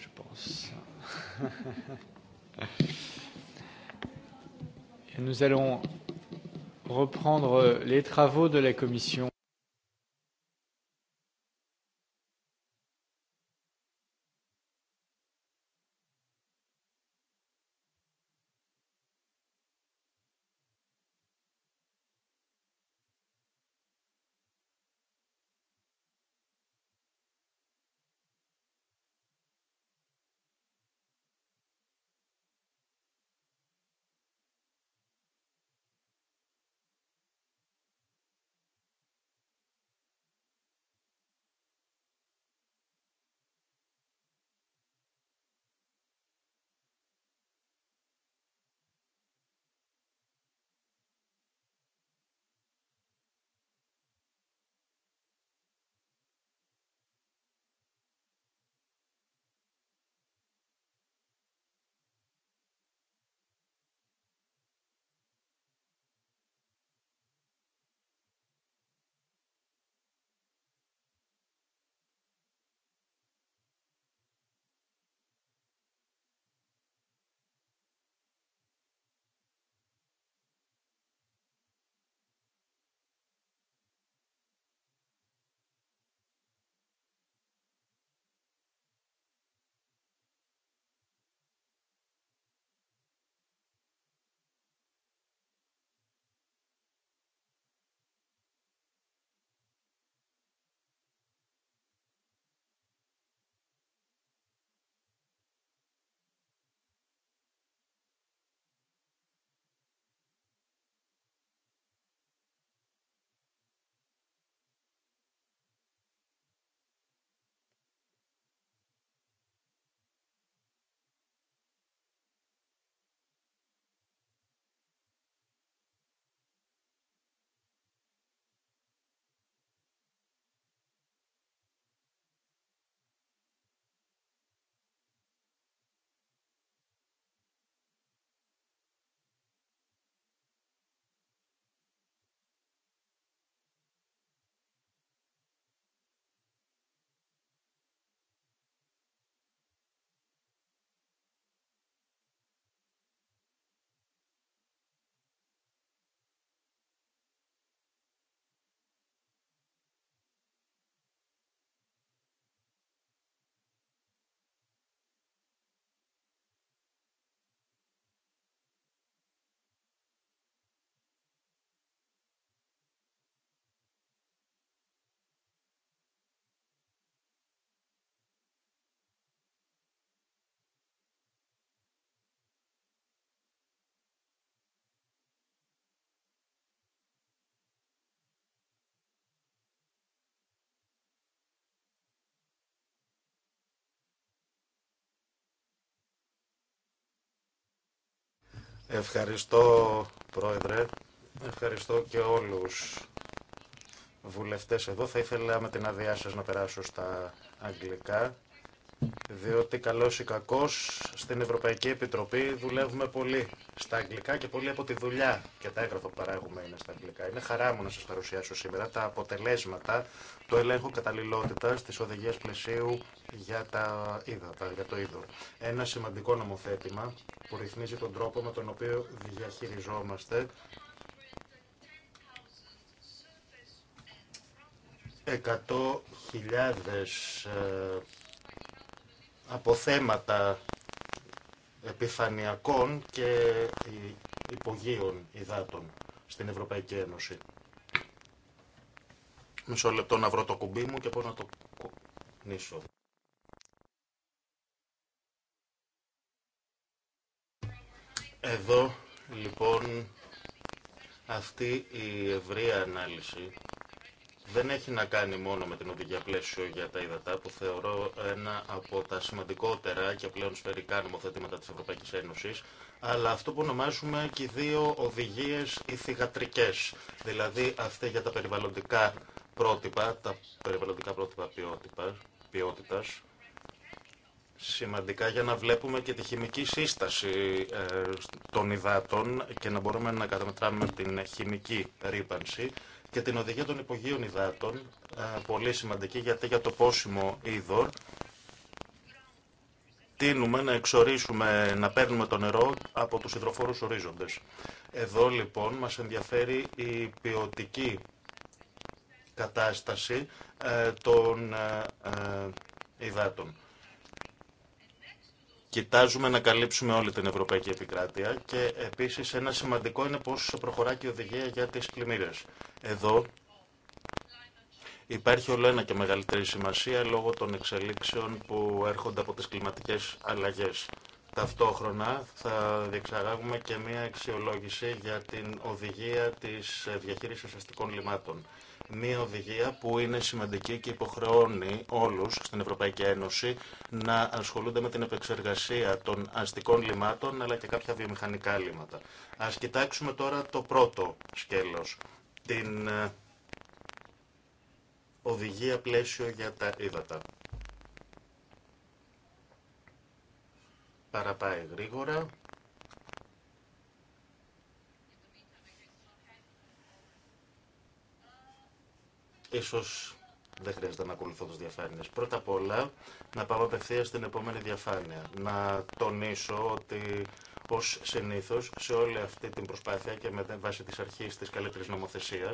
je pense. Nous allons reprendre les travaux de la commission Ευχαριστώ, Πρόεδρε. Ευχαριστώ και όλους βουλευτές εδώ. Θα ήθελα με την αδειά σας να περάσω στα αγγλικά, διότι καλός ή κακός στην Ευρωπαϊκή Επιτροπή δουλεύουμε πολύ στα αγγλικά και πολλοί από τη δουλειά και τα έγγραφα που παράγουμε είναι στα αγγλικά. Είναι χαρά μου να σα παρουσιάσω σήμερα τα αποτελέσματα του ελέγχου καταλληλότητα τη οδηγία πλαισίου για τα ύδατα, για το είδο. Ένα σημαντικό νομοθέτημα που ρυθμίζει τον τρόπο με τον οποίο διαχειριζόμαστε 100.000 ε, αποθέματα επιφανειακών και υπογείων υδάτων στην Ευρωπαϊκή Ένωση. Μισό λεπτό να βρω το κουμπί μου και πώς να το κουνήσω. Εδώ λοιπόν αυτή η ευρεία ανάλυση δεν έχει να κάνει μόνο με την οδηγία πλαίσιο για τα ύδατα, που θεωρώ ένα από τα σημαντικότερα και πλέον σφαιρικά νομοθετήματα της Ευρωπαϊκής Ένωσης, αλλά αυτό που ονομάζουμε και οι δύο οδηγίες ηθιγατρικές, δηλαδή αυτή για τα περιβαλλοντικά πρότυπα, τα περιβαλλοντικά πρότυπα ποιότητα, ποιότητας, σημαντικά για να βλέπουμε και τη χημική σύσταση ε, των υδάτων και να μπορούμε να καταμετράμε την χημική ρήπανση και την οδηγία των υπογείων υδάτων, ε, πολύ σημαντική γιατί για το πόσιμο είδωρ τίνουμε να εξορίσουμε, να παίρνουμε το νερό από τους υδροφόρους ορίζοντες. Εδώ λοιπόν μας ενδιαφέρει η ποιοτική κατάσταση ε, των ε, υδάτων. Κοιτάζουμε να καλύψουμε όλη την ευρωπαϊκή επικράτεια και επίσης ένα σημαντικό είναι πώς προχωρά και η οδηγία για τις πλημμύρες. Εδώ υπάρχει όλο ένα και μεγαλύτερη σημασία λόγω των εξελίξεων που έρχονται από τις κλιματικές αλλαγές. Ταυτόχρονα θα διεξαγάγουμε και μία αξιολόγηση για την οδηγία της διαχείρισης αστικών λιμάτων. Μία οδηγία που είναι σημαντική και υποχρεώνει όλους στην Ευρωπαϊκή Ένωση να ασχολούνται με την επεξεργασία των αστικών λιμάτων αλλά και κάποια βιομηχανικά λίματα. Ας κοιτάξουμε τώρα το πρώτο σκέλος, την ε, οδηγία πλαίσιο για τα ύδατα. Παραπάει γρήγορα. Ίσως δεν χρειάζεται να ακολουθώ τι διαφάνειε. Πρώτα απ' όλα, να πάω απευθεία στην επόμενη διαφάνεια. Να τονίσω ότι ω συνήθω σε όλη αυτή την προσπάθεια και με βάση τη αρχή τη καλύτερη νομοθεσία,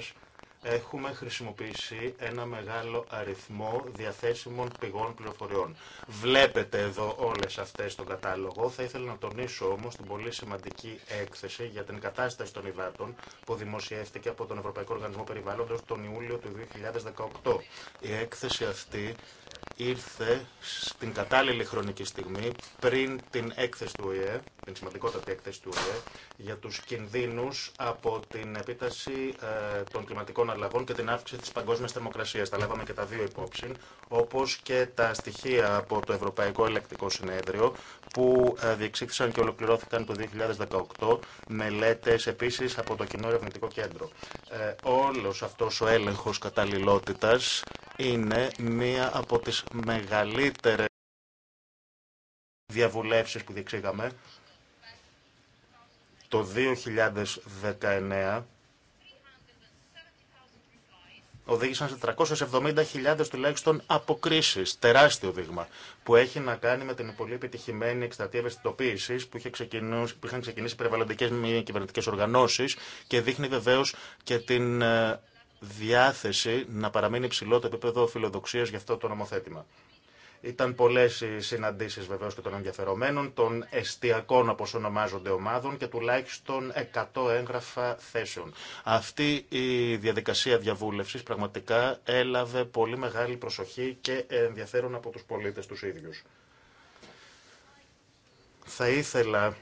έχουμε χρησιμοποιήσει ένα μεγάλο αριθμό διαθέσιμων πηγών πληροφοριών. Βλέπετε εδώ όλες αυτές τον κατάλογο. Θα ήθελα να τονίσω όμως την πολύ σημαντική έκθεση για την κατάσταση των υδάτων που δημοσιεύτηκε από τον Ευρωπαϊκό Οργανισμό Περιβάλλοντος τον Ιούλιο του 2018. Η έκθεση αυτή ήρθε στην κατάλληλη χρονική στιγμή πριν την έκθεση του ΟΗΕ, την σημαντικότατη έκθεση του ΟΗΕ, για τους κινδύνους από την επίταση ε, των κλιματικών αλλαγών και την αύξηση της παγκόσμιας θερμοκρασίας. Τα λάβαμε και τα δύο υπόψη, όπως και τα στοιχεία από το Ευρωπαϊκό Ελεκτικό Συνέδριο, που ε, διεξήχθησαν και ολοκληρώθηκαν το 2018, μελέτες επίσης από το Κοινό Ερευνητικό Κέντρο. Ε, όλος αυτός ο έλεγχος καταλληλότητας είναι μία από τις μεγαλύτερες διαβουλεύσεις που διεξήγαμε το 2019 οδήγησαν σε 370.000 τουλάχιστον αποκρίσεις, τεράστιο δείγμα, που έχει να κάνει με την πολύ επιτυχημένη εκστρατεία ευαισθητοποίηση που, είχε ξεκινήσει, που είχαν ξεκινήσει περιβαλλοντικές μη κυβερνητικές οργανώσεις και δείχνει βεβαίως και την ε, διάθεση να παραμείνει υψηλό το επίπεδο φιλοδοξία για αυτό το νομοθέτημα. Ήταν πολλέ οι συναντήσει βεβαίω και των ενδιαφερομένων, των εστιακών όπω ονομάζονται ομάδων και τουλάχιστον 100 έγγραφα θέσεων. Αυτή η διαδικασία διαβούλευση πραγματικά έλαβε πολύ μεγάλη προσοχή και ενδιαφέρον από του πολίτε του ίδιου. Θα ήθελα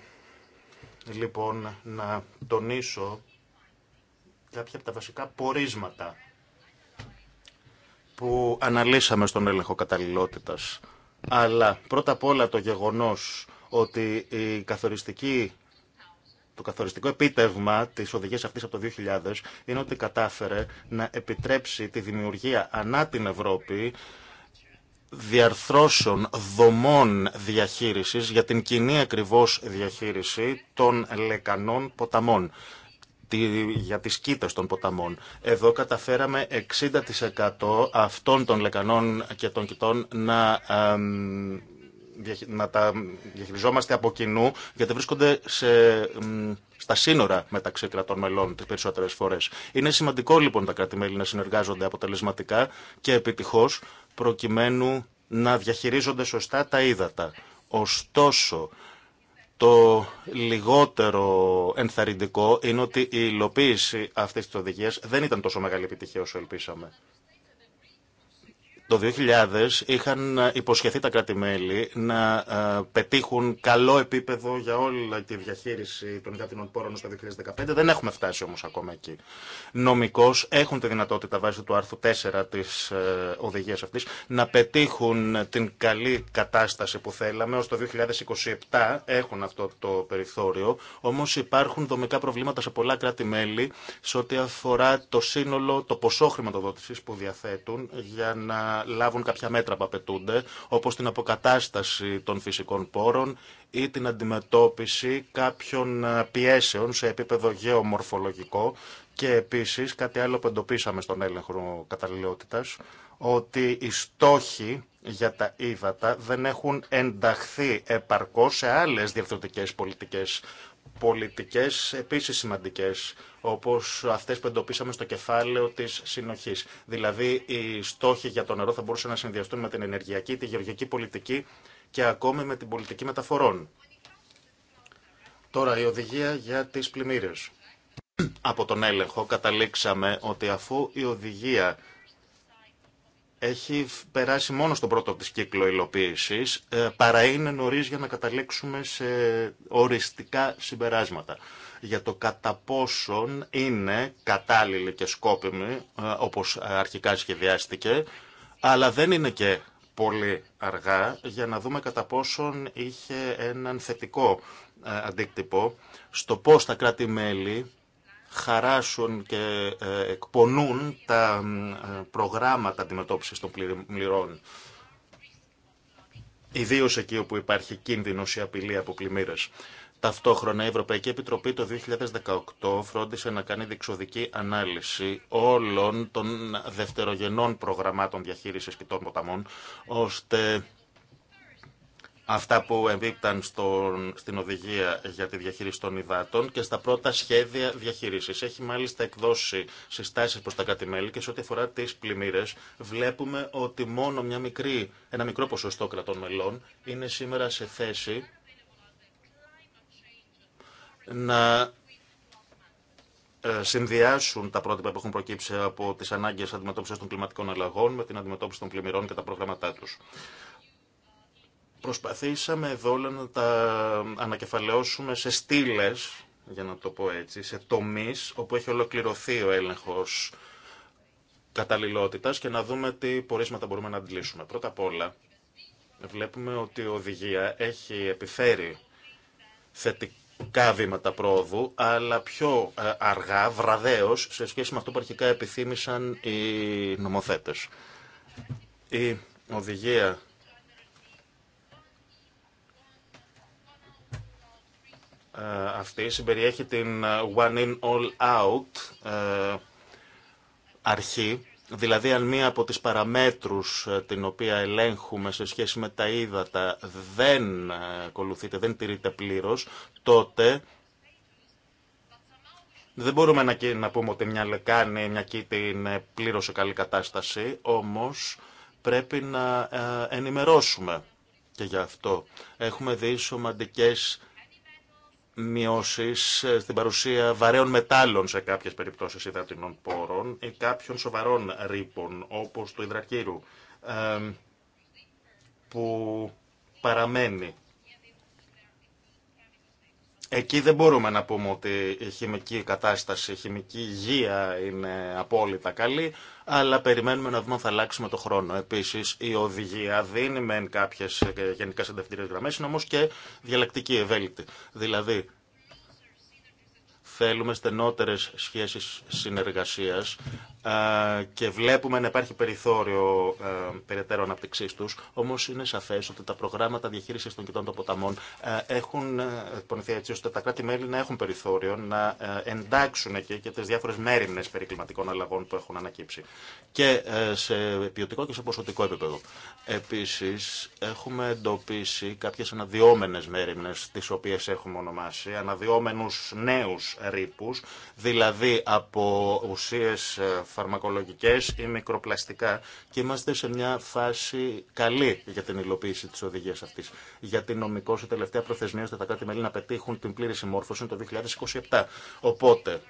λοιπόν να τονίσω κάποια από τα βασικά πορίσματα που αναλύσαμε στον έλεγχο καταλληλότητας. Αλλά πρώτα απ' όλα το γεγονός ότι η καθοριστική το καθοριστικό επίτευγμα της οδηγίας αυτής από το 2000 είναι ότι κατάφερε να επιτρέψει τη δημιουργία ανά την Ευρώπη διαρθρώσεων δομών διαχείρισης για την κοινή ακριβώς διαχείριση των λεκανών ποταμών για τις κήτες των ποταμών. Εδώ καταφέραμε 60% αυτών των λεκανών και των κοιτών να να τα διαχειριζόμαστε από κοινού, γιατί βρίσκονται σε, στα σύνορα μεταξύ κρατών μελών τι περισσότερες φορές. Είναι σημαντικό λοιπόν τα κράτη-μέλη να συνεργάζονται αποτελεσματικά και επιτυχώς, προκειμένου να διαχειρίζονται σωστά τα ύδατα. Ωστόσο, το λιγότερο ενθαρρυντικό είναι ότι η υλοποίηση αυτή τη οδηγία δεν ήταν τόσο μεγάλη επιτυχία όσο ελπίσαμε. Το 2000 είχαν ε, υποσχεθεί τα κράτη-μέλη να ε, πετύχουν καλό επίπεδο για όλη τη διαχείριση των υδατινών πόρων στο 2015. Δεν έχουμε φτάσει όμως ακόμα εκεί. Νομικώς έχουν τη δυνατότητα βάσει του άρθρου 4 της ε, οδηγίας αυτής να πετύχουν την καλή κατάσταση που θέλαμε. Ως το 2027 έχουν αυτό το περιθώριο. Όμως υπάρχουν δομικά προβλήματα σε πολλά κράτη-μέλη σε ό,τι αφορά το σύνολο, το ποσό χρηματοδότησης που διαθέτουν για να λάβουν κάποια μέτρα που απαιτούνται, όπως την αποκατάσταση των φυσικών πόρων ή την αντιμετώπιση κάποιων ε, πιέσεων σε επίπεδο γεωμορφολογικό και επίσης κάτι άλλο που εντοπίσαμε στον έλεγχο καταλληλότητας, ότι οι στόχοι για τα ύβατα δεν έχουν ενταχθεί επαρκώς σε άλλες διευθυντικές πολιτικές πολιτικές επίσης σημαντικές, όπως αυτές που εντοπίσαμε στο κεφάλαιο της συνοχής. Δηλαδή, οι στόχοι για το νερό θα μπορούσαν να συνδυαστούν με την ενεργειακή, τη γεωργική πολιτική και ακόμη με την πολιτική μεταφορών. Τώρα, η οδηγία για τις πλημμύρες. Από τον έλεγχο καταλήξαμε ότι αφού η οδηγία έχει περάσει μόνο στον πρώτο της κύκλο υλοποίηση, ε, παρά είναι νωρί για να καταλήξουμε σε οριστικά συμπεράσματα για το κατά πόσον είναι κατάλληλη και σκόπιμη, ε, όπως αρχικά σχεδιάστηκε, αλλά δεν είναι και πολύ αργά για να δούμε κατά πόσον είχε έναν θετικό ε, αντίκτυπο στο πώς τα κράτη-μέλη χαράσουν και ε, εκπονούν τα ε, προγράμματα αντιμετώπισης των πλημμυρών. Ιδίω εκεί όπου υπάρχει κίνδυνος ή απειλή από πλημμύρες. Ταυτόχρονα η απειλη απο πλημμυρε ταυτοχρονα Επιτροπή το 2018 φρόντισε να κάνει διεξοδική ανάλυση όλων των δευτερογενών προγραμμάτων διαχείρισης και ποταμών, ώστε αυτά που εμπίπταν στον, στην οδηγία για τη διαχείριση των υδάτων και στα πρώτα σχέδια διαχείριση. Έχει μάλιστα εκδώσει συστάσεις προ τα κάτι μέλη και σε ό,τι αφορά τι πλημμύρε, βλέπουμε ότι μόνο μια μικρή, ένα μικρό ποσοστό κρατών μελών είναι σήμερα σε θέση να ε, συνδυάσουν τα πρότυπα που έχουν προκύψει από τις ανάγκες αντιμετώπισης των κλιματικών αλλαγών με την αντιμετώπιση των πλημμυρών και τα προγράμματά τους. Προσπαθήσαμε εδώ όλα να τα ανακεφαλαιώσουμε σε στήλε, για να το πω έτσι, σε τομεί όπου έχει ολοκληρωθεί ο έλεγχο καταλληλότητα και να δούμε τι πορίσματα μπορούμε να αντλήσουμε. Πρώτα απ' όλα, βλέπουμε ότι η οδηγία έχει επιφέρει θετικά βήματα πρόοδου, αλλά πιο ε, αργά, βραδέως, σε σχέση με αυτό που αρχικά επιθύμησαν οι νομοθέτες. Η οδηγία Ε, αυτή συμπεριέχει την ε, one in all out ε, αρχή, δηλαδή αν μία από τις παραμέτρους την οποία ελέγχουμε σε σχέση με τα ύδατα δεν ακολουθείται, δεν τηρείται πλήρως, τότε δεν μπορούμε να, να πούμε ότι μια λεκάνη, μια κήτη είναι πλήρως σε καλή κατάσταση, όμως πρέπει να ενημερώσουμε και γι' αυτό. Έχουμε δει σωματικές Μειώσει ε, στην παρουσία βαρέων μετάλλων σε κάποιες περιπτώσεις υδατινών πόρων ή κάποιων σοβαρών ρήπων όπως του υδρακύρου ε, που παραμένει Εκεί δεν μπορούμε να πούμε ότι η χημική κατάσταση, η χημική υγεία είναι απόλυτα καλή, αλλά περιμένουμε να δούμε αν θα αλλάξουμε το χρόνο. Επίση, η οδηγία δίνει μεν κάποιε γενικά συντευτήριε γραμμέ, είναι όμω και διαλεκτική ευέλικτη. Δηλαδή, θέλουμε στενότερες σχέσεις συνεργασίας ε, και βλέπουμε να υπάρχει περιθώριο ε, περαιτέρω αναπτυξή του. Όμω είναι σαφέ ότι τα προγράμματα διαχείριση των κοιτών των ποταμών ε, έχουν ε, πονηθεί έτσι ώστε τα κράτη-μέλη να έχουν περιθώριο να εντάξουν εκεί και τι διάφορε μέρημνε περί κλιματικών αλλαγών που έχουν ανακύψει. Και σε ποιοτικό και σε ποσοτικό επίπεδο. Επίση, έχουμε εντοπίσει κάποιε αναδυόμενε μέρημνε, τι οποίε έχουμε ονομάσει, αναδυόμενου νέου ρήπου, δηλαδή από ουσίε φαρμακολογικές ή μικροπλαστικά και είμαστε σε μια φάση καλή για την υλοποίηση της οδηγίας αυτής. Γιατί την η τελευταία προθεσμία ώστε τα κράτη-μέλη να πετύχουν την πλήρη συμμόρφωση το 2027. Οπότε,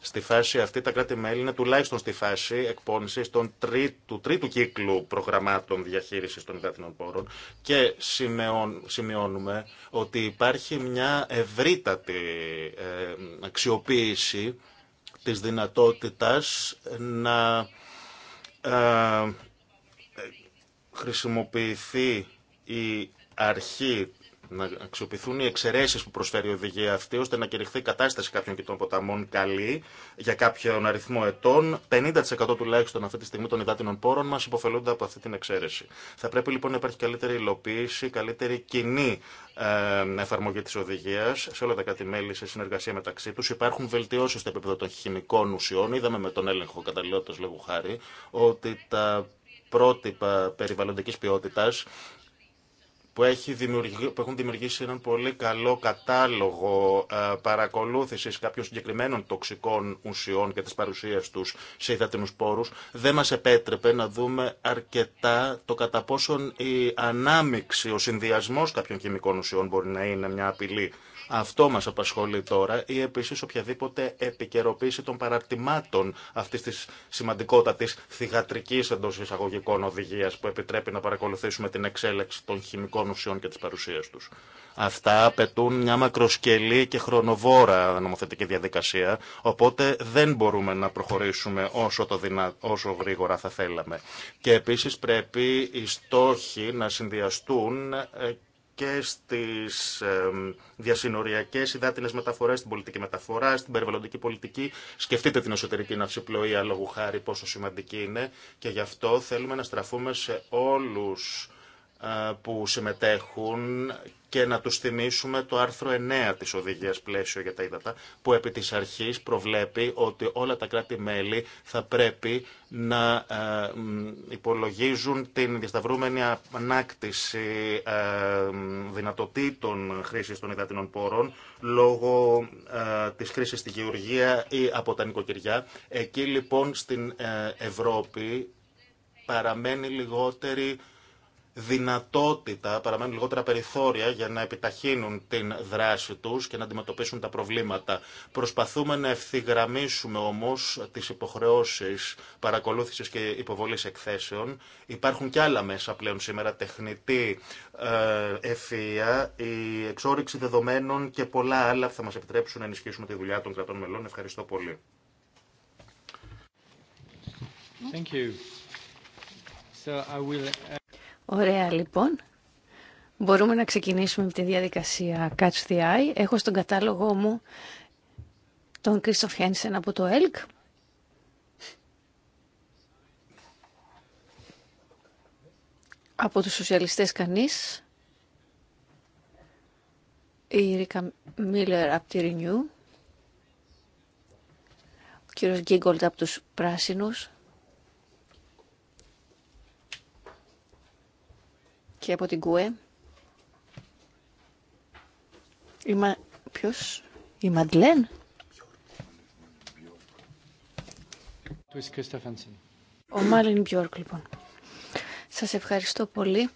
στη φάση αυτή τα κράτη-μέλη είναι τουλάχιστον στη φάση εκπόνηση των του τρίτου κύκλου προγραμμάτων διαχείρισης των υδάτινων πόρων και σημειώνουμε ότι υπάρχει μια ευρύτατη ε, αξιοποίηση της δυνατότητας να ε, χρησιμοποιηθεί η αρχή να αξιοποιηθούν οι εξαιρέσει που προσφέρει η οδηγία αυτή, ώστε να κηρυχθεί η κατάσταση κάποιων κοιτών ποταμών καλή για κάποιον αριθμό ετών. 50% τουλάχιστον αυτή τη στιγμή των υδάτινων πόρων μα υποφελούνται από αυτή την εξαίρεση. Θα πρέπει λοιπόν να υπάρχει καλύτερη υλοποίηση, καλύτερη κοινή εφαρμογή τη οδηγία σε όλα τα κατημέλη, μελη σε συνεργασία μεταξύ του. Υπάρχουν βελτιώσει στο επίπεδο των χημικών ουσιών. Είδαμε με τον έλεγχο καταλληλότητα λόγου χάρη ότι τα πρότυπα περιβαλλοντική ποιότητα που, έχει έχουν δημιουργήσει έναν πολύ καλό κατάλογο ε, παρακολούθησης κάποιων συγκεκριμένων τοξικών ουσιών και της παρουσίας τους σε υδατινούς πόρους, δεν μας επέτρεπε να δούμε αρκετά το κατά πόσον η ανάμιξη, ο συνδυασμός κάποιων χημικών ουσιών μπορεί να είναι μια απειλή αυτό μα απασχολεί τώρα ή επίση οποιαδήποτε επικαιροποίηση των παραρτημάτων αυτής της τη θηγατρική εντό εισαγωγικών οδηγία που επιτρέπει να παρακολουθήσουμε την εξέλιξη των χημικών ουσιών και τη παρουσία τους. Αυτά απαιτούν μια μακροσκελή και χρονοβόρα νομοθετική διαδικασία, οπότε δεν μπορούμε να προχωρήσουμε όσο, το όσο γρήγορα θα θέλαμε. Και επίσης πρέπει οι στόχοι να συνδυαστούν ε, και στις διασυνοριακέ υδάτινε μεταφορέ, στην πολιτική μεταφορά, στην περιβαλλοντική πολιτική. Σκεφτείτε την εσωτερική ναυσιπλοεία λόγου χάρη πόσο σημαντική είναι και γι' αυτό θέλουμε να στραφούμε σε όλους ε, που συμμετέχουν και να τους θυμίσουμε το άρθρο 9 της Οδηγίας Πλαίσιο για τα Ήδατα, που επί της αρχής προβλέπει ότι όλα τα κράτη-μέλη θα πρέπει να ε, υπολογίζουν την διασταυρούμενη ανάκτηση ε, δυνατοτήτων χρήσης των υδατινών πόρων λόγω της χρήσης στη γεωργία ή από τα νοικοκυριά. Εκεί λοιπόν στην Ευρώπη παραμένει λιγότερη δυνατότητα, παραμένουν λιγότερα περιθώρια για να επιταχύνουν την δράση τους και να αντιμετωπίσουν τα προβλήματα. Προσπαθούμε να ευθυγραμμίσουμε όμως τις υποχρεώσεις παρακολούθησης και υποβολής εκθέσεων. Υπάρχουν και άλλα μέσα πλέον σήμερα, τεχνητή ε, ευθεία, η εξόριξη δεδομένων και πολλά άλλα που θα μας επιτρέψουν να ενισχύσουμε τη δουλειά των κρατών μελών. Ευχαριστώ πολύ. Thank you. So I will... Ωραία λοιπόν. Μπορούμε να ξεκινήσουμε με τη διαδικασία Catch the Eye. Έχω στον κατάλογο μου τον Κρίστοφ Χένσεν από το ΕΛΚ. Από τους σοσιαλιστές κανείς. Η Ρίκα Μίλλερ από τη Renew. Ο κύριος Γκίγκολτ από τους Πράσινους. και από την ΚΟΕ. Η Μα... Ποιος? Η Μαντλέν? Ο Μάλιν Μπιόρκ, λοιπόν. Σας ευχαριστώ πολύ.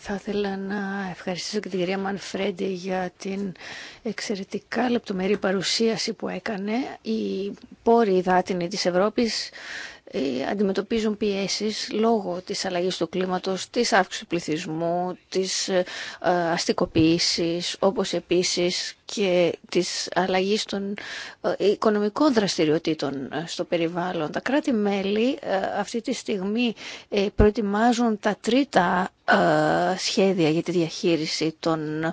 Θα ήθελα να ευχαριστήσω και την κυρία Μανφρέντι για την εξαιρετικά λεπτομερή παρουσίαση που έκανε. Η πόροι υδάτινοι της Ευρώπης ε, αντιμετωπίζουν πιέσεις λόγω της αλλαγής του κλίματος, της αύξησης του πληθυσμού, της ε, αστικοποίησης, όπως επίσης και της αλλαγής των ε, οικονομικών δραστηριοτήτων στο περιβάλλον. Τα κράτη-μέλη αυτή τη στιγμή προετοιμάζουν τα τρίτα σχέδια για τη διαχείριση των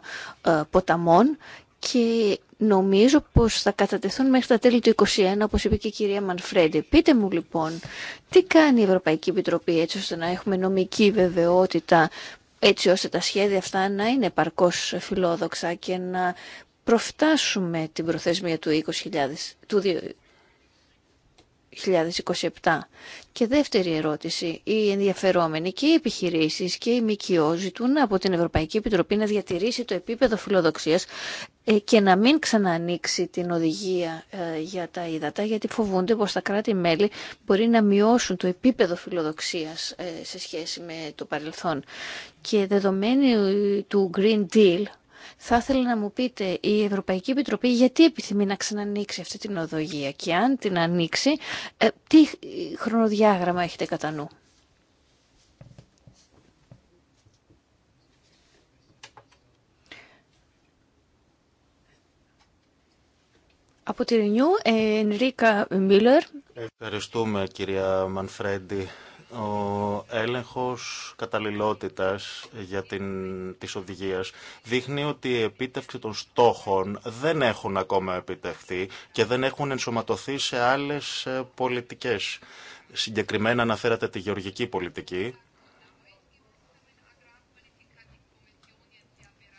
ποταμών και Νομίζω πως θα κατατεθούν μέχρι τα τέλη του 2021, όπως είπε και η κυρία Μανφρέντη. Πείτε μου λοιπόν, τι κάνει η Ευρωπαϊκή Επιτροπή έτσι ώστε να έχουμε νομική βεβαιότητα, έτσι ώστε τα σχέδια αυτά να είναι παρκώς φιλόδοξα και να προφτάσουμε την προθεσμία του 20.000, του 2027. Και δεύτερη ερώτηση. Οι ενδιαφερόμενοι και οι επιχειρήσεις και οι ΜΚΟ ζητούν από την Ευρωπαϊκή Επιτροπή να διατηρήσει το επίπεδο φιλοδοξίας ε, και να μην ξανανοίξει την οδηγία ε, για τα ύδατα, γιατί φοβούνται πως τα κράτη-μέλη μπορεί να μειώσουν το επίπεδο φιλοδοξίας ε, σε σχέση με το παρελθόν. Και δεδομένου του Green Deal, θα ήθελα να μου πείτε η Ευρωπαϊκή Επιτροπή γιατί επιθυμεί να ξανανοίξει αυτή την οδογία και αν την ανοίξει, ε, τι χρονοδιάγραμμα έχετε κατά νου. Από τη Ρινιού, Ενρίκα Μίλλερ. Ευχαριστούμε κυρία Μανφρέντι ο έλεγχος καταλληλότητας για την, της οδηγίας δείχνει ότι η επίτευξη των στόχων δεν έχουν ακόμα επιτευχθεί και δεν έχουν ενσωματωθεί σε άλλες ε, πολιτικές. Συγκεκριμένα αναφέρατε τη γεωργική πολιτική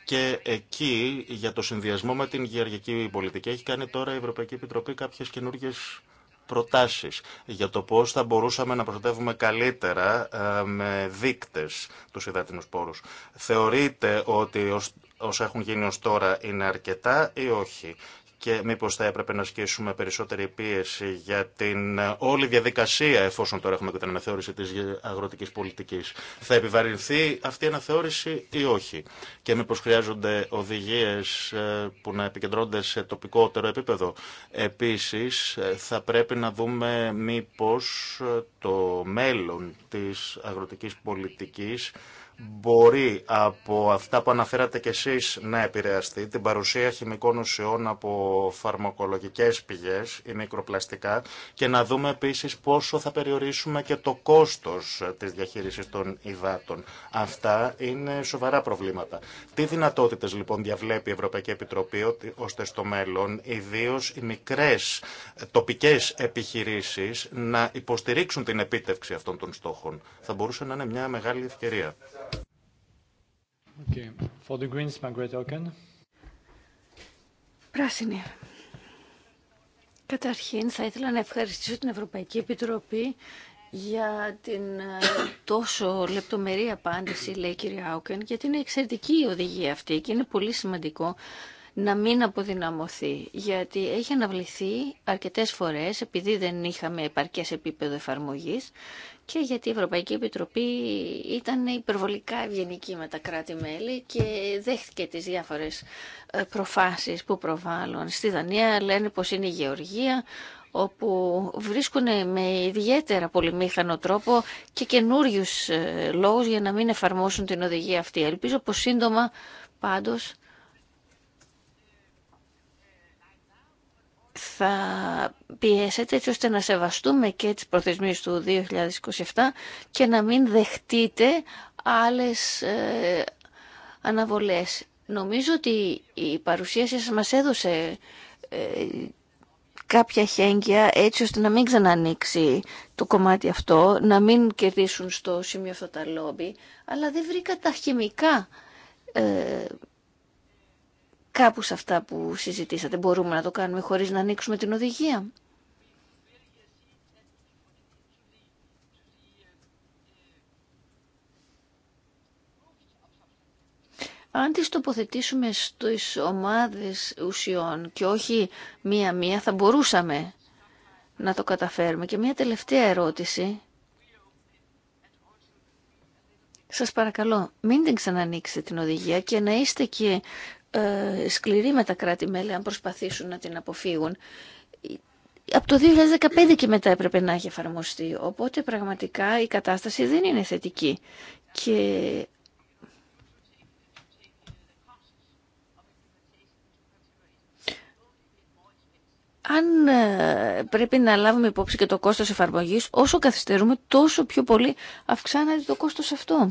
Και εκεί για το συνδυασμό με την γεωργική πολιτική έχει κάνει τώρα η Ευρωπαϊκή Επιτροπή κάποιες καινούργιες προτάσεις για το πώς θα μπορούσαμε να προστατεύουμε καλύτερα ε, με δείκτες τους υδάτινους πόρους. Θεωρείτε ότι όσα έχουν γίνει ως τώρα είναι αρκετά ή όχι και μήπως θα έπρεπε να ασκήσουμε περισσότερη πίεση για την ε, όλη διαδικασία εφόσον τώρα έχουμε και την αναθεώρηση της αγροτικής πολιτικής. Θα επιβαρυνθεί αυτή η αναθεώρηση ή όχι. Και μήπως χρειάζονται οδηγίες ε, που να επικεντρώνται σε τοπικότερο επίπεδο. Επίσης ε, θα πρέπει να δούμε μήπως το μέλλον της αγροτικής πολιτικής μπορεί από αυτά που αναφέρατε κι εσείς να επηρεαστεί, την παρουσία χημικών ουσιών από φαρμακολογικές πηγές, ή μικροπλαστικά, και να δούμε επίσης πόσο θα περιορίσουμε και το κόστος της διαχείρισης των υδάτων. Αυτά είναι σοβαρά προβλήματα. Τι δυνατότητες λοιπόν διαβλέπει η Ευρωπαϊκή Επιτροπή ότι, ώστε στο μέλλον ιδίω οι μικρές τοπικές επιχειρήσεις να υποστηρίξουν την επίτευξη αυτών των στόχων. Θα μπορούσε να είναι μια μεγάλη ευκαιρία. Πράσινη. Καταρχήν θα ήθελα να ευχαριστήσω την Ευρωπαϊκή Επιτροπή για την ε, τόσο λεπτομερή απάντηση, λέει η κυρία Άουκεν, γιατί είναι εξαιρετική η οδηγία αυτή και είναι πολύ σημαντικό να μην αποδυναμωθεί, γιατί έχει αναβληθεί αρκετές φορές επειδή δεν είχαμε επαρκές επίπεδο εφαρμογής και γιατί η Ευρωπαϊκή Επιτροπή ήταν υπερβολικά ευγενική με τα κράτη-μέλη και δέχτηκε τις διάφορες ε, προφάσεις που προβάλλουν. Στη Δανία λένε πως είναι η Γεωργία, όπου βρίσκουν με ιδιαίτερα πολυμήχανο τρόπο και καινούριου ε, λόγους για να μην εφαρμόσουν την οδηγία αυτή. Ελπίζω πως σύντομα πάντως θα πιέσετε έτσι ώστε να σεβαστούμε και τις προθεσμίες του 2027 και να μην δεχτείτε άλλες ε, αναβολές. Νομίζω ότι η παρουσίαση σας μας έδωσε ε, κάποια χέγγια έτσι ώστε να μην ξανανοίξει το κομμάτι αυτό, να μην κερδίσουν στο σημείο αυτό τα λόμπι, αλλά δεν βρήκα τα χημικά ε, κάπου σε αυτά που συζητήσατε. Μπορούμε να το κάνουμε χωρίς να ανοίξουμε την οδηγία. Αν τις τοποθετήσουμε στις ομάδες ουσιών και όχι μία-μία, θα μπορούσαμε να το καταφέρουμε. Και μία τελευταία ερώτηση. Σας παρακαλώ, μην την ξανανοίξετε την οδηγία και να είστε και ε, σκληρή με τα κράτη-μέλη αν προσπαθήσουν να την αποφύγουν. Από το 2015 και μετά έπρεπε να έχει εφαρμοστεί. Οπότε πραγματικά η κατάσταση δεν είναι θετική. Και αν ε, πρέπει να λάβουμε υπόψη και το κόστος εφαρμογής, όσο καθυστερούμε τόσο πιο πολύ αυξάνεται το κόστος αυτό.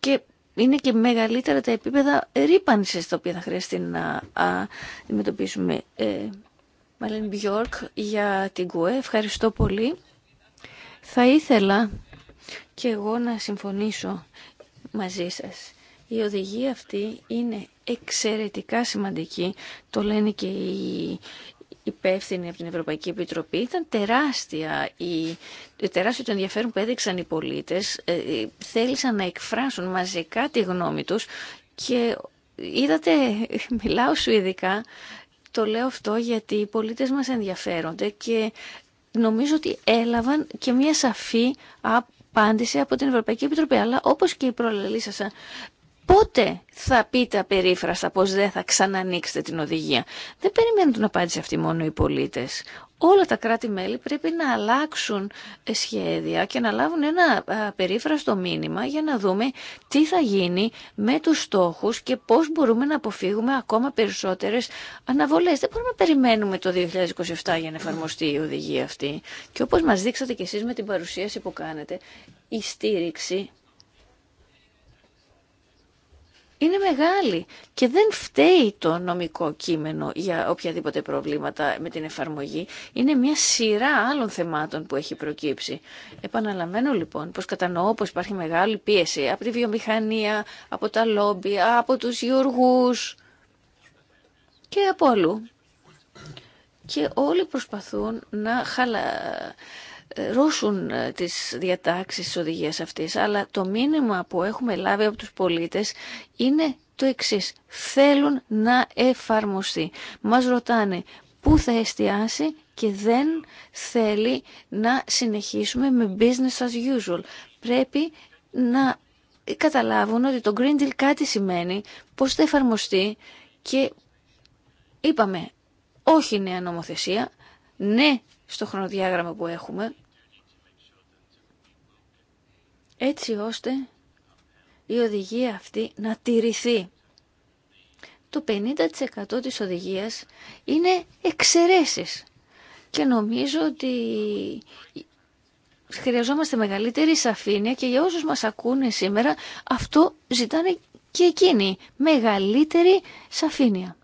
Και είναι και μεγαλύτερα τα επίπεδα ρήπανσης τα οποία θα χρειαστεί να αντιμετωπίσουμε. Ε, Μαλέν Μπιόρκ για την ΚΟΕ, ευχαριστώ πολύ. Θα ήθελα και εγώ να συμφωνήσω μαζί σας. Η οδηγία αυτή είναι εξαιρετικά σημαντική, το λένε και οι υπεύθυνοι από την Ευρωπαϊκή Επιτροπή. Ήταν τεράστια η, τεράστιο το ενδιαφέρον που έδειξαν οι πολίτες. Ε, ε, θέλησαν να εκφράσουν μαζικά τη γνώμη τους και είδατε, μιλάω σου ειδικά, το λέω αυτό γιατί οι πολίτες μας ενδιαφέρονται και νομίζω ότι έλαβαν και μια σαφή απάντηση από την Ευρωπαϊκή Επιτροπή. Αλλά όπως και προλαλή προλαλήσασα πότε θα πείτε απερίφραστα πως δεν θα ξανανοίξετε την οδηγία. Δεν περιμένουν την απάντηση αυτή μόνο οι πολίτες. Όλα τα κράτη-μέλη πρέπει να αλλάξουν ε, σχέδια και να λάβουν ένα ε, περίφραστο μήνυμα για να δούμε τι θα γίνει με τους στόχους και πώς μπορούμε να αποφύγουμε ακόμα περισσότερες αναβολές. Δεν μπορούμε να περιμένουμε το 2027 για να εφαρμοστεί η οδηγία αυτή. Και όπως μας δείξατε κι εσείς με την παρουσίαση που κάνετε, η στήριξη είναι μεγάλη και δεν φταίει το νομικό κείμενο για οποιαδήποτε προβλήματα με την εφαρμογή. Είναι μια σειρά άλλων θεμάτων που έχει προκύψει. Επαναλαμβάνω λοιπόν πως κατανοώ πως υπάρχει μεγάλη πίεση από τη βιομηχανία, από τα λόμπι, από τους γεωργούς και από αλλού. Και όλοι προσπαθούν να χαλα... Ε, ρώσουν ε, τις διατάξεις της οδηγίας αυτής, αλλά το μήνυμα που έχουμε λάβει από τους πολίτες είναι το εξής. Θέλουν να εφαρμοστεί. Μας ρωτάνε πού θα εστιάσει και δεν θέλει να συνεχίσουμε με business as usual. Πρέπει να καταλάβουν ότι το Green Deal κάτι σημαίνει, πώς θα εφαρμοστεί και είπαμε όχι νέα νομοθεσία, ναι στο χρονοδιάγραμμα που έχουμε, έτσι ώστε η οδηγία αυτή να τηρηθεί. Το 50% της οδηγίας είναι εξαιρέσεις και νομίζω ότι χρειαζόμαστε μεγαλύτερη σαφήνεια και για όσους μας ακούνε σήμερα αυτό ζητάνε και εκείνοι. Μεγαλύτερη σαφήνεια.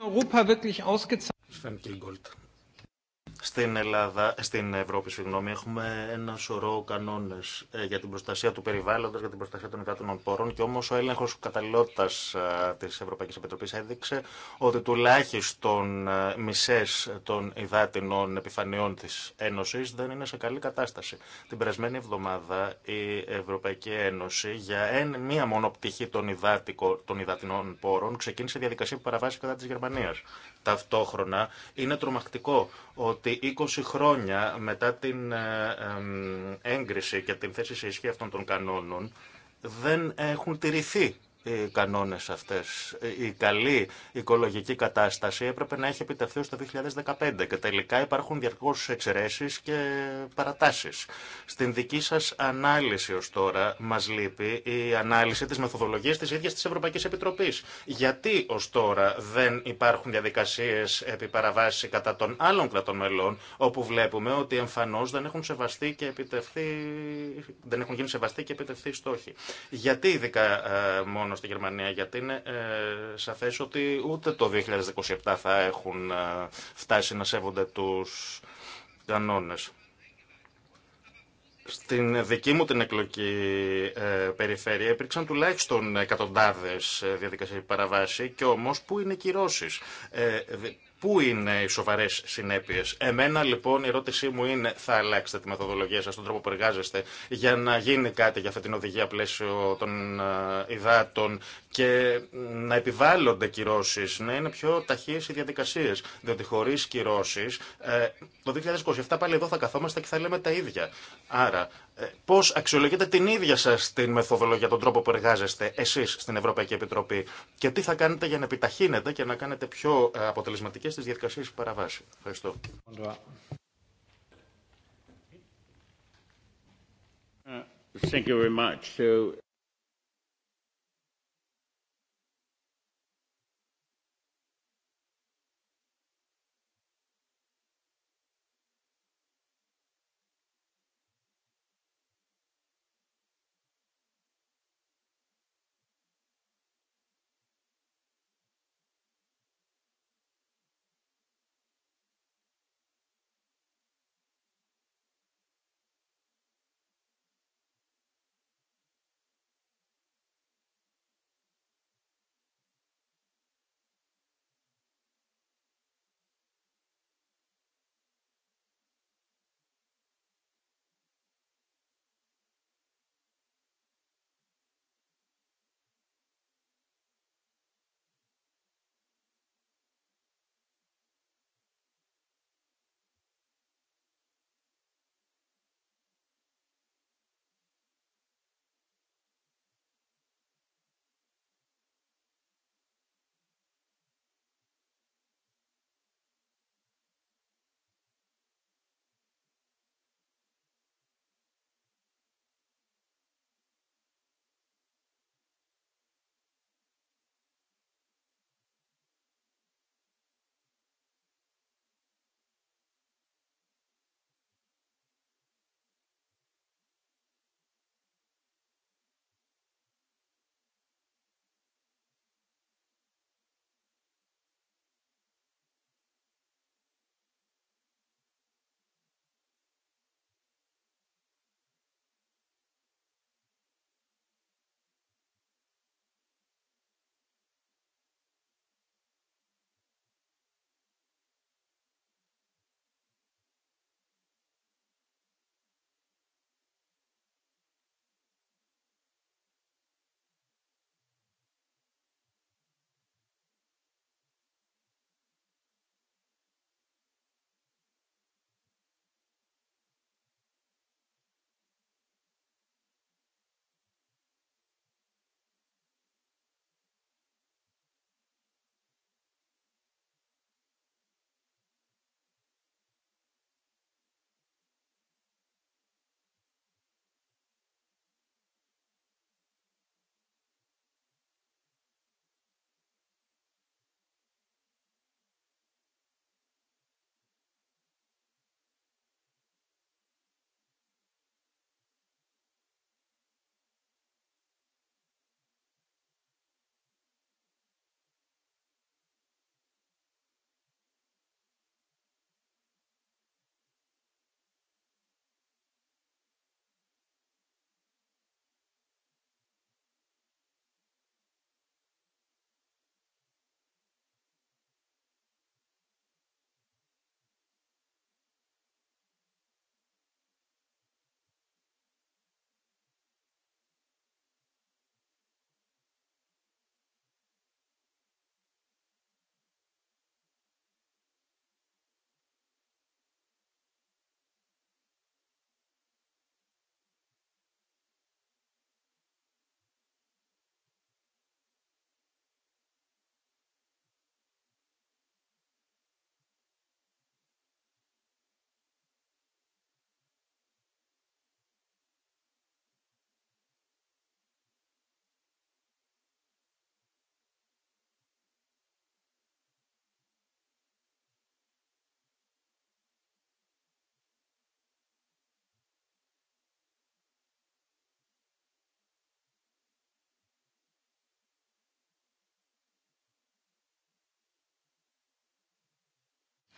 Europa wirklich ausgezeichnet. Στην, Ελλάδα, στην Ευρώπη συγγνώμη, έχουμε ένα σωρό κανόνε ε, για την προστασία του περιβάλλοντο, για την προστασία των υδάτινων πόρων. Και όμω ο έλεγχο καταλληλότητα ε, τη Ευρωπαϊκή Επιτροπή έδειξε ότι τουλάχιστον ε, μισέ των υδάτινων επιφανειών τη Ένωση δεν είναι σε καλή κατάσταση. Την περασμένη εβδομάδα η Ευρωπαϊκή Ένωση για μία μόνο πτυχή των, υδάτικο, των υδάτινων πόρων ξεκίνησε διαδικασία που παραβάσει κατά τη Γερμανία. Ταυτόχρονα είναι τρομακτικό ότι 20 χρόνια μετά την ε, έγκριση και την θέση σε ισχύ αυτών των κανόνων δεν έχουν τηρηθεί οι κανόνες αυτές. Η καλή οικολογική κατάσταση έπρεπε να έχει επιτευχθεί το 2015 και τελικά υπάρχουν διαρκώς εξαιρέσεις και παρατάσεις. Στην δική σας ανάλυση ως τώρα μας λείπει η ανάλυση της μεθοδολογίας της ίδιας της Ευρωπαϊκής Επιτροπής. Γιατί ως τώρα δεν υπάρχουν διαδικασίες επί παραβάση κατά των άλλων κρατών μελών όπου βλέπουμε ότι εμφανώς δεν έχουν, σεβαστεί και επιτευχθεί, δεν έχουν γίνει σεβαστοί και επιτευχθεί στόχοι. Γιατί ειδικά ε, μόνο στη Γερμανία, γιατί είναι ε, σαφές ότι ούτε το 2027 θα έχουν ε, φτάσει να σέβονται τους κανόνες. Στην δική μου την εκλογική ε, περιφέρεια υπήρξαν τουλάχιστον εκατοντάδε διαδικασίε παραβάση και όμως πού είναι οι ε, Πού είναι οι σοβαρέ συνέπειε. Εμένα λοιπόν η ερώτησή μου είναι θα αλλάξετε τη μεθοδολογία σα, τον τρόπο που εργάζεστε για να γίνει κάτι για αυτή την οδηγία πλαίσιο των ε, υδάτων και να επιβάλλονται κυρώσει, να είναι πιο ταχύε οι διαδικασίε. Διότι χωρί κυρώσει, ε, το 2027 πάλι εδώ θα καθόμαστε και θα λέμε τα ίδια. Άρα, ε, πώ αξιολογείτε την ίδια σα την μεθοδολογία, τον τρόπο που εργάζεστε εσεί στην Ευρωπαϊκή Επιτροπή και τι θα κάνετε για να επιταχύνετε και να κάνετε πιο ε, αποτελεσματικέ τι διαδικασίε παραβάση. Ευχαριστώ. Thank you very much.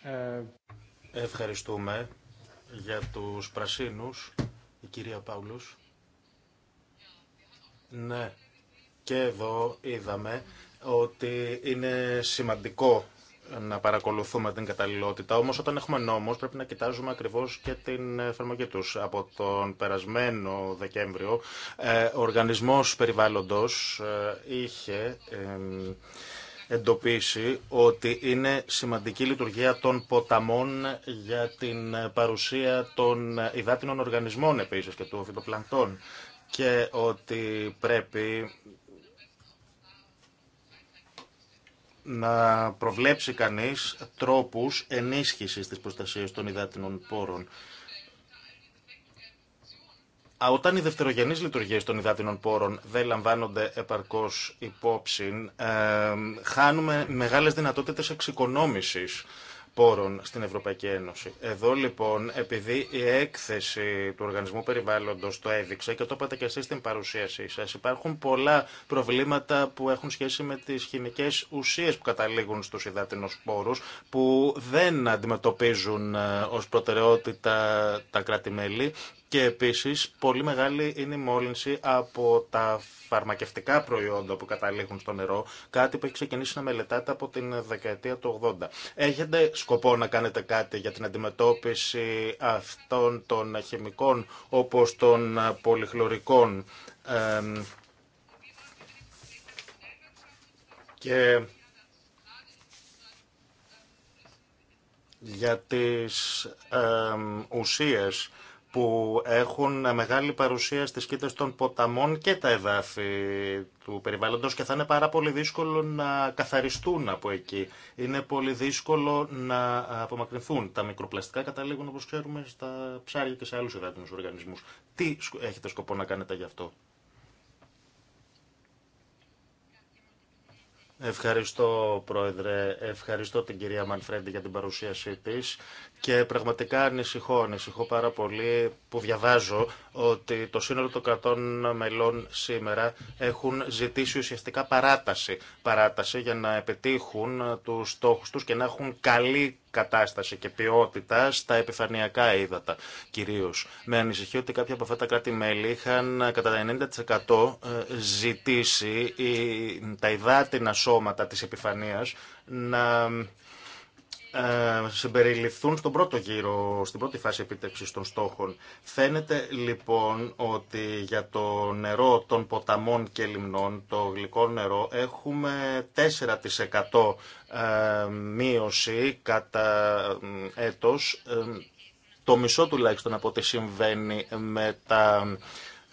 Ε, ευχαριστούμε για τους πρασίνους, η κυρία Παύλους. Ναι, και εδώ είδαμε ότι είναι σημαντικό να παρακολουθούμε την καταλληλότητα. όμως όταν έχουμε νόμος πρέπει να κοιτάζουμε ακριβώς και την εφαρμογή τους. Από τον περασμένο Δεκέμβριο, ε, ο οργανισμός περιβάλλοντος ε, είχε εντοπίσει ότι είναι σημαντική λειτουργία των ποταμών για την παρουσία των υδάτινων οργανισμών επίσης και του φυτοπλανκτών και ότι πρέπει να προβλέψει κανείς τρόπους ενίσχυσης της προστασίας των υδάτινων πόρων όταν οι δευτερογενεί λειτουργίε των υδάτινων πόρων δεν λαμβάνονται επαρκώ υπόψη, χάνουμε μεγάλε δυνατότητε εξοικονόμηση πόρων στην Ευρωπαϊκή Ένωση. Εδώ λοιπόν, επειδή η έκθεση του Οργανισμού Περιβάλλοντος το έδειξε και το είπατε και εσείς στην παρουσίασή σας, υπάρχουν πολλά προβλήματα που έχουν σχέση με τις χημικές ουσίες που καταλήγουν στους υδάτινους πόρους, που δεν αντιμετωπίζουν ε, ως προτεραιότητα τα κράτη-μέλη και επίσης πολύ μεγάλη είναι η μόλυνση από τα φαρμακευτικά προϊόντα που καταλήγουν στο νερό, κάτι που έχει ξεκινήσει να μελετάται από την δεκαετία του 80. Έχετε σκοπό να κάνετε κάτι για την αντιμετώπιση αυτών των χημικών όπως των πολυχλωρικών και για τις ουσίες που έχουν μεγάλη παρουσία στις κοίτες των ποταμών και τα εδάφη του περιβάλλοντος και θα είναι πάρα πολύ δύσκολο να καθαριστούν από εκεί. Είναι πολύ δύσκολο να απομακρυνθούν. Τα μικροπλαστικά καταλήγουν, όπως ξέρουμε, στα ψάρια και σε άλλους εδάφινους οργανισμούς. Τι έχετε σκοπό να κάνετε γι' αυτό. Ευχαριστώ, Πρόεδρε. Ευχαριστώ την κυρία Μανφρέντη για την παρουσίασή τη. Και πραγματικά ανησυχώ, ανησυχώ πάρα πολύ που διαβάζω ότι το σύνολο των κρατών μελών σήμερα έχουν ζητήσει ουσιαστικά παράταση. Παράταση για να επιτύχουν του στόχου του και να έχουν καλή κατάσταση και ποιότητα στα επιφανειακά ύδατα κυρίω. Με ανησυχεί ότι κάποια από αυτά τα κράτη-μέλη είχαν κατά 90% ε, ζητήσει τα υδάτινα σώματα της επιφανείας να ε, συμπεριληφθούν στον πρώτο γύρο, στην πρώτη φάση επίτευξη των στόχων. Φαίνεται λοιπόν ότι για το νερό των ποταμών και λιμνών, το γλυκό νερό, έχουμε 4% ε, μείωση κατά ε, έτος, το μισό τουλάχιστον από ό,τι συμβαίνει με τα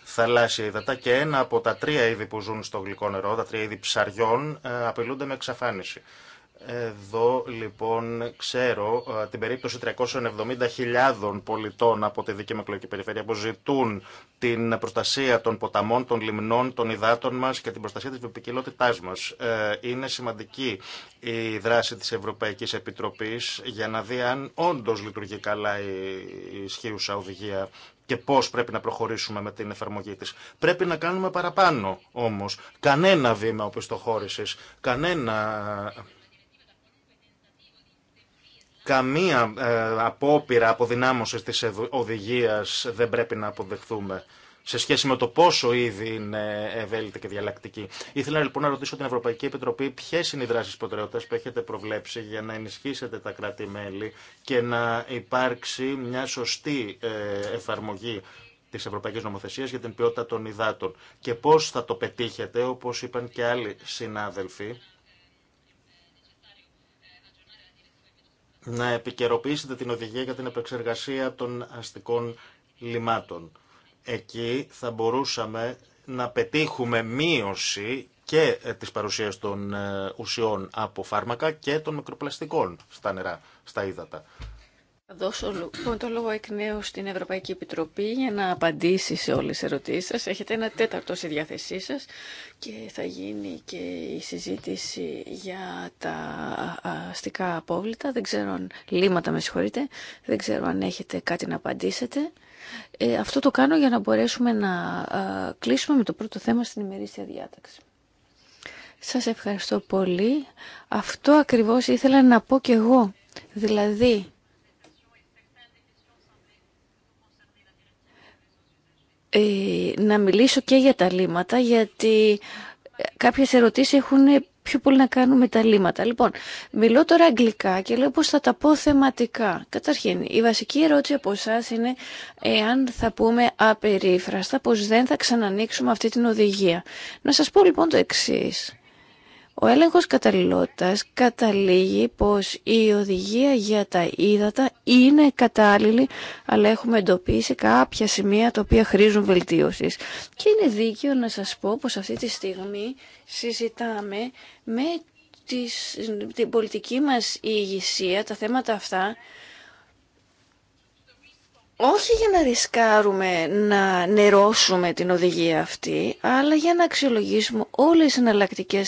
θαλάσσια ύδατα και ένα από τα τρία είδη που ζουν στο γλυκό νερό, τα τρία είδη ψαριών, απειλούνται με εξαφάνιση. Εδώ λοιπόν ξέρω την περίπτωση 370.000 πολιτών από τη δική μου περιφέρεια που ζητούν την προστασία των ποταμών, των λιμνών, των υδάτων μας και την προστασία της βιοποικιλότητάς μας. Ε, είναι σημαντική η δράση της Ευρωπαϊκής Επιτροπής για να δει αν όντως λειτουργεί καλά η ισχύουσα οδηγία και πώ πρέπει να προχωρήσουμε με την εφαρμογή τη. Πρέπει να κάνουμε παραπάνω όμω. Κανένα βήμα οπισθοχώρηση, κανένα καμία ε, απόπειρα αποδυνάμωσης της οδηγίας δεν πρέπει να αποδεχθούμε σε σχέση με το πόσο ήδη είναι ευέλικτη και διαλλακτική. Ήθελα λοιπόν να ρωτήσω την Ευρωπαϊκή Επιτροπή ποιε είναι οι δράσει προτεραιότητα που έχετε προβλέψει για να ενισχύσετε τα κράτη-μέλη και να υπάρξει μια σωστή ε, εφαρμογή τη Ευρωπαϊκή Νομοθεσία για την ποιότητα των υδάτων. Και πώ θα το πετύχετε, όπω είπαν και άλλοι συνάδελφοι, να επικαιροποιήσετε την οδηγία για την επεξεργασία των αστικών λιμάτων. Εκεί θα μπορούσαμε να πετύχουμε μείωση και ε, της παρουσίας των ε, ουσιών από φάρμακα και των μικροπλαστικών στα νερά, στα ύδατα. Θα δώσω λοιπόν το λόγο εκ νέου στην Ευρωπαϊκή Επιτροπή για να απαντήσει σε όλες τις ερωτήσεις σας. Έχετε ένα τέταρτο στη διάθεσή σας και θα γίνει και η συζήτηση για τα αστικά απόβλητα. Δεν ξέρω αν λίματα με συγχωρείτε, δεν ξέρω αν έχετε κάτι να απαντήσετε. Ε, αυτό το κάνω για να μπορέσουμε να κλείσουμε με το πρώτο θέμα στην ημερήσια διάταξη. Σας ευχαριστώ πολύ. Αυτό ακριβώς ήθελα να πω κι εγώ. Δηλαδή, ε, να μιλήσω και για τα λύματα, γιατί ε, κάποιες ερωτήσεις έχουν πιο πολύ να κάνουν με τα λύματα. Λοιπόν, μιλώ τώρα αγγλικά και λέω πώς θα τα πω θεματικά. Καταρχήν, η βασική ερώτηση από εσά είναι εάν θα πούμε απερίφραστα πως δεν θα ξανανοίξουμε αυτή την οδηγία. Να σας πω λοιπόν το εξής. Ο έλεγχος καταλληλότητας καταλήγει πως η οδηγία για τα ύδατα είναι κατάλληλη, αλλά έχουμε εντοπίσει κάποια σημεία τα οποία χρήζουν βελτίωσης. Και είναι δίκαιο να σας πω πως αυτή τη στιγμή συζητάμε με την πολιτική μας ηγησία τα θέματα αυτά όχι για να ρισκάρουμε να νερώσουμε την οδηγία αυτή, αλλά για να αξιολογήσουμε όλες τις εναλλακτικέ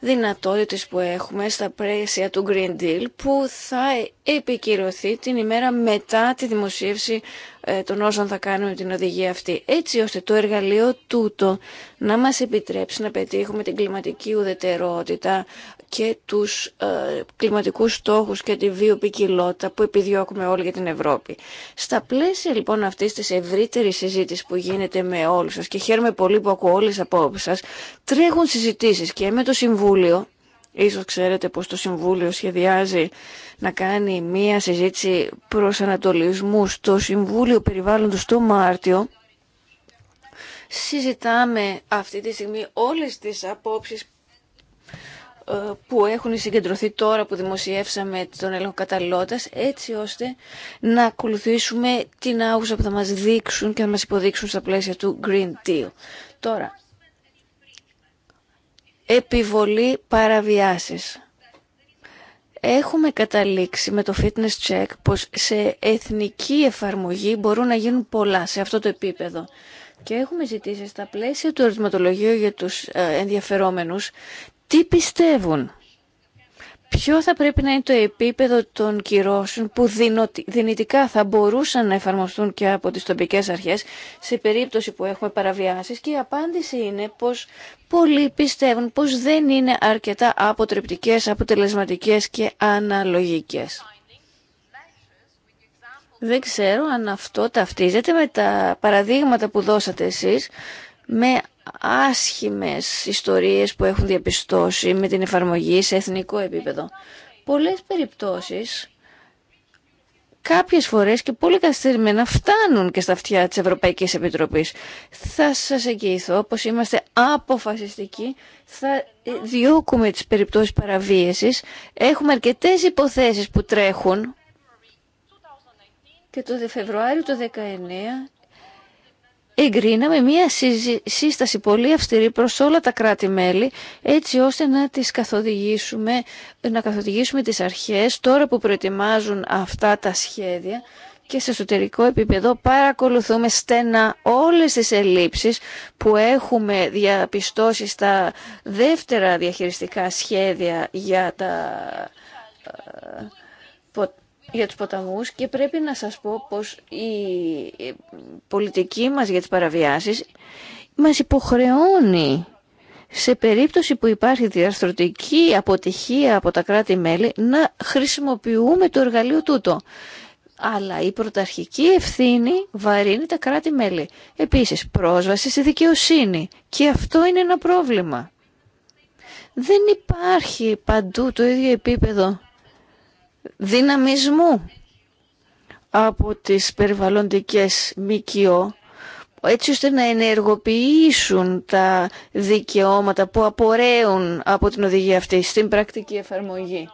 δυνατότητες που έχουμε στα πλαίσια του Green Deal που θα επικυρωθεί την ημέρα μετά τη δημοσίευση ε, των όσων θα κάνουμε την οδηγία αυτή. Έτσι ώστε το εργαλείο τούτο να μας επιτρέψει να πετύχουμε την κλιματική ουδετερότητα και τους ε, κλιματικούς στόχους και τη βιοπικιλότητα που επιδιώκουμε όλοι για την Ευρώπη. Στα πλαίσια λοιπόν αυτής της ευρύτερη συζήτηση που γίνεται με όλους σας και χαίρομαι πολύ που ακούω όλες τις απόψεις σας, τρέχουν συζητήσεις και με το Συμβούλιο, ίσως ξέρετε πως το Συμβούλιο σχεδιάζει να κάνει μία συζήτηση προς ανατολισμού στο Συμβούλιο Περιβάλλοντος το Μάρτιο, συζητάμε αυτή τη στιγμή όλες τις απόψεις που έχουν συγκεντρωθεί τώρα που δημοσιεύσαμε τον έλεγχο καταλληλότητας έτσι ώστε να ακολουθήσουμε την άγουσα που θα μας δείξουν και να μας υποδείξουν στα πλαίσια του Green Deal. Τώρα, επιβολή παραβιάσεις. Έχουμε καταλήξει με το fitness check πως σε εθνική εφαρμογή μπορούν να γίνουν πολλά σε αυτό το επίπεδο. Και έχουμε ζητήσει στα πλαίσια του ερωτηματολογίου για τους ε, ενδιαφερόμενους τι πιστεύουν. Ποιο θα πρέπει να είναι το επίπεδο των κυρώσεων που δυνητικά θα μπορούσαν να εφαρμοστούν και από τις τοπικές αρχές σε περίπτωση που έχουμε παραβιάσεις και η απάντηση είναι πως πολλοί πιστεύουν πως δεν είναι αρκετά αποτρεπτικές, αποτελεσματικές και αναλογικές. Δεν ξέρω αν αυτό ταυτίζεται με τα παραδείγματα που δώσατε εσείς με άσχημες ιστορίες που έχουν διαπιστώσει με την εφαρμογή σε εθνικό επίπεδο. Πολλές περιπτώσεις, κάποιες φορές και πολύ καθυστερημένα φτάνουν και στα αυτιά της Ευρωπαϊκής Επιτροπής. Θα σας εγγυηθώ πως είμαστε αποφασιστικοί, θα διώκουμε τις περιπτώσεις παραβίασης. Έχουμε αρκετές υποθέσεις που τρέχουν και το Φεβρουάριο του 19 εγκρίναμε μία σύσταση πολύ αυστηρή προς όλα τα κράτη-μέλη έτσι ώστε να τις καθοδηγήσουμε, να καθοδηγήσουμε τις αρχές τώρα που προετοιμάζουν αυτά τα σχέδια και σε εσωτερικό επίπεδο παρακολουθούμε στενά όλες τις ελλείψεις που έχουμε διαπιστώσει στα δεύτερα διαχειριστικά σχέδια για τα ε, για τους ποταμούς και πρέπει να σας πω πως η πολιτική μας για τις παραβιάσεις μας υποχρεώνει σε περίπτωση που υπάρχει διαστρωτική αποτυχία από τα κράτη-μέλη να χρησιμοποιούμε το εργαλείο τούτο. Αλλά η πρωταρχική ευθύνη βαρύνει τα κράτη-μέλη. Επίσης, πρόσβαση στη δικαιοσύνη. Και αυτό είναι ένα πρόβλημα. Δεν υπάρχει παντού το ίδιο επίπεδο δυναμισμού από τις περιβαλλοντικές ΜΚΟ έτσι ώστε να ενεργοποιήσουν τα δικαιώματα που απορρέουν από την οδηγία αυτή στην πρακτική εφαρμογή.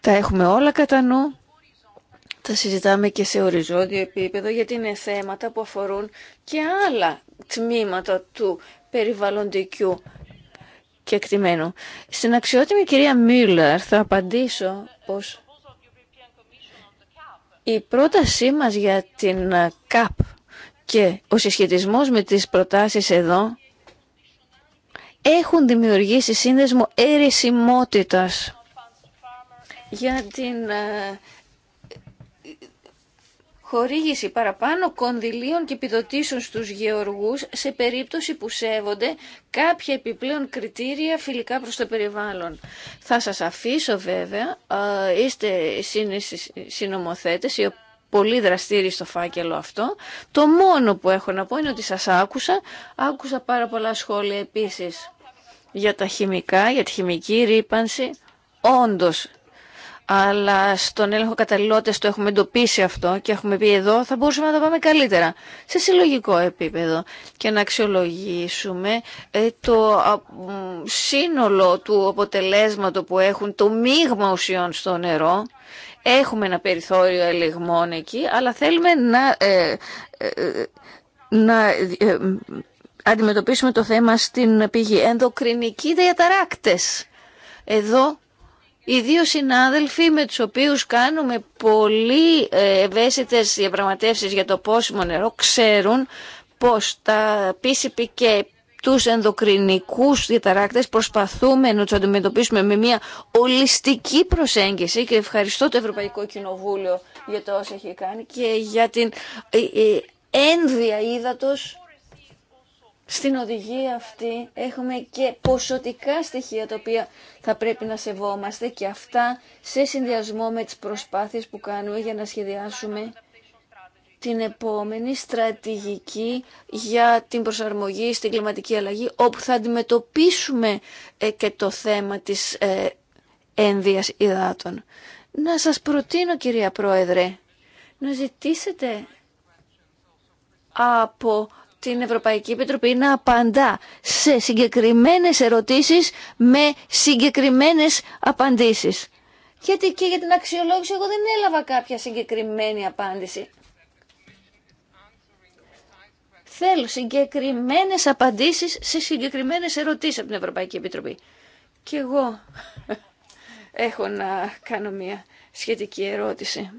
Τα έχουμε όλα κατά νου, τα συζητάμε και σε οριζόντιο επίπεδο γιατί είναι θέματα που αφορούν και άλλα τμήματα του περιβαλλοντικού στην αξιότιμη κυρία Μίλλερ θα απαντήσω πως η πρότασή μας για την ΚΑΠ και ο συσχετισμός με τις προτάσεις εδώ έχουν δημιουργήσει σύνδεσμο ερησιμότητας για την ε, χορήγηση παραπάνω κονδυλίων και επιδοτήσεων στους γεωργούς σε περίπτωση που σέβονται κάποια επιπλέον κριτήρια φιλικά προς το περιβάλλον. Θα σας αφήσω βέβαια, είστε συνομοθέτες, οι πολύ δραστήριοι στο φάκελο αυτό. Το μόνο που έχω να πω είναι ότι σας άκουσα, άκουσα πάρα πολλά σχόλια επίσης για τα χημικά, για τη χημική ρήπανση. Όντως αλλά στον έλεγχο καταλληλότητας το έχουμε εντοπίσει αυτό και έχουμε πει εδώ θα μπορούσαμε να τα πάμε καλύτερα σε συλλογικό επίπεδο και να αξιολογήσουμε ε, το σύνολο του αποτελέσματο που έχουν το μείγμα ουσιών στο νερό. Έχουμε ένα περιθώριο ελιγμών εκεί, αλλά θέλουμε να, ε, ε, να αντιμετωπίσουμε το θέμα στην πηγή. Ενδοκρινικοί διαταράκτες. Εδώ οι δύο συνάδελφοι με τους οποίους κάνουμε πολύ ε, ευαίσθητες διαπραγματεύσεις για το πόσιμο νερό ξέρουν πως τα PCP και τους ενδοκρινικούς διαταράκτες προσπαθούμε να του αντιμετωπίσουμε με μια ολιστική προσέγγιση και ευχαριστώ το Ευρωπαϊκό Κοινοβούλιο για το όσο έχει κάνει και για την ε, ε, ένδυα ύδατος στην οδηγία αυτή έχουμε και ποσοτικά στοιχεία τα οποία θα πρέπει να σεβόμαστε και αυτά σε συνδυασμό με τις προσπάθειες που κάνουμε για να σχεδιάσουμε την επόμενη στρατηγική για την προσαρμογή στην κλιματική αλλαγή όπου θα αντιμετωπίσουμε ε, και το θέμα της ε, ένδυας υδάτων. Να σας προτείνω κυρία Πρόεδρε να ζητήσετε από την Ευρωπαϊκή Επιτροπή να απαντά σε συγκεκριμένες ερωτήσεις με συγκεκριμένες απαντήσεις. Γιατί και για την αξιολόγηση εγώ δεν έλαβα κάποια συγκεκριμένη απάντηση. Θέλω συγκεκριμένες απαντήσεις σε συγκεκριμένες ερωτήσεις από την Ευρωπαϊκή Επιτροπή. Και εγώ έχω να κάνω μια σχετική ερώτηση.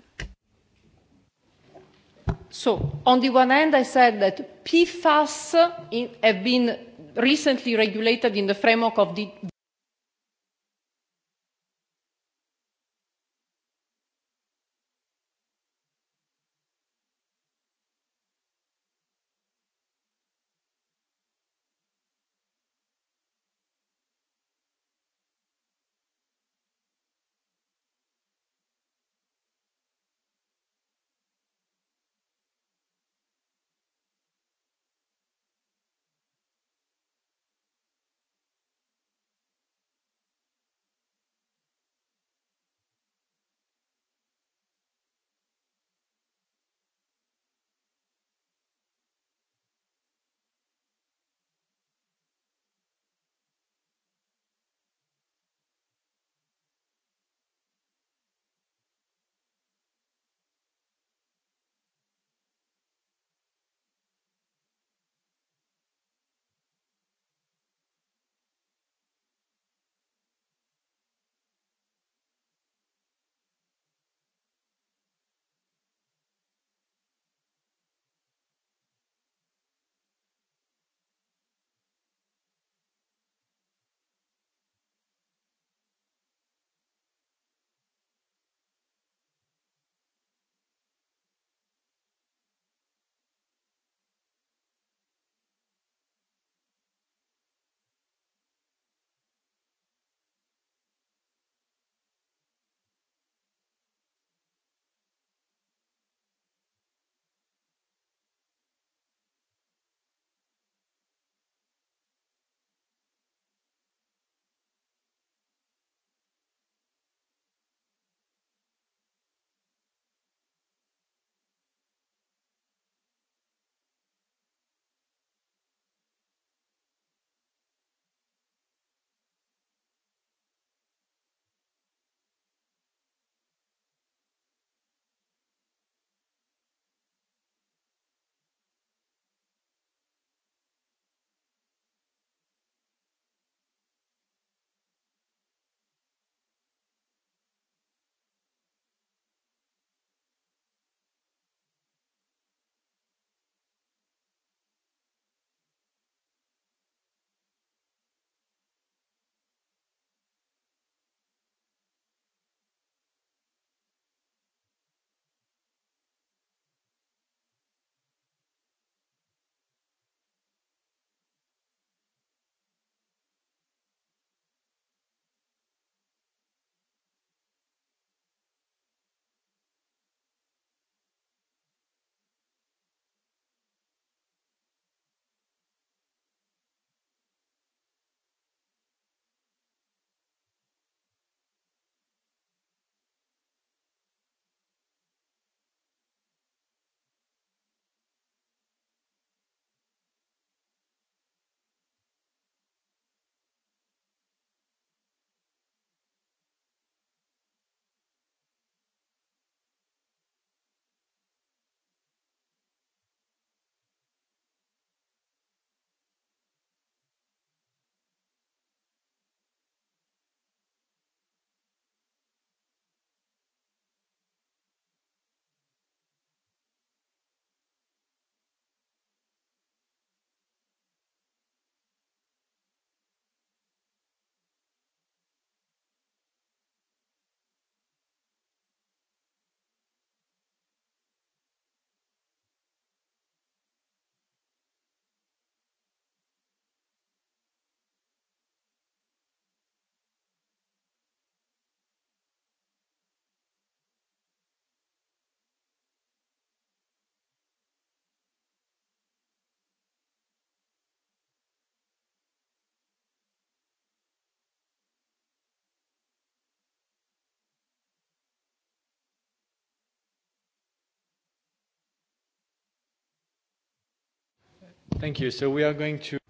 So, on the one hand, I said that PFAS have been recently regulated in the framework of the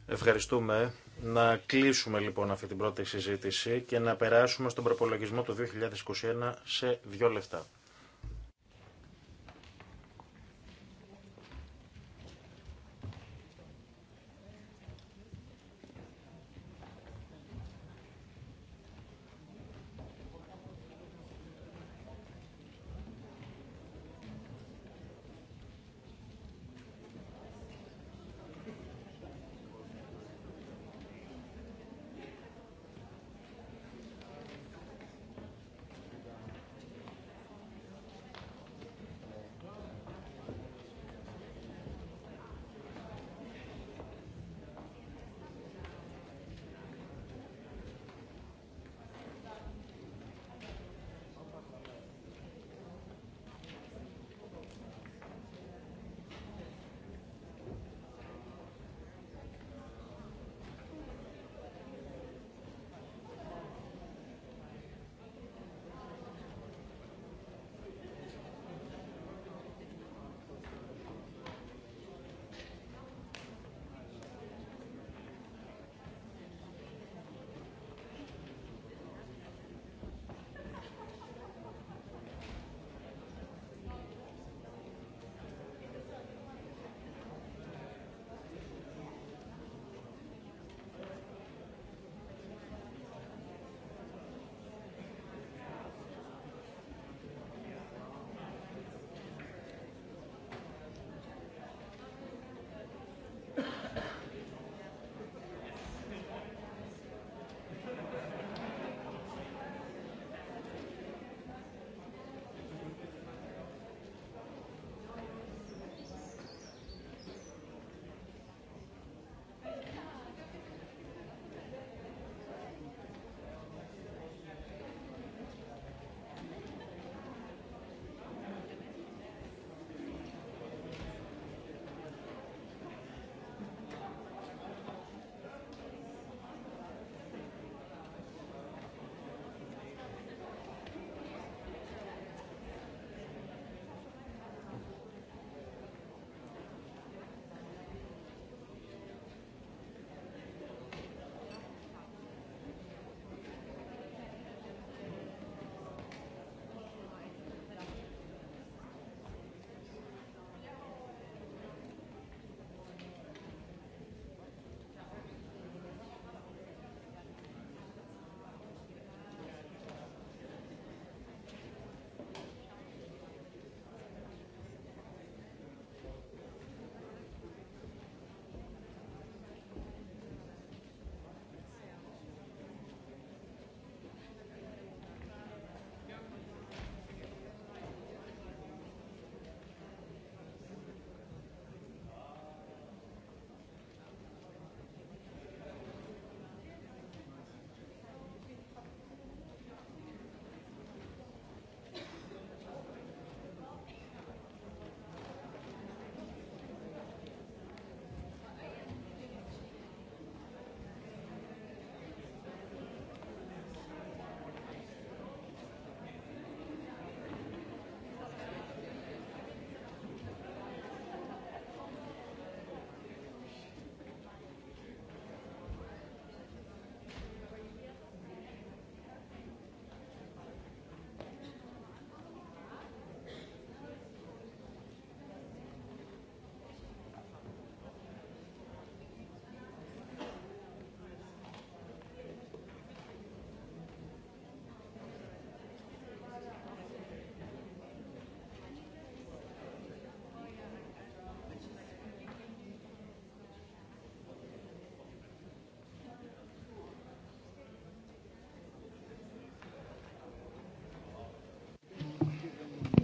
Ευχαριστούμε. Να κλείσουμε λοιπόν αυτή την πρώτη συζήτηση και να περάσουμε στον προπολογισμό του 2021 σε δύο λεφτά.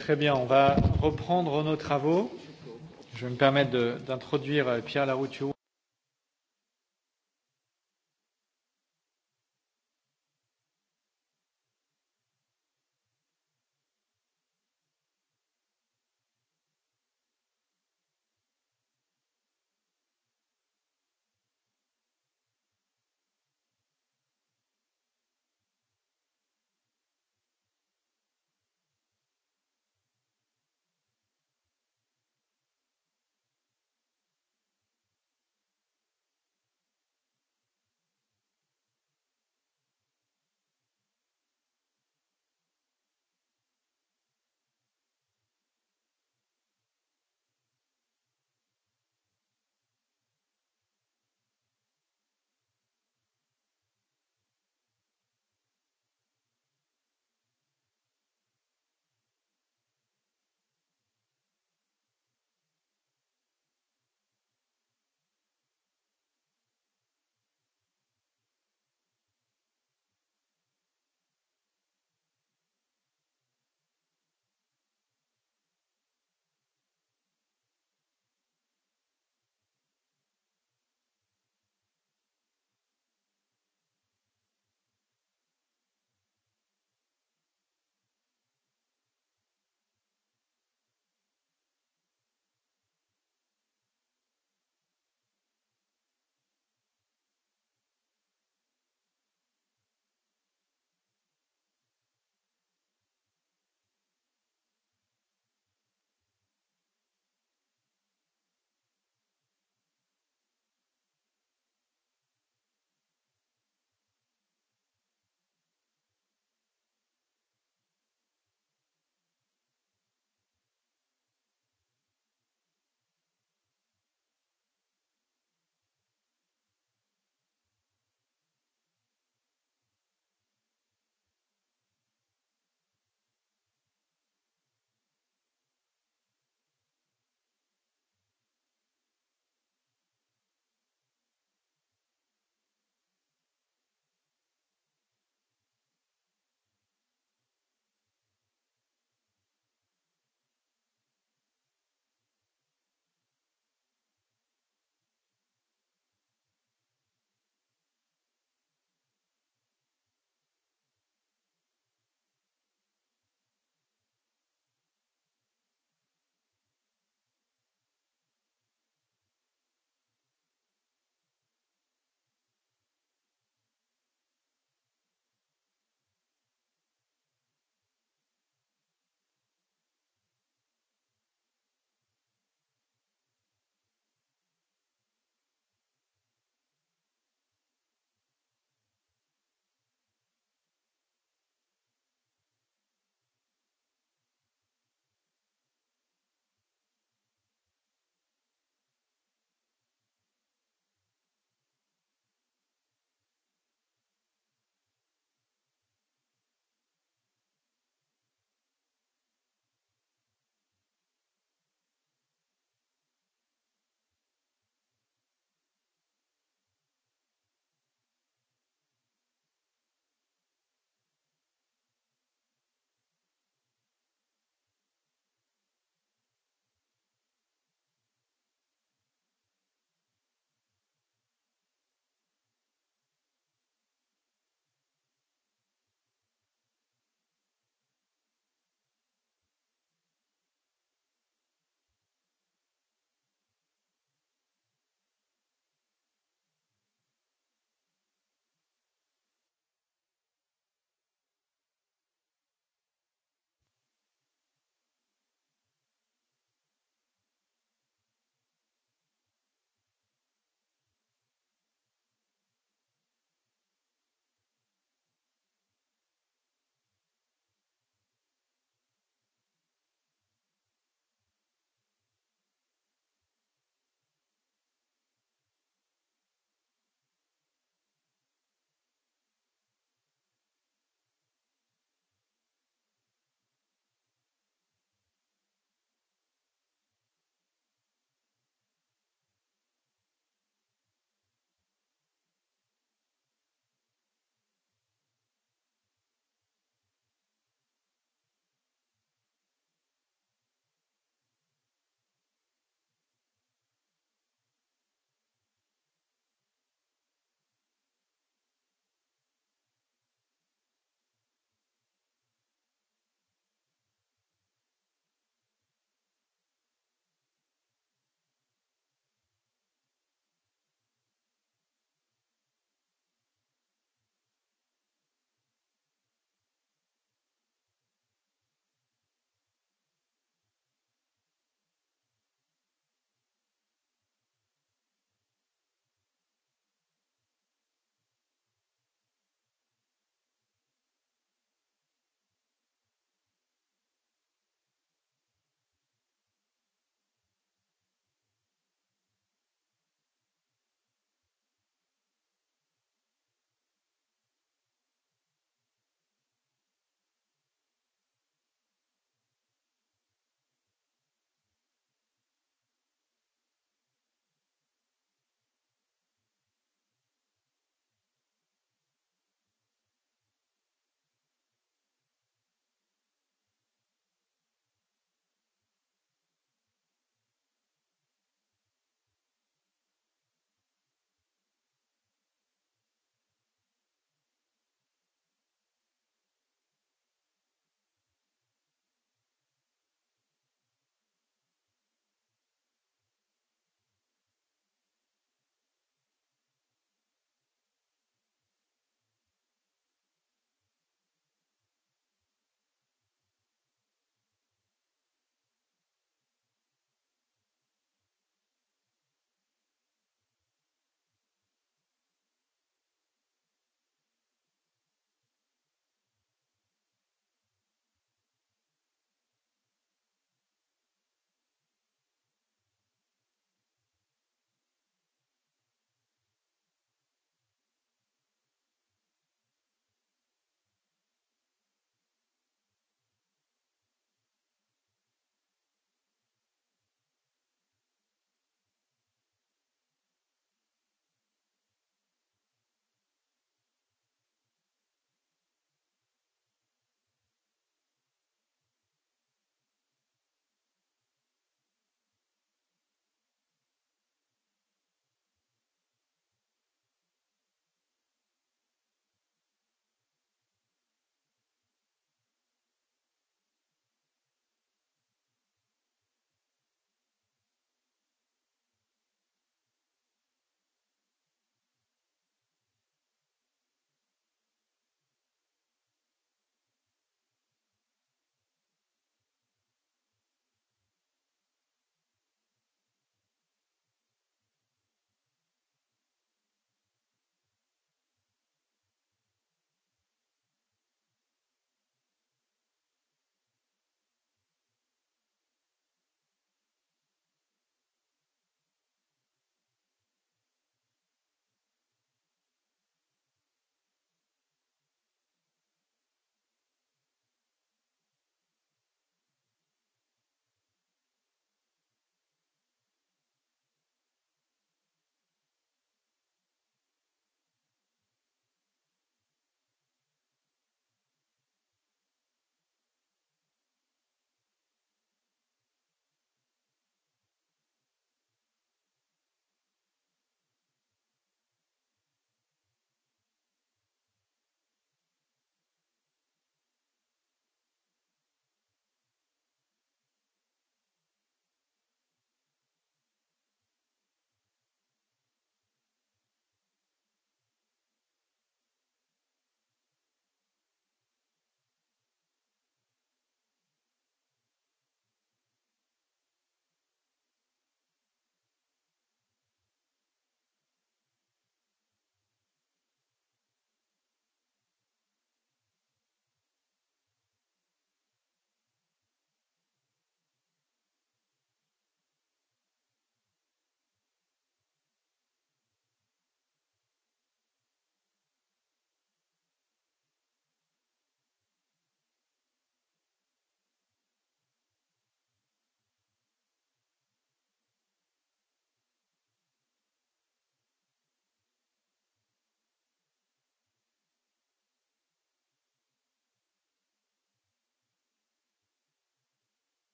Très bien, on va reprendre nos travaux. Je vais me permettre d'introduire Pierre Larouture.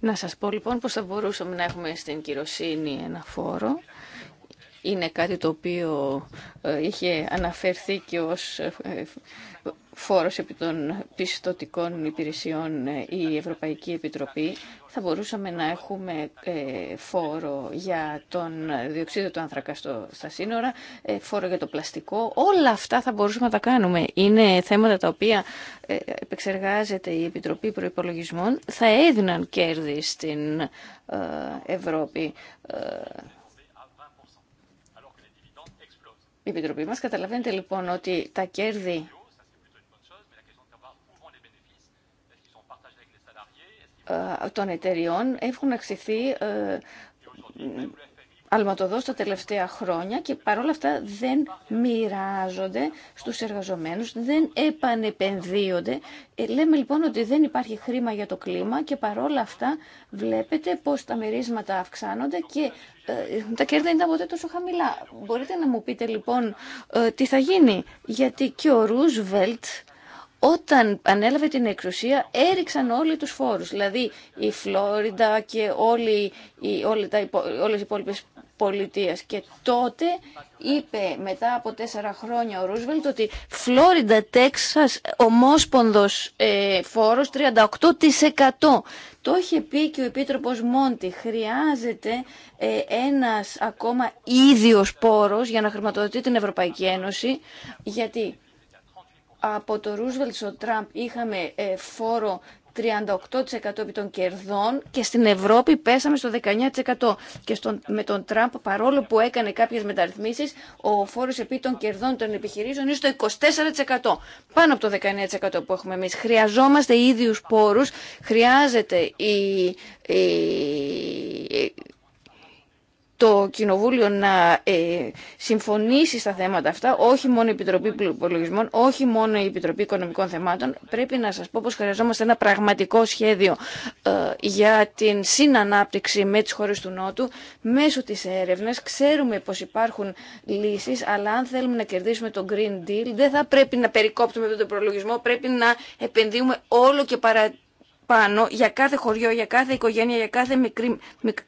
Να σας πω λοιπόν πως θα μπορούσαμε να έχουμε στην κυροσύνη ένα φόρο. Είναι κάτι το οποίο ε, είχε αναφερθεί και ως ε, ε, φόρος επί των πιστωτικών υπηρεσιών ε, η Ευρωπαϊκή Επιτροπή, θα μπορούσαμε να έχουμε ε, φόρο για τον διοξείδιο του άνθρακα στα σύνορα, ε, φόρο για το πλαστικό. Όλα αυτά θα μπορούσαμε να τα κάνουμε. Είναι θέματα τα οποία επεξεργάζεται η Επιτροπή Προϋπολογισμών. Θα έδιναν κέρδη στην Ευρώπη. Η Επιτροπή μας καταλαβαίνετε λοιπόν ότι τα κέρδη Ε, των εταιριών έχουν αυξηθεί ε, αλματοδός τα τελευταία χρόνια και παρόλα αυτά δεν μοιράζονται στους εργαζομένους, δεν επανεπενδύονται. Ε, λέμε λοιπόν ότι δεν υπάρχει χρήμα για το κλίμα και παρόλα αυτά βλέπετε πως τα μερίσματα αυξάνονται και τα κέρδη δεν ήταν ποτέ τόσο χαμηλά. Μπορείτε να μου πείτε λοιπόν τι θα γίνει, γιατί και ο Ρούσβελτ όταν ανέλαβε την εξουσία έριξαν όλοι τους φόρους. Δηλαδή η Φλόριντα και όλοι, οι, όλοι τα, όλες οι υπόλοιπες πολιτείες. Και τότε είπε μετά από τέσσερα χρόνια ο Ρούσβελτ ότι Φλόριντα, Τέξας, ομόσπονδος ε, φόρος 38%. Το είχε πει και ο Επίτροπος Μόντι. Χρειάζεται ε, ένας ακόμα ίδιος πόρος για να χρηματοδοτεί την Ευρωπαϊκή Ένωση. Γιατί από το Ρούσβελτ στο Τραμπ είχαμε ε, φόρο 38% επί των κερδών και στην Ευρώπη πέσαμε στο 19%. Και στον, με τον Τραμπ, παρόλο που έκανε κάποιες μεταρρυθμίσεις, ο φόρος επί των κερδών των επιχειρήσεων είναι στο 24%. Πάνω από το 19% που έχουμε εμείς. Χρειαζόμαστε ίδιους πόρους, χρειάζεται η, η το Κοινοβούλιο να ε, συμφωνήσει στα θέματα αυτά, όχι μόνο η Επιτροπή Προλογισμών, όχι μόνο η Επιτροπή Οικονομικών Θεμάτων. Πρέπει να σας πω πως χρειαζόμαστε ένα πραγματικό σχέδιο ε, για την συνανάπτυξη με τις χώρες του Νότου μέσω της έρευνας. Ξέρουμε πως υπάρχουν λύσεις, αλλά αν θέλουμε να κερδίσουμε τον Green Deal, δεν θα πρέπει να περικόπτουμε τον προλογισμό, πρέπει να επενδύουμε όλο και παρατηρήσουμε πάνω για κάθε χωριό, για κάθε οικογένεια, για κάθε μικρή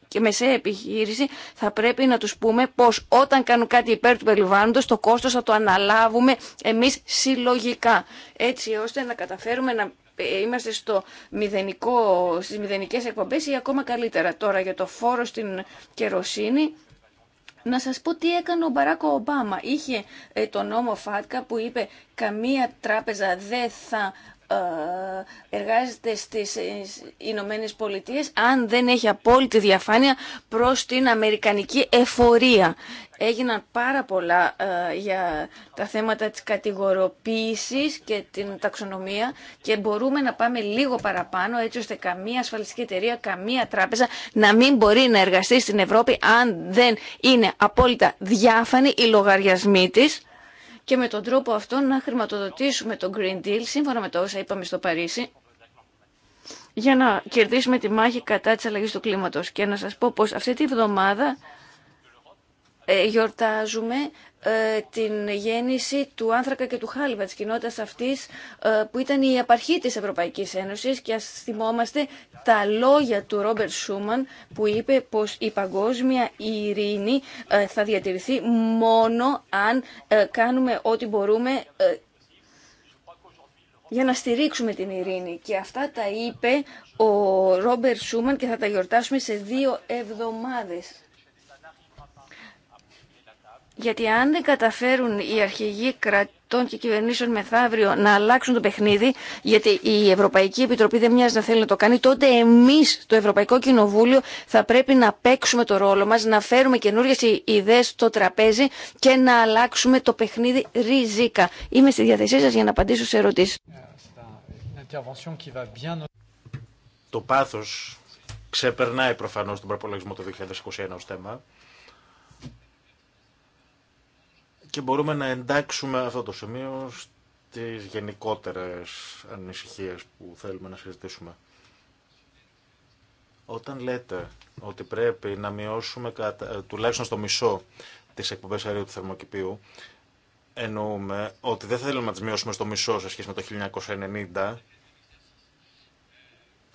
και μεσαία επιχείρηση θα πρέπει να τους πούμε πως όταν κάνουν κάτι υπέρ του περιβάλλοντος το κόστος θα το αναλάβουμε εμείς συλλογικά έτσι ώστε να καταφέρουμε να ε, είμαστε στο μηδενικό, στις μηδενικές εκπομπές ή ακόμα καλύτερα τώρα για το φόρο στην κεροσύνη να σας πω τι έκανε ο Μπαράκο Ομπάμα. Είχε ε, τον νόμο ΦΑΤΚΑ που είπε καμία τράπεζα δεν θα ε, εργάζεται στις Ηνωμένε Πολιτείε αν δεν έχει απόλυτη διαφάνεια προς την Αμερικανική εφορία. Έγιναν πάρα πολλά ε, για τα θέματα της κατηγοροποίησης και την ταξονομία και μπορούμε να πάμε λίγο παραπάνω έτσι ώστε καμία ασφαλιστική εταιρεία, καμία τράπεζα να μην μπορεί να εργαστεί στην Ευρώπη αν δεν είναι απόλυτα διάφανη οι λογαριασμοί της και με τον τρόπο αυτό να χρηματοδοτήσουμε τον Green Deal σύμφωνα με το όσα είπαμε στο Παρίσι για να κερδίσουμε τη μάχη κατά της αλλαγής του κλίματος. Και να σας πω πως αυτή τη βδομάδα ε, γιορτάζουμε ε, την γέννηση του άνθρακα και του χάλιβα της κοινότητας αυτής ε, που ήταν η απαρχή της Ευρωπαϊκής Ένωσης και ας θυμόμαστε τα λόγια του Ρόμπερτ Σούμαν που είπε πως η παγκόσμια ειρήνη ε, θα διατηρηθεί μόνο αν κάνουμε ό,τι μπορούμε για να στηρίξουμε την ειρήνη. Και αυτά τα είπε ο Ρόμπερτ Σούμαν και θα τα γιορτάσουμε σε δύο εβδομάδες. Γιατί αν δεν καταφέρουν οι αρχηγοί κρατών και κυβερνήσεων μεθαύριο να αλλάξουν το παιχνίδι, γιατί η Ευρωπαϊκή Επιτροπή δεν μοιάζει να θέλει να το κάνει, τότε εμεί, το Ευρωπαϊκό Κοινοβούλιο, θα πρέπει να παίξουμε το ρόλο μα, να φέρουμε καινούριε ιδέε στο τραπέζι και να αλλάξουμε το παιχνίδι ριζίκα. Είμαι στη διάθεσή σα για να απαντήσω σε ερωτήσει. Το πάθο ξεπερνάει προφανώ τον προπολογισμό του 2021 ω θέμα. και μπορούμε να εντάξουμε αυτό το σημείο στις γενικότερες ανησυχίες που θέλουμε να συζητήσουμε. Όταν λέτε ότι πρέπει να μειώσουμε ε, τουλάχιστον στο μισό τις εκπομπές αερίου του θερμοκηπίου, εννοούμε ότι δεν θέλουμε να τις μειώσουμε στο μισό σε σχέση με το 1990,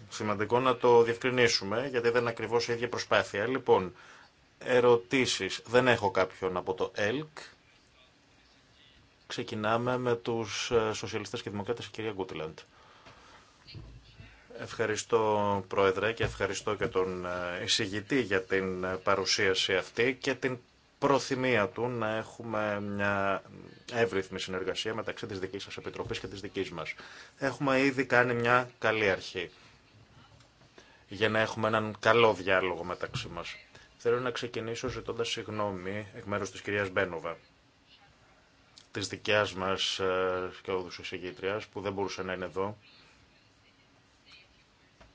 Σημαντικό να το διευκρινίσουμε, γιατί δεν είναι ακριβώς η ίδια προσπάθεια. Λοιπόν, ερωτήσεις. Δεν έχω κάποιον από το ΕΛΚ. Ξεκινάμε με τους ε, σοσιαλιστές και δημοκράτες, κυρία Γκούτλαντ. Ευχαριστώ Πρόεδρε και ευχαριστώ και τον ε, εισηγητή για την ε, παρουσίαση αυτή και την προθυμία του να έχουμε μια εύρυθμη συνεργασία μεταξύ της δικής σας Επιτροπής και της δικής μας. Έχουμε ήδη κάνει μια καλή αρχή για να έχουμε έναν καλό διάλογο μεταξύ μας. Θέλω να ξεκινήσω ζητώντας συγγνώμη εκ μέρους της κυρίας Μπένοβα Τη δικιάς μας ε, και οδού εισηγήτρια που δεν μπορούσε να είναι εδώ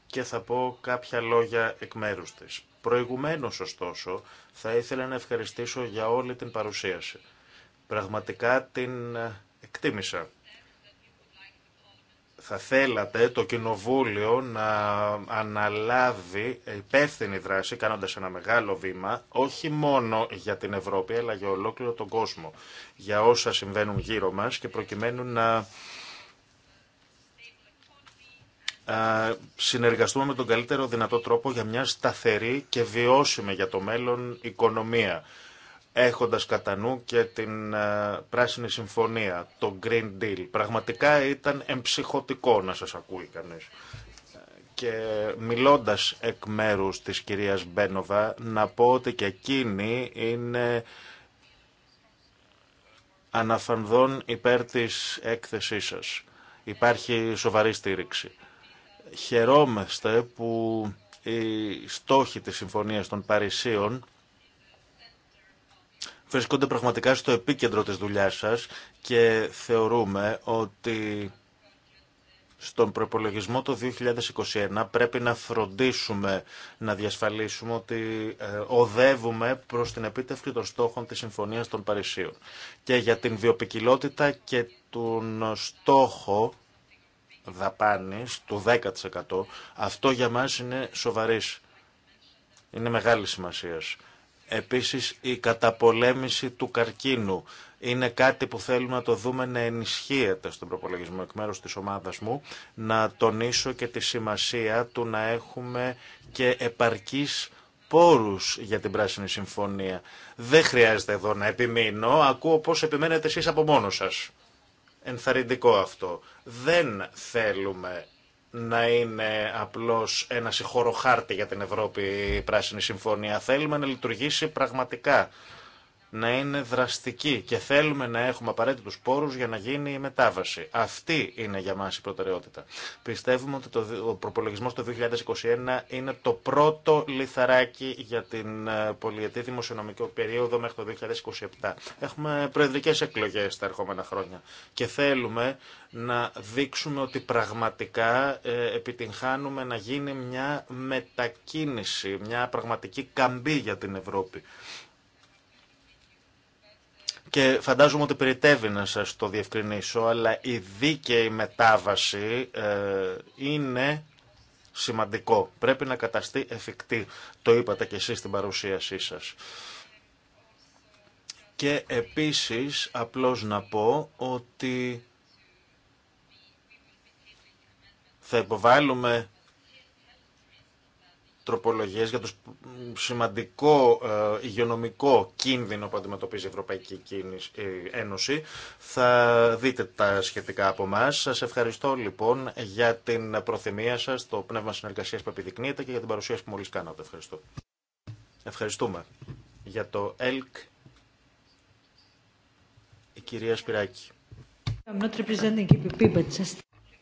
και θα πω κάποια λόγια εκ μέρου της. Προηγουμένως, ωστόσο, θα ήθελα να ευχαριστήσω για όλη την παρουσίαση. Πραγματικά την ε, εκτίμησα θα θέλατε το Κοινοβούλιο να αναλάβει υπεύθυνη δράση κάνοντας ένα μεγάλο βήμα όχι μόνο για την Ευρώπη αλλά για ολόκληρο τον κόσμο για όσα συμβαίνουν γύρω μας και προκειμένου να συνεργαστούμε με τον καλύτερο δυνατό τρόπο για μια σταθερή και βιώσιμη για το μέλλον οικονομία έχοντας κατά νου και την ε, Πράσινη Συμφωνία, το Green Deal. Πραγματικά ήταν εμψυχωτικό να σας ακούει κανείς. Και μιλώντας εκ μέρους της κυρίας Μπένοβα, να πω ότι και εκείνη είναι αναφανδόν υπέρ της έκθεσής σας. Υπάρχει σοβαρή στήριξη. Χαιρόμαστε που οι στόχοι της Συμφωνίας των Παρισίων βρισκόνται πραγματικά στο επίκεντρο της δουλειάς σας και θεωρούμε ότι στον προπολογισμό το 2021 πρέπει να φροντίσουμε να διασφαλίσουμε ότι ε, οδεύουμε προς την επίτευξη των στόχων της Συμφωνίας των Παρισίων και για την βιοπικιλότητα και τον στόχο δαπάνης του 10% αυτό για μας είναι σοβαρής. Είναι μεγάλη σημασία. Επίσης η καταπολέμηση του καρκίνου είναι κάτι που θέλουμε να το δούμε να ενισχύεται στον προπολογισμό εκ μέρους της ομάδας μου, να τονίσω και τη σημασία του να έχουμε και επαρκείς πόρους για την Πράσινη Συμφωνία. Δεν χρειάζεται εδώ να επιμείνω, ακούω πώς επιμένετε εσείς από μόνος σας. Ενθαρρυντικό αυτό. Δεν θέλουμε να είναι απλώς ένα συγχώρο χάρτη για την Ευρώπη η Πράσινη Συμφωνία. Θέλουμε να λειτουργήσει πραγματικά να είναι δραστική και θέλουμε να έχουμε απαραίτητους πόρους για να γίνει η μετάβαση. Αυτή είναι για μας η προτεραιότητα. Πιστεύουμε ότι το, ο προπολογισμός το 2021 είναι το πρώτο λιθαράκι για την ε, πολιετή δημοσιονομική περίοδο μέχρι το 2027. Έχουμε προεδρικές εκλογές τα ερχόμενα χρόνια και θέλουμε να δείξουμε ότι πραγματικά ε, επιτυγχάνουμε να γίνει μια μετακίνηση, μια πραγματική καμπή για την Ευρώπη. Και φαντάζομαι ότι περιτεύει να σας το διευκρινίσω, αλλά η δίκαιη μετάβαση ε, είναι σημαντικό. Πρέπει να καταστεί εφικτή. Το είπατε και εσείς στην παρουσίασή σας. Και επίσης, απλώς να πω ότι θα υποβάλουμε τροπολογίες για το σημαντικό ε, υγειονομικό κίνδυνο που αντιμετωπίζει η Ευρωπαϊκή ε, Ένωση. Θα δείτε τα σχετικά από εμά. Σας ευχαριστώ λοιπόν για την προθυμία σας, το πνεύμα συνεργασίας που επιδεικνύεται και για την παρουσίαση που μόλι κάνατε. Ευχαριστώ. Ευχαριστούμε. Για το ΕΛΚ, η κυρία Σπυράκη.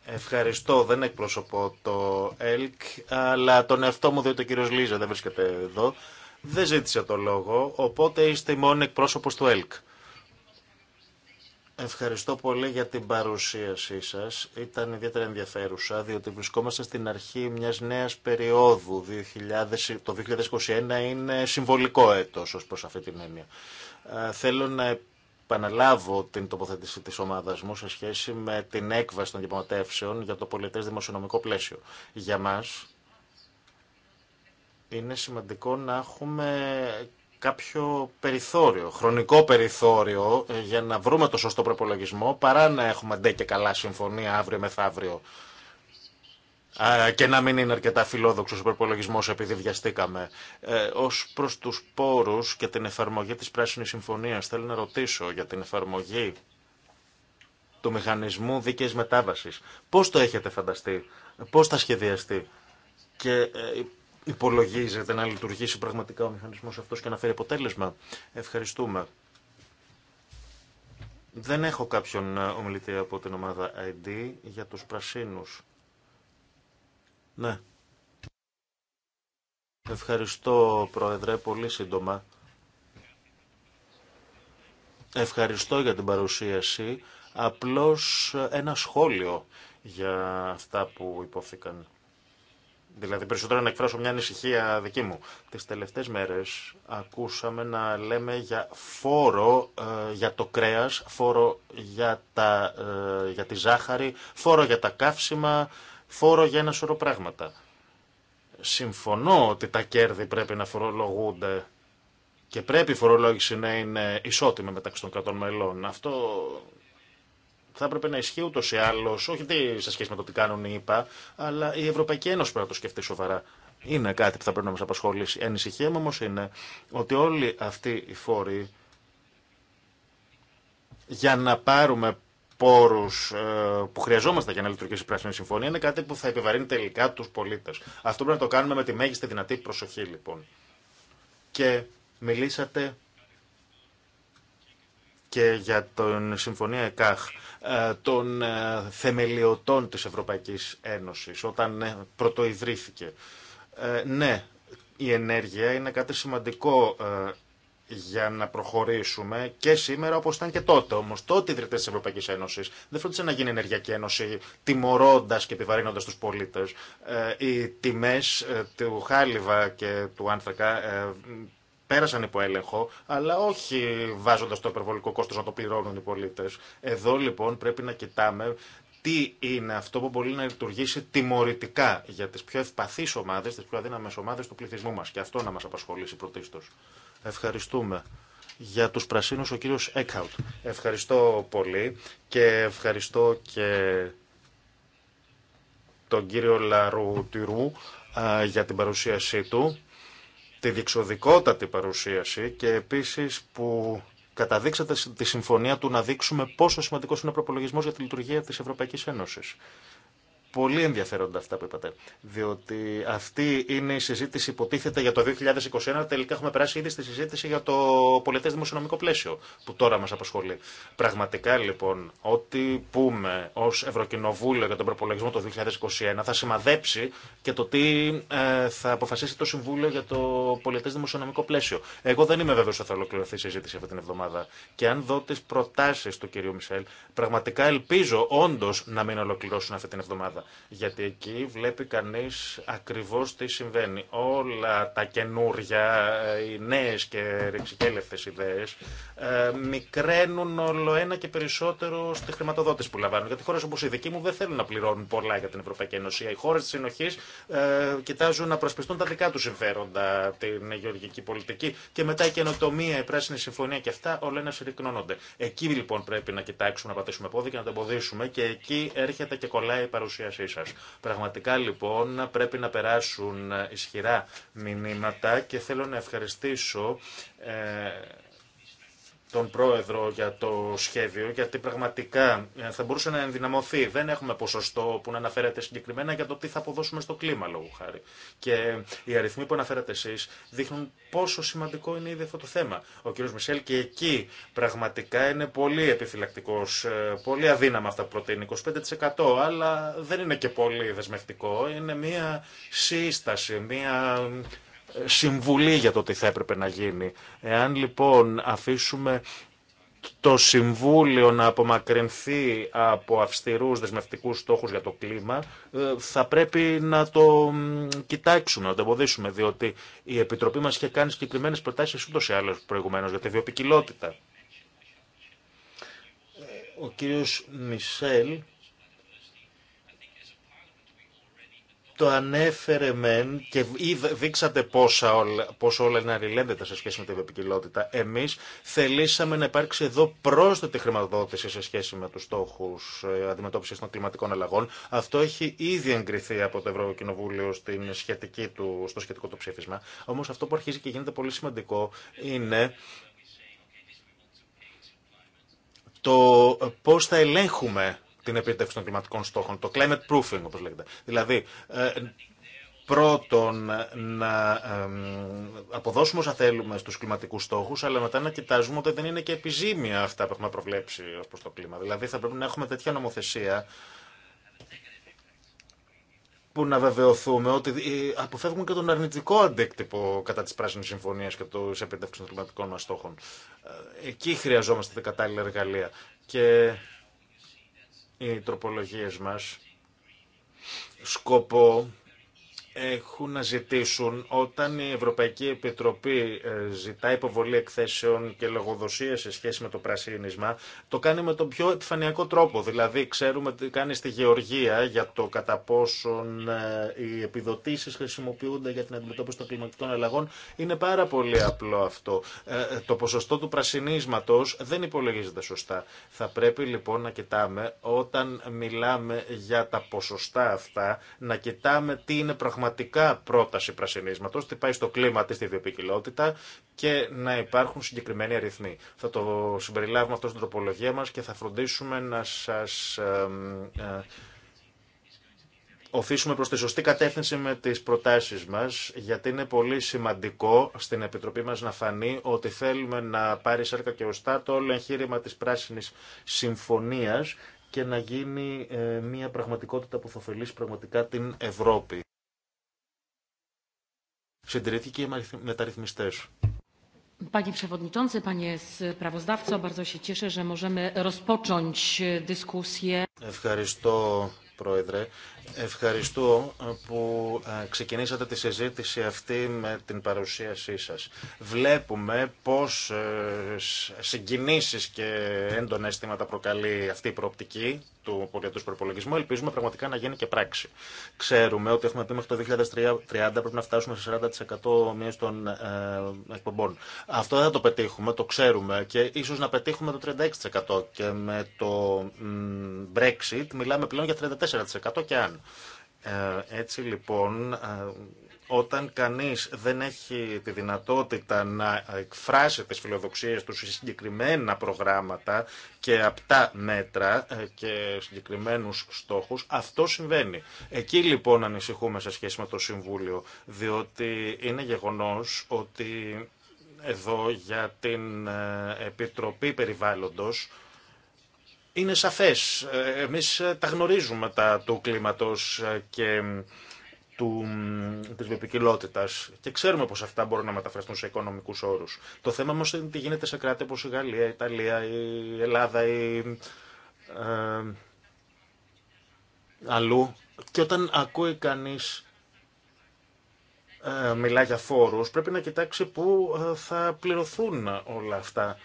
Ευχαριστώ. Δεν εκπροσωπώ το ΕΛΚ, αλλά τον εαυτό μου διότι ο κύριος Λίζα δεν βρίσκεται εδώ. Δεν ζήτησε το λόγο, οπότε είστε η μόνη εκπρόσωπος του ΕΛΚ. Ευχαριστώ πολύ για την παρουσίασή σας. Ήταν ιδιαίτερα ενδιαφέρουσα, διότι βρισκόμαστε στην αρχή μιας νέας περίοδου. 2000, το 2021 είναι συμβολικό έτος ως προς αυτή την έννοια. Θέλω να Παναλάβω την τοποθέτηση τη ομάδα μου σε σχέση με την έκβαση των διαπραγματεύσεων για το πολιτέ δημοσιονομικό πλαίσιο. Για μα είναι σημαντικό να έχουμε κάποιο περιθώριο, χρονικό περιθώριο ε, για να βρούμε το σωστό προπολογισμό παρά να έχουμε ντε και καλά συμφωνία αύριο μεθαύριο και να μην είναι αρκετά φιλόδοξο ο προπολογισμό επειδή βιαστήκαμε. Ε, Ω προ του πόρου και την εφαρμογή τη Πράσινη Συμφωνία, θέλω να ρωτήσω για την εφαρμογή του μηχανισμού δίκαιη μετάβαση. Πώ το έχετε φανταστεί, πώ θα σχεδιαστεί και ε, υπολογίζετε να λειτουργήσει πραγματικά ο μηχανισμό αυτό και να φέρει αποτέλεσμα. Ευχαριστούμε. Δεν έχω κάποιον ε, ομιλητή από την ομάδα ID για τους πρασίνους. Ναι. Ευχαριστώ, Πρόεδρε, πολύ σύντομα. Ευχαριστώ για την παρουσίαση. Απλώς ένα σχόλιο για αυτά που υπόθηκαν. Δηλαδή περισσότερο να εκφράσω μια ανησυχία δική μου. Τις τελευταίες μέρες ακούσαμε να λέμε για φόρο ε, για το κρέας, φόρο για, τα, ε, για τη ζάχαρη, φόρο για τα καύσιμα, φόρο για ένα σωρό πράγματα. Συμφωνώ ότι τα κέρδη πρέπει να φορολογούνται και πρέπει η φορολόγηση να είναι ισότιμη μεταξύ των κρατών μελών. Αυτό θα έπρεπε να ισχύει ούτω ή άλλω, όχι σε σχέση με το τι κάνουν οι ΗΠΑ, αλλά η Ευρωπαϊκή Ένωση πρέπει να το σκεφτεί σοβαρά. Είναι κάτι που θα πρέπει να μα απασχολήσει. Η ανησυχία μου όμω είναι ότι όλοι αυτοί οι φόροι για να πάρουμε πόρου ε, που χρειαζόμαστε για να λειτουργήσει η Πράσινη Συμφωνία είναι κάτι που θα επιβαρύνει τελικά του πολίτε. Αυτό πρέπει να το κάνουμε με τη μέγιστη δυνατή προσοχή, λοιπόν. Και μιλήσατε και για την Συμφωνία ΕΚΑΧ ε, των ε, θεμελιωτών της Ευρωπαϊκής Ένωσης όταν πρωτοειδρύθηκε. Ναι, η ενέργεια είναι κάτι σημαντικό για να προχωρήσουμε και σήμερα όπω ήταν και τότε. Όμω τότε οι ιδρυτέ τη Ευρωπαϊκή Ένωση δεν φρόντισαν να γίνει Ενεργειακή Ένωση τιμωρώντα και επιβαρύνοντα του πολίτε. Ε, οι τιμέ ε, του Χάλιβα και του Άνθρακα ε, πέρασαν υπό έλεγχο, αλλά όχι βάζοντα το υπερβολικό κόστο να το πληρώνουν οι πολίτε. Εδώ λοιπόν πρέπει να κοιτάμε τι είναι αυτό που μπορεί να λειτουργήσει τιμωρητικά για τι πιο ευπαθεί ομάδε, τι πιο αδύναμε ομάδε του πληθυσμού μα. Και αυτό να μα απασχολήσει πρωτίστω. Ευχαριστούμε. Για τους πρασίνους ο κύριος Έκχαουτ. Ευχαριστώ πολύ και ευχαριστώ και τον κύριο α, για την παρουσίασή του, τη διεξοδικότατη παρουσίαση και επίσης που καταδείξατε τη συμφωνία του να δείξουμε πόσο σημαντικός είναι ο προπολογισμός για τη λειτουργία της Ευρωπαϊκής Ένωσης. Πολύ ενδιαφέροντα αυτά που είπατε. Διότι αυτή είναι η συζήτηση που τίθεται για το 2021. Τελικά έχουμε περάσει ήδη στη συζήτηση για το πολιτέ δημοσιονομικό πλαίσιο που τώρα μα απασχολεί. Πραγματικά λοιπόν, ό,τι πούμε ω Ευρωκοινοβούλιο για τον προπολογισμό το 2021 θα σημαδέψει και το τι ε, θα αποφασίσει το Συμβούλιο για το πολιτέ δημοσιονομικό πλαίσιο. Εγώ δεν είμαι βέβαιο ότι θα ολοκληρωθεί η συζήτηση αυτή την εβδομάδα. Και αν δω τι προτάσει του κυρίου Μισελ, πραγματικά ελπίζω όντω να μην ολοκληρώσουν αυτή την εβδομάδα γιατί εκεί βλέπει κανείς ακριβώς τι συμβαίνει. Όλα τα καινούρια, ε, οι νέες και ρεξικέλευτες ιδέες ε, μικραίνουν όλο ένα και περισσότερο στη χρηματοδότηση που λαμβάνουν. Γιατί χώρες όπως η δική μου δεν θέλουν να πληρώνουν πολλά για την Ευρωπαϊκή Ένωση. Οι χώρες της συνοχής ε, κοιτάζουν να προσπιστούν τα δικά τους συμφέροντα, την γεωργική πολιτική και μετά η καινοτομία, η πράσινη συμφωνία και αυτά όλα ένα συρρυκνώνονται. Εκεί λοιπόν πρέπει να κοιτάξουμε, να πατήσουμε πόδι και να το εμποδίσουμε και εκεί έρχεται και κολλάει η παρουσία Πραγματικά λοιπόν πρέπει να περάσουν ισχυρά μηνύματα και θέλω να ευχαριστήσω ε, τον πρόεδρο για το σχέδιο, γιατί πραγματικά ε, θα μπορούσε να ενδυναμωθεί. Δεν έχουμε ποσοστό που να αναφέρεται συγκεκριμένα για το τι θα αποδώσουμε στο κλίμα, λόγου χάρη. Και οι αριθμοί που αναφέρατε εσεί δείχνουν πόσο σημαντικό είναι ήδη αυτό το θέμα. Ο κ. Μισελ και εκεί πραγματικά είναι πολύ επιφυλακτικό, ε, πολύ αδύναμα αυτά που προτείνει. 25% αλλά δεν είναι και πολύ δεσμευτικό. Είναι μία σύσταση, μία συμβουλή για το τι θα έπρεπε να γίνει. Εάν λοιπόν αφήσουμε το Συμβούλιο να απομακρυνθεί από αυστηρούς δεσμευτικούς στόχους για το κλίμα, ε, θα πρέπει να το κοιτάξουμε, να το εμποδίσουμε, διότι η Επιτροπή μας είχε κάνει συγκεκριμένες προτάσεις ούτως ή άλλως προηγουμένως για τη βιοπικιλότητα. Ε, ο κύριος Μισελ το ανέφερε μεν και δείξατε πόσα όλα, πόσο όλα είναι αλληλένδετα σε σχέση με την επικοινότητα. Εμείς θελήσαμε να υπάρξει εδώ πρόσθετη χρηματοδότηση σε σχέση με τους στόχους ε, αντιμετώπισης των κλιματικών αλλαγών. Αυτό έχει ήδη εγκριθεί από το Ευρωκοινοβούλιο στην σχετική του, στο σχετικό του ψήφισμα. Όμως αυτό που αρχίζει και γίνεται πολύ σημαντικό είναι το πώς θα ελέγχουμε την επίτευξη των κλιματικών στόχων, το climate proofing όπως λέγεται. Δηλαδή, ε, πρώτον να αποδώσουμε όσα θέλουμε στους κλιματικούς στόχους, αλλά μετά να κοιτάζουμε ότι δεν είναι και επιζήμια αυτά που έχουμε προβλέψει ως προς το κλίμα. Δηλαδή θα πρέπει να έχουμε τέτοια νομοθεσία που να βεβαιωθούμε ότι ε, αποφεύγουμε και τον αρνητικό αντίκτυπο κατά τις πράσινες συμφωνίες και του επίτευξης των κλιματικών μας στόχων. Ε, εκεί χρειαζόμαστε την κατάλληλα εργαλεία. Και οι τροπολογίες μας σκοπό έχουν να ζητήσουν όταν η Ευρωπαϊκή Επιτροπή ε, ζητά υποβολή εκθέσεων και λογοδοσία σε σχέση με το πρασίνισμα, το κάνει με τον πιο επιφανειακό τρόπο. Δηλαδή, ξέρουμε τι κάνει στη Γεωργία για το κατά πόσον ε, οι επιδοτήσει χρησιμοποιούνται για την αντιμετώπιση των κλιματικών αλλαγών. Είναι πάρα πολύ απλό αυτό. Ε, το ποσοστό του πρασινίσματο δεν υπολογίζεται σωστά. Θα πρέπει λοιπόν να κοιτάμε όταν μιλάμε για τα ποσοστά αυτά, να κοιτάμε τι είναι πραγματικά πραγματικά πρόταση πρασινίσματο, τι πάει στο κλίμα τη, στη βιοπικιλότητα και να υπάρχουν συγκεκριμένοι αριθμοί. Θα το συμπεριλάβουμε αυτό στην τροπολογία μα και θα φροντίσουμε να σα ε, οθήσουμε προς τη σωστή κατεύθυνση με τις προτάσεις μας, γιατί είναι πολύ σημαντικό στην Επιτροπή μας να φανεί ότι θέλουμε να πάρει σάρκα και οστά το όλο εγχείρημα της Πράσινης Συμφωνίας και να γίνει ε, μια πραγματικότητα που θα ωφελήσει πραγματικά την Ευρώπη συντηρήθηκε με μεταρρυθμιστέ. Panie Przewodniczący, Panie e, Ευχαριστώ, Πρόεδρε. Ευχαριστώ που ε, ξεκινήσατε τη συζήτηση αυτή με την παρουσίασή σας. Βλέπουμε πώς ε, συγκινήσεις και έντονα αισθήματα προκαλεί αυτή η προοπτική του πολιτικού προπολογισμού. Ελπίζουμε πραγματικά να γίνει και πράξη. Ξέρουμε ότι έχουμε πει μέχρι το 2030 πρέπει να φτάσουμε σε 40% μείωση των ε, εκπομπών. Αυτό δεν θα το πετύχουμε, το ξέρουμε και ίσω να πετύχουμε το 36%. Και με το Brexit μιλάμε πλέον για 34% και αν. Ε, έτσι λοιπόν ε, όταν κανείς δεν έχει τη δυνατότητα να εκφράσει τις φιλοδοξίες του σε συγκεκριμένα προγράμματα και απτά μέτρα ε, και συγκεκριμένους στόχους, αυτό συμβαίνει. Εκεί λοιπόν ανησυχούμε σε σχέση με το Συμβούλιο, διότι είναι γεγονός ότι εδώ για την ε, Επιτροπή Περιβάλλοντος είναι σαφές. Ε, εμείς τα γνωρίζουμε τα του κλίματος και του, της βιοπικιλότητας και ξέρουμε πως αυτά μπορούν να μεταφραστούν σε οικονομικούς όρους. Το θέμα όμως είναι τι γίνεται σε κράτη όπως η Γαλλία, η Ιταλία, η Ελλάδα, η... Ε, αλλού. Και όταν ακούει κανείς ε, μιλά για φόρους, πρέπει να κοιτάξει πού ε, θα πληρωθούν όλα αυτά.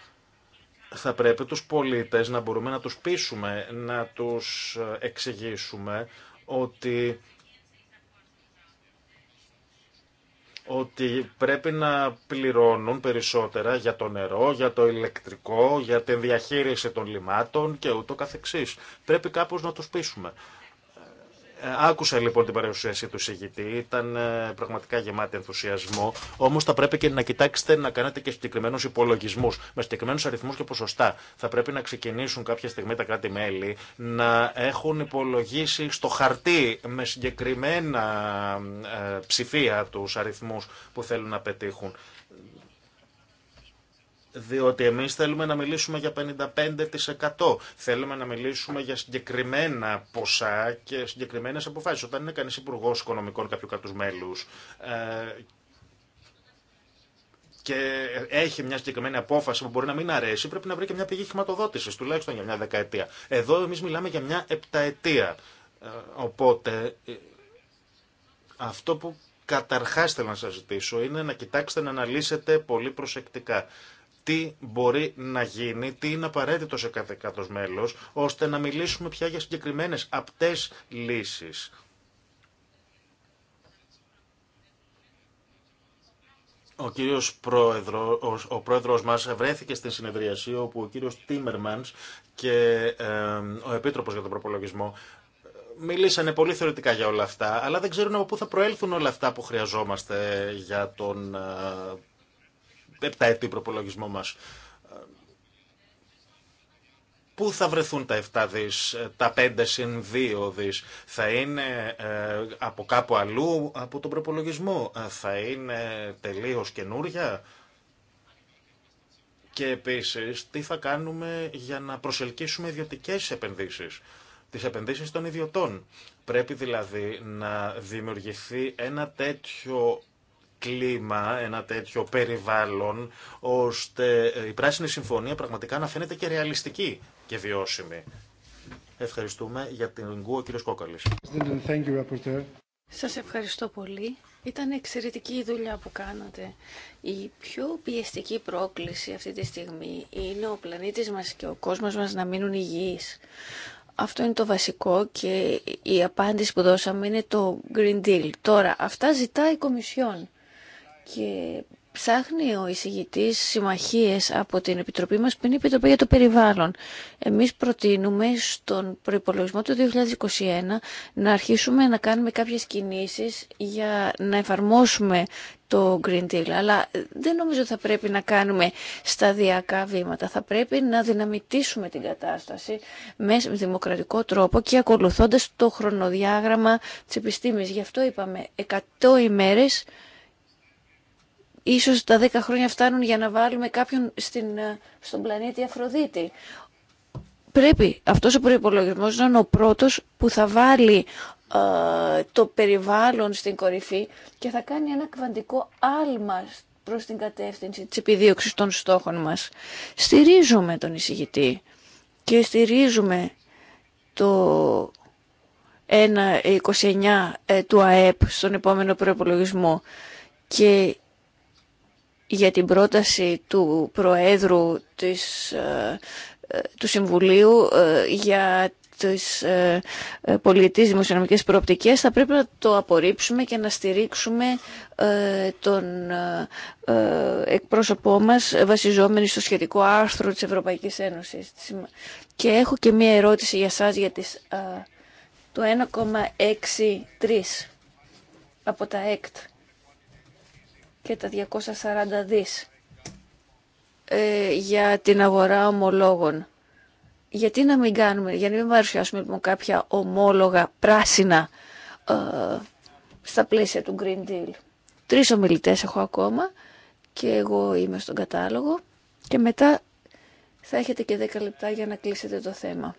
Θα πρέπει τους πολίτες να μπορούμε να τους πείσουμε, να τους ε, εξηγήσουμε ότι ότι πρέπει να πληρώνουν περισσότερα για το νερό, για το ηλεκτρικό, για την διαχείριση των λιμάτων και ούτω καθεξής. Πρέπει κάπως να το πείσουμε. Ε, άκουσα λοιπόν την παρουσίαση του συγητή, ήταν ε, πραγματικά γεμάτη ενθουσιασμό. Όμω θα πρέπει και να κοιτάξετε να κάνετε και συγκεκριμένου υπολογισμού, με συγκεκριμένου αριθμού και ποσοστά. Θα πρέπει να ξεκινήσουν κάποια στιγμή τα κράτη-μέλη να έχουν υπολογίσει στο χαρτί με συγκεκριμένα ε, ψηφία του αριθμού που θέλουν να πετύχουν διότι εμείς θέλουμε να μιλήσουμε για 55%. Θέλουμε να μιλήσουμε για συγκεκριμένα ποσά και συγκεκριμένες αποφάσεις. Όταν είναι κανείς υπουργό οικονομικών κάποιου κατούς μέλους ε, και έχει μια συγκεκριμένη απόφαση που μπορεί να μην αρέσει, πρέπει να βρει και μια πηγή χρηματοδότηση, τουλάχιστον για μια δεκαετία. Εδώ εμείς μιλάμε για μια επταετία. Ε, οπότε, ε, αυτό που καταρχάς θέλω να σας ζητήσω είναι να κοιτάξετε να αναλύσετε πολύ προσεκτικά τι μπορεί να γίνει, τι είναι απαραίτητο σε κάθε κάτω μέλος, ώστε να μιλήσουμε πια για συγκεκριμένες απτές λύσεις. Ο κύριος πρόεδρο, ο, πρόεδρος μας βρέθηκε στην συνεδρίαση όπου ο κύριος Τίμερμανς και ο Επίτροπος για τον Προπολογισμό ε, μιλήσανε πολύ θεωρητικά για όλα αυτά, αλλά δεν ξέρουν από πού θα προέλθουν όλα αυτά που χρειαζόμαστε για τον ε, επτάετη προπολογισμό μας. Πού θα βρεθούν τα 7 δις, τα 5 συν 2 δις, θα είναι ε, από κάπου αλλού, από τον προπολογισμό, ε, θα είναι τελείως καινούρια. Και επίσης, τι θα κάνουμε για να προσελκύσουμε ιδιωτικέ επενδύσεις, τις επενδύσεις των ιδιωτών. Πρέπει δηλαδή να δημιουργηθεί ένα τέτοιο κλίμα, ένα τέτοιο περιβάλλον, ώστε η Πράσινη Συμφωνία πραγματικά να φαίνεται και ρεαλιστική και βιώσιμη. Ευχαριστούμε για την Ιγκού, ο κύριος Κόκαλης. Σας ευχαριστώ πολύ. Ήταν εξαιρετική η δουλειά που κάνατε. Η πιο πιεστική πρόκληση αυτή τη στιγμή είναι ο πλανήτης μας και ο κόσμος μας να μείνουν υγιείς. Αυτό είναι το βασικό και η απάντηση που δώσαμε είναι το Green Deal. Τώρα, αυτά ζητάει η Κομισιόν και ψάχνει ο εισηγητή συμμαχίε από την Επιτροπή μας που είναι η Επιτροπή για το Περιβάλλον. Εμείς προτείνουμε στον προπολογισμό του 2021 να αρχίσουμε να κάνουμε κάποιες κινήσεις για να εφαρμόσουμε το Green Deal. Αλλά δεν νομίζω ότι θα πρέπει να κάνουμε σταδιακά βήματα. Θα πρέπει να δυναμητήσουμε την κατάσταση με δημοκρατικό τρόπο και ακολουθώντα το χρονοδιάγραμμα τη επιστήμης. Γι' αυτό είπαμε 100 ημέρε. Ίσως τα δέκα χρόνια φτάνουν για να βάλουμε κάποιον στην, ε, στον πλανήτη Αφροδίτη. Πρέπει αυτός ο προϋπολογισμός να είναι ο πρώτος που θα βάλει ε, το περιβάλλον στην κορυφή και θα κάνει ένα κβαντικό άλμα προς την κατεύθυνση της επιδίωξης των στόχων μας. Στηρίζουμε τον εισηγητή και στηρίζουμε το 1,29 ε, του ΑΕΠ στον επόμενο προπολογισμό και για την πρόταση του Προέδρου της, ε, ε, του Συμβουλίου ε, για τις πολιτικές δημοσιονομικές προοπτικές θα πρέπει να το απορρίψουμε και να στηρίξουμε τον εκπρόσωπό μας βασιζόμενοι στο σχετικό άρθρο της Ευρωπαϊκής Ένωσης. Και έχω και μία ερώτηση για σας για το 1,63 από τα ΕΚΤ και τα 240 δις ε, για την αγορά ομολόγων. Γιατί να μην κάνουμε, για να μην παρουσιάσουμε λοιπόν, κάποια ομόλογα πράσινα ε, στα πλαίσια του Green Deal. Τρεις ομιλητές έχω ακόμα και εγώ είμαι στον κατάλογο και μετά θα έχετε και 10 λεπτά για να κλείσετε το θέμα.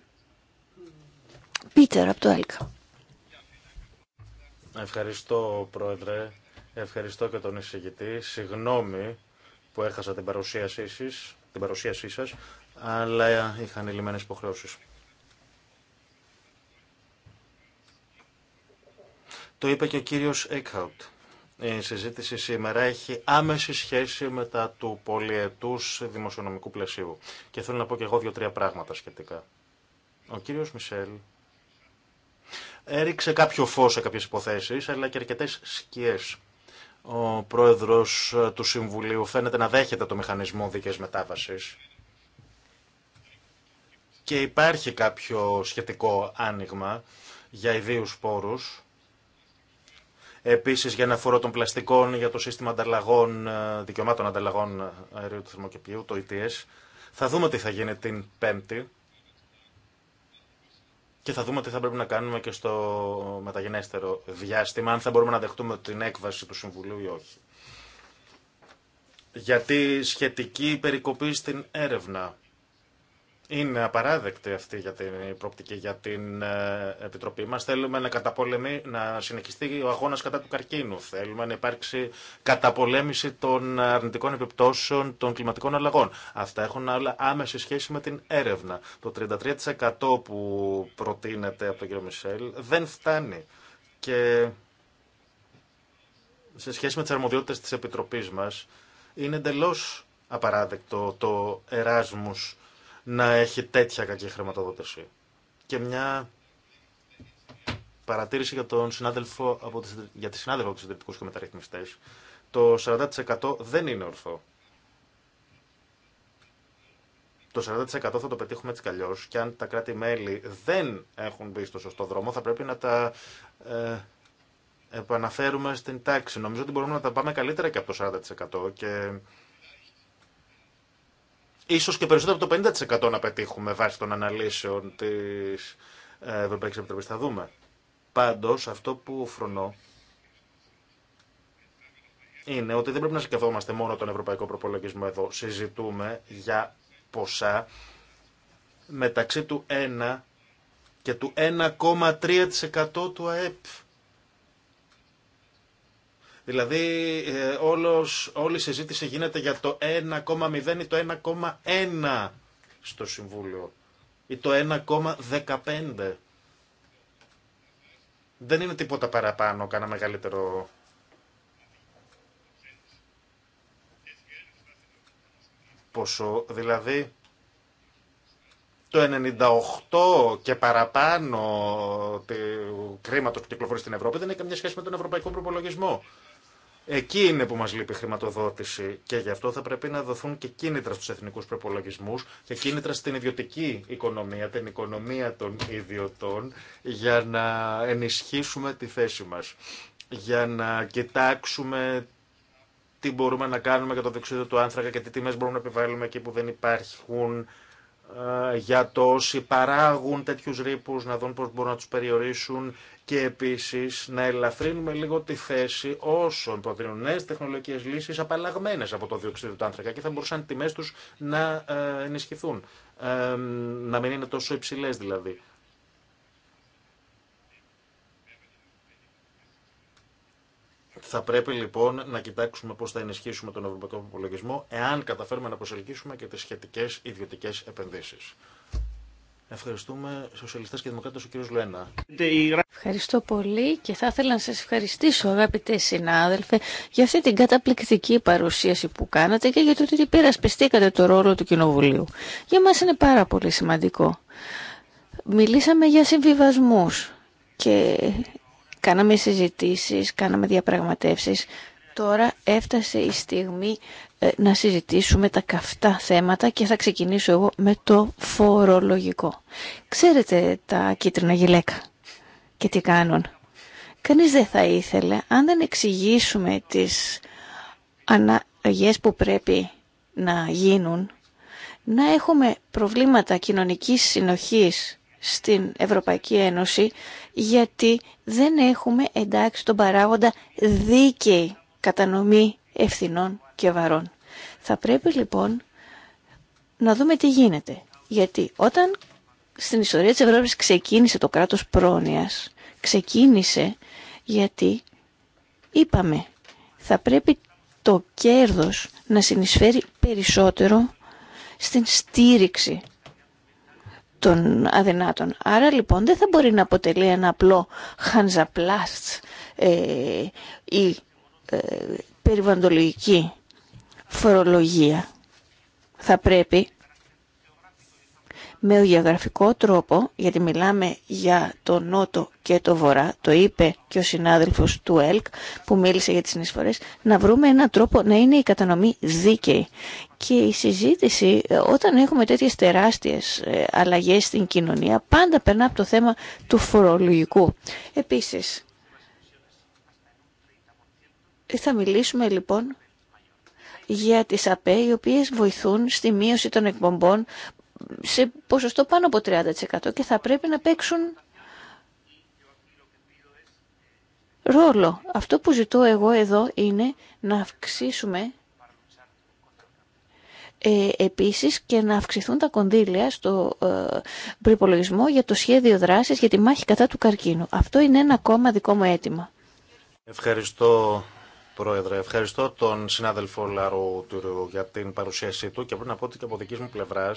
Πίτερ από το Άλκα. Ευχαριστώ Πρόεδρε. Ευχαριστώ και τον εισηγητή. Συγγνώμη που έχασα την παρουσίασή σας, την παρουσίασή σας αλλά είχαν λυμμένες υποχρεώσεις. Το είπε και ο κύριος Έκχαουτ. Η συζήτηση σήμερα έχει άμεση σχέση με τα του πολυετούς δημοσιονομικού πλαισίου. Και θέλω να πω και εγώ δύο-τρία πράγματα σχετικά. Ο κύριος Μισελ έριξε κάποιο φως σε κάποιες υποθέσεις, αλλά και αρκετές σκιές. Ο πρόεδρος ε, του Συμβουλίου φαίνεται να δέχεται το μηχανισμό δίκαιης μετάβασης και υπάρχει κάποιο σχετικό άνοιγμα για ιδίους πόρους. Επίσης για να φόρο των πλαστικών για το σύστημα ανταλλαγών, ε, δικαιωμάτων ανταλλαγών αερίου του θερμοκηπίου, το ETS. Θα δούμε τι θα γίνει την Πέμπτη. Και θα δούμε τι θα πρέπει να κάνουμε και στο μεταγενέστερο διάστημα, αν θα μπορούμε να δεχτούμε την έκβαση του Συμβουλίου ή όχι. Γιατί σχετική περικοπή στην έρευνα είναι απαράδεκτη αυτή για την προοπτική για την ε, Επιτροπή μας. Θέλουμε να, να συνεχιστεί ο αγώνας κατά του καρκίνου. Θέλουμε να υπάρξει καταπολέμηση των αρνητικών επιπτώσεων των κλιματικών αλλαγών. Αυτά έχουν όλα άμεση σχέση με την έρευνα. Το 33% που προτείνεται από τον κύριο Μισελ δεν φτάνει. Και σε σχέση με τις αρμοδιότητες της Επιτροπής μας είναι εντελώς απαράδεκτο το Εράσμους να έχει τέτοια κακή χρηματοδότηση. Και μια παρατήρηση για, τον συνάδελφο από τις, για τη συνάδελφο από του συντηρητικού και μεταρρυθμιστές. Το 40% δεν είναι ορθό. Το 40% θα το πετύχουμε έτσι καλλιώ και αν τα κράτη-μέλη δεν έχουν μπει στο σωστό δρόμο, θα πρέπει να τα ε, επαναφέρουμε στην τάξη. Νομίζω ότι μπορούμε να τα πάμε καλύτερα και από το 40% και ίσως και περισσότερο από το 50% να πετύχουμε βάσει των αναλύσεων τη ε, Ευρωπαϊκή Επιτροπής. Θα δούμε. Πάντως, αυτό που φρονώ είναι ότι δεν πρέπει να σκεφτόμαστε μόνο τον ευρωπαϊκό προπολογισμό εδώ. Συζητούμε για ποσά μεταξύ του 1 και του 1,3% του ΑΕΠ. Δηλαδή ε, όλος, όλη η συζήτηση γίνεται για το 1,0 ή το 1,1 στο Συμβούλιο ή το 1,15. Δεν είναι τίποτα παραπάνω, κανένα μεγαλύτερο ποσό. Δηλαδή το 98 και παραπάνω του κρίματος που κυκλοφορεί στην Ευρώπη δεν έχει καμιά σχέση με τον ευρωπαϊκό προπολογισμό. Εκεί είναι που μας λείπει η χρηματοδότηση και γι' αυτό θα πρέπει να δοθούν και κίνητρα στου εθνικούς προπολογισμού και κίνητρα στην ιδιωτική οικονομία, την οικονομία των ιδιωτών για να ενισχύσουμε τη θέση μας, για να κοιτάξουμε τι μπορούμε να κάνουμε για το δεξίδιο του άνθρακα και τι τιμές μπορούμε να επιβάλλουμε εκεί που δεν υπάρχουν ε, για το παράγουν τέτοιους ρήπους, να δουν πώς μπορούν να τους περιορίσουν και επίσης να ελαφρύνουμε λίγο τη θέση όσων προτείνουν νέε τεχνολογίες λύσεις απαλλαγμένες από το διοξείδιο του άνθρακα και θα μπορούσαν οι τιμές τους να ε, ενισχυθούν, ε, να μην είναι τόσο υψηλές δηλαδή. Θα πρέπει λοιπόν να κοιτάξουμε πώ θα ενισχύσουμε τον ευρωπαϊκό υπολογισμό, εάν καταφέρουμε να προσελκύσουμε και τι σχετικέ ιδιωτικέ επενδύσει. Ευχαριστούμε σοσιαλιστές και δημοκράτες ο κύριος Λουένα. Ευχαριστώ πολύ και θα ήθελα να σας ευχαριστήσω αγαπητέ συνάδελφε για αυτή την καταπληκτική παρουσίαση που κάνατε και για το ότι υπερασπιστήκατε το ρόλο του Κοινοβουλίου. Για μας είναι πάρα πολύ σημαντικό. Μιλήσαμε για συμβιβασμού. και Κάναμε συζητήσεις, κάναμε διαπραγματεύσεις. Τώρα έφτασε η στιγμή ε, να συζητήσουμε τα καυτά θέματα και θα ξεκινήσω εγώ με το φορολογικό. Ξέρετε τα κίτρινα γυλαίκα και τι κάνουν. Κανείς δεν θα ήθελε αν δεν εξηγήσουμε τις αναγές που πρέπει να γίνουν να έχουμε προβλήματα κοινωνικής συνοχής στην Ευρωπαϊκή Ένωση γιατί δεν έχουμε εντάξει τον παράγοντα δίκαιη κατανομή ευθυνών και βαρών. Θα πρέπει λοιπόν να δούμε τι γίνεται. Γιατί όταν στην ιστορία της Ευρώπης ξεκίνησε το κράτος πρόνοιας, ξεκίνησε γιατί είπαμε θα πρέπει το κέρδος να συνεισφέρει περισσότερο στην στήριξη των Άρα λοιπόν δεν θα μπορεί να αποτελεί ένα απλό χανζαπλάστ ε, ή ε, περιβαντολογική φορολογία. Θα πρέπει με γεωγραφικό τρόπο, γιατί μιλάμε για το Νότο και το Βορρά, το είπε και ο συνάδελφος του ΕΛΚ που μίλησε για τις συνεισφορές, να βρούμε έναν τρόπο να είναι η κατανομή δίκαιη. Και η συζήτηση, ε, όταν έχουμε τέτοιες τεράστιες ε, αλλαγές στην κοινωνία, πάντα περνά από το θέμα του φορολογικού. Επίσης, θα μιλήσουμε λοιπόν για τις ΑΠΕ οι οποίες βοηθούν στη μείωση των εκπομπών σε ποσοστό πάνω από 30% και θα πρέπει να παίξουν ρόλο. Αυτό που ζητώ εγώ εδώ είναι να αυξήσουμε ε, επίσης και να αυξηθούν τα κονδύλια στο ε, προπολογισμό για το σχέδιο δράσης για τη μάχη κατά του καρκίνου. Αυτό είναι ένα ακόμα δικό μου αίτημα. Ευχαριστώ Πρόεδρε, ευχαριστώ τον συνάδελφο Λαρού για την παρουσίασή του και πρέπει να πω ότι και από δική μου πλευρά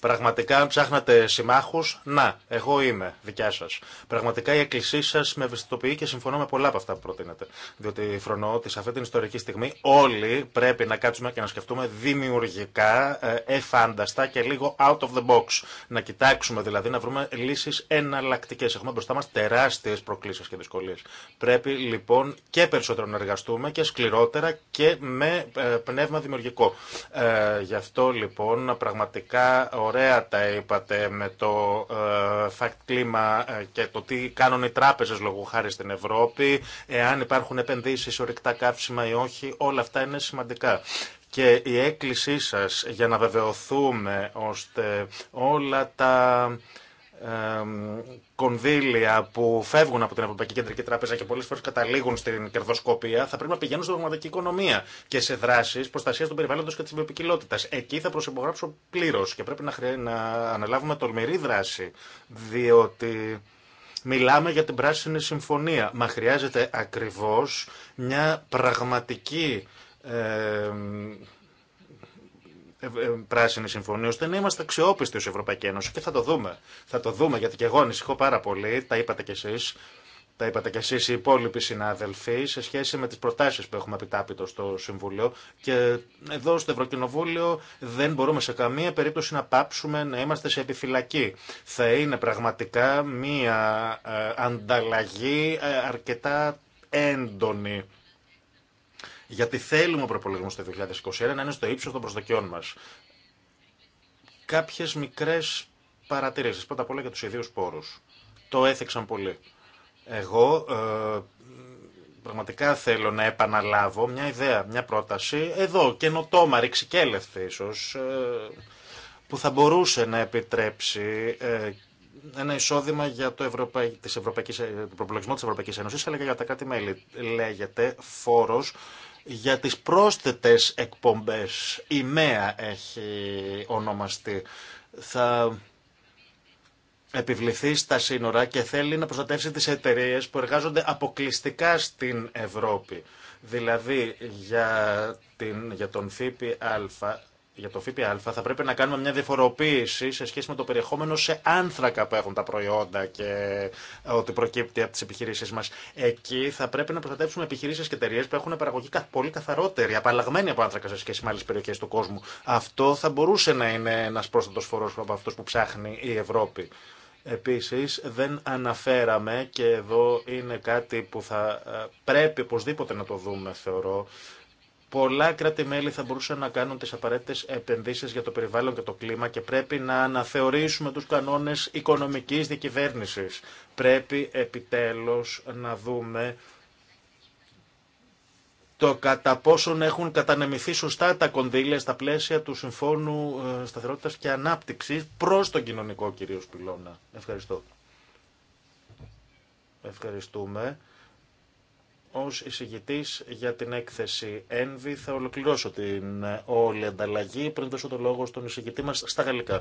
Πραγματικά, αν ψάχνατε συμμάχου, να, εγώ είμαι δικιά σα. Πραγματικά η εκκλησία σα με ευαισθητοποιεί και συμφωνώ με πολλά από αυτά που προτείνετε. Διότι φρονώ ότι σε αυτή την ιστορική στιγμή όλοι πρέπει να κάτσουμε και να σκεφτούμε δημιουργικά, ε, εφάνταστα και λίγο out of the box. Να κοιτάξουμε δηλαδή, να βρούμε λύσει εναλλακτικέ. Έχουμε μπροστά μα τεράστιε προκλήσει και δυσκολίε. Πρέπει λοιπόν και περισσότερο να εργαστούμε και σκληρότερα και με ε, πνεύμα δημιουργικό. Ε, γι' αυτό λοιπόν πραγματικά Ωραία τα είπατε με το fact ε, κλίμα ε, και το τι κάνουν οι τράπεζες λόγω χάρη στην Ευρώπη, εάν υπάρχουν επενδύσεις, ορυκτά καύσιμα ή όχι, όλα αυτά είναι σημαντικά και η έκκλησή σας για να βεβαιωθούμε ώστε όλα τα κονδύλια που φεύγουν από την Ευρωπαϊκή Κεντρική Τράπεζα και πολλέ φορέ καταλήγουν στην κερδοσκοπία, θα πρέπει να πηγαίνουν στην πραγματική οικονομία και σε δράσει προστασία του περιβάλλοντο και τη βιοπικιλότητα. Εκεί θα προσυπογράψω πλήρω και πρέπει να, να αναλάβουμε τολμηρή δράση, διότι μιλάμε για την Πράσινη Συμφωνία. Μα χρειάζεται ακριβώς μια πραγματική. Ε, ε, ε, πράσινη συμφωνία, ώστε να είμαστε αξιόπιστοι ω Ευρωπαϊκή Ένωση και θα το δούμε. Θα το δούμε γιατί και εγώ ανησυχώ πάρα πολύ, τα είπατε κι εσεί. Τα είπατε κι εσεί οι υπόλοιποι συνάδελφοι σε σχέση με τι προτάσει που έχουμε επιτάπητο στο Συμβούλιο. Και εδώ στο Ευρωκοινοβούλιο δεν μπορούμε σε καμία περίπτωση να πάψουμε να είμαστε σε επιφυλακή. Θα είναι πραγματικά μία ε, ανταλλαγή αρκετά έντονη γιατί θέλουμε ο προπολογισμό του 2021 να είναι στο ύψο των προσδοκιών μα. Κάποιε μικρέ παρατηρήσει. Πρώτα απ' όλα για του ιδίου πόρου. Το έθεξαν πολύ. Εγώ ε, πραγματικά θέλω να επαναλάβω μια ιδέα, μια πρόταση, εδώ, καινοτόμα, ρηξικέλευθε ίσως, ε, που θα μπορούσε να επιτρέψει ε, ένα εισόδημα για το Ευρωπα... Ευρωπαϊκής... προπολογισμό της Ευρωπαϊκής Ένωσης, αλλά και για τα κράτη-μέλη. Λέγεται φόρο για τις πρόσθετες εκπομπές. Η ΜΕΑ έχει ονομαστεί. Θα επιβληθεί στα σύνορα και θέλει να προστατεύσει τις εταιρείες που εργάζονται αποκλειστικά στην Ευρώπη. Δηλαδή για, την, για τον ΦΠΑ για το ΦΠΑ θα πρέπει να κάνουμε μια διαφοροποίηση σε σχέση με το περιεχόμενο σε άνθρακα που έχουν τα προϊόντα και ότι προκύπτει από τι επιχειρήσει μα. Εκεί θα πρέπει να προστατεύσουμε επιχειρήσει και εταιρείε που έχουν παραγωγή πολύ καθαρότερη, απαλλαγμένη από άνθρακα σε σχέση με άλλε περιοχέ του κόσμου. Αυτό θα μπορούσε να είναι ένα πρόσθετο φορό από αυτού που ψάχνει η Ευρώπη. Επίσης δεν αναφέραμε και εδώ είναι κάτι που θα ε, πρέπει οπωσδήποτε να το δούμε θεωρώ Πολλά κράτη-μέλη θα μπορούσαν να κάνουν τι απαραίτητε επενδύσει για το περιβάλλον και το κλίμα και πρέπει να αναθεωρήσουμε του κανόνε οικονομική διακυβέρνηση. Πρέπει επιτέλου να δούμε το κατά πόσον έχουν κατανεμηθεί σωστά τα κονδύλια στα πλαίσια του Συμφώνου ε, Σταθερότητας και Ανάπτυξης προς τον κοινωνικό κυρίως πυλώνα. Ευχαριστώ. Ευχαριστούμε ως εισηγητής για την έκθεση Envy θα ολοκληρώσω την όλη ανταλλαγή πριν δώσω το λόγο στον εισηγητή μας στα γαλλικά.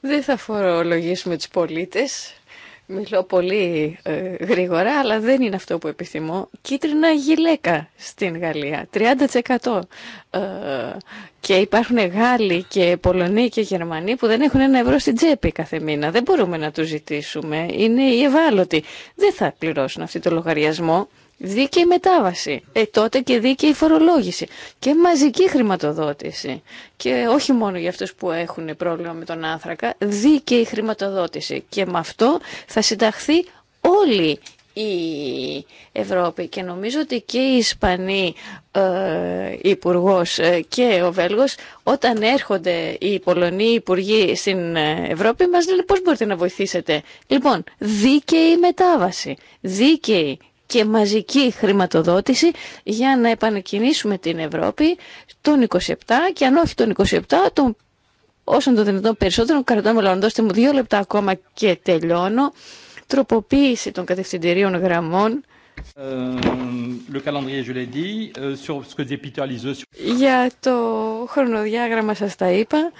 Δεν θα φορολογήσουμε τους πολίτες. Μιλώ πολύ ε, γρήγορα, αλλά δεν είναι αυτό που επιθυμώ. Κίτρινα γυλαίκα στην Γαλλία, 30%. Ε, και υπάρχουν Γάλλοι και Πολωνοί και Γερμανοί που δεν έχουν ένα ευρώ στην τσέπη κάθε μήνα. Δεν μπορούμε να τους ζητήσουμε. Είναι οι ευάλωτοι. Δεν θα πληρώσουν αυτό το λογαριασμό δίκαιη μετάβαση, ε, τότε και δίκαιη φορολόγηση και μαζική χρηματοδότηση και όχι μόνο για αυτούς που έχουν πρόβλημα με τον άνθρακα, δίκαιη χρηματοδότηση και με αυτό θα συνταχθεί όλη η Ευρώπη και νομίζω ότι και οι Ισπανοί ε, υπουργό ε, και ο Βέλγος όταν έρχονται οι Πολωνοί υπουργοί στην ε, Ευρώπη μας λένε πώς μπορείτε να βοηθήσετε. Λοιπόν, δίκαιη μετάβαση, δίκαιη και μαζική χρηματοδότηση για να επανακινήσουμε την Ευρώπη τον 27 και αν όχι τον 27 τον όσον το δυνατόν περισσότερο κρατών μελών. Δώστε μου δύο λεπτά ακόμα και τελειώνω. Τροποποίηση των κατευθυντηρίων γραμμών για το χρονοδιάγραμμα σας τα είπα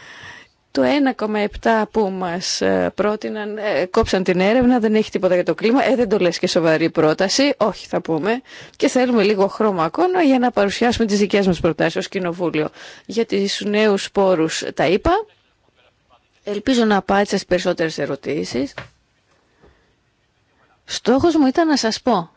το 1,7 που μας ε, πρότειναν, ε, κόψαν την έρευνα, δεν έχει τίποτα για το κλίμα. Ε, δεν το λες και σοβαρή πρόταση. Όχι, θα πούμε. Και θέλουμε λίγο χρώμα ακόμα για να παρουσιάσουμε τις δικές μας προτάσεις ως Κοινοβούλιο. Για τις νέους σπόρους τα είπα. Ελπίζω να απάντησα στις περισσότερες ερωτήσεις. Στόχος μου ήταν να σας πω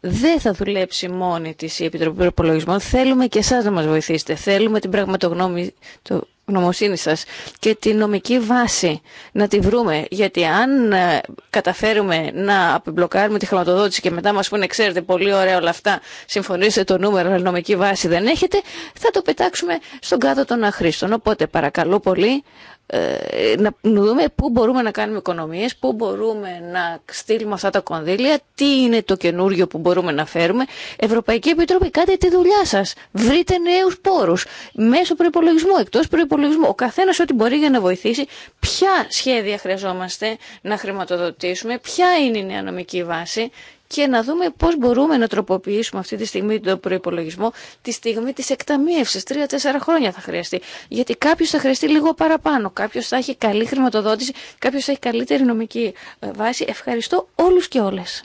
δεν θα δουλέψει μόνη της η Επιτροπή Προπολογισμών. Θέλουμε και εσάς να μας βοηθήσετε. Θέλουμε την πραγματογνώμη, το γνωμοσύνη σας και την νομική βάση να τη βρούμε. Γιατί αν ε, καταφέρουμε να απεμπλοκάρουμε τη χρηματοδότηση και μετά μας πούνε ξέρετε πολύ ωραία όλα αυτά, συμφωνήσετε το νούμερο, αλλά νομική βάση δεν έχετε, θα το πετάξουμε στον κάτω των αχρήστων. Οπότε παρακαλώ πολύ ε, να δούμε πού μπορούμε να κάνουμε οικονομίες, πού μπορούμε να στείλουμε αυτά τα κονδύλια, τι είναι το καινούριο που μπορούμε να φέρουμε. Ευρωπαϊκή ειναι το καινουργιο που μπορουμε κάντε τη δουλειά σας. Βρείτε νέους πόρους, μέσω προϋπολογισμού, εκτός προϋπολογισμού, Ο καθένας ό,τι μπορεί για να βοηθήσει ποια σχέδια χρειαζόμαστε να χρηματοδοτήσουμε, ποια είναι η νέα νομική βάση και να δούμε πώς μπορούμε να τροποποιήσουμε αυτή τη στιγμή τον προϋπολογισμό τη στιγμή της εκταμίευσης. Τρία-τέσσερα χρόνια θα χρειαστεί. Γιατί κάποιο θα χρειαστεί λίγο παραπάνω. Κάποιο θα έχει καλή χρηματοδότηση, κάποιο θα έχει καλύτερη νομική ε, βάση. Ευχαριστώ όλους και όλες.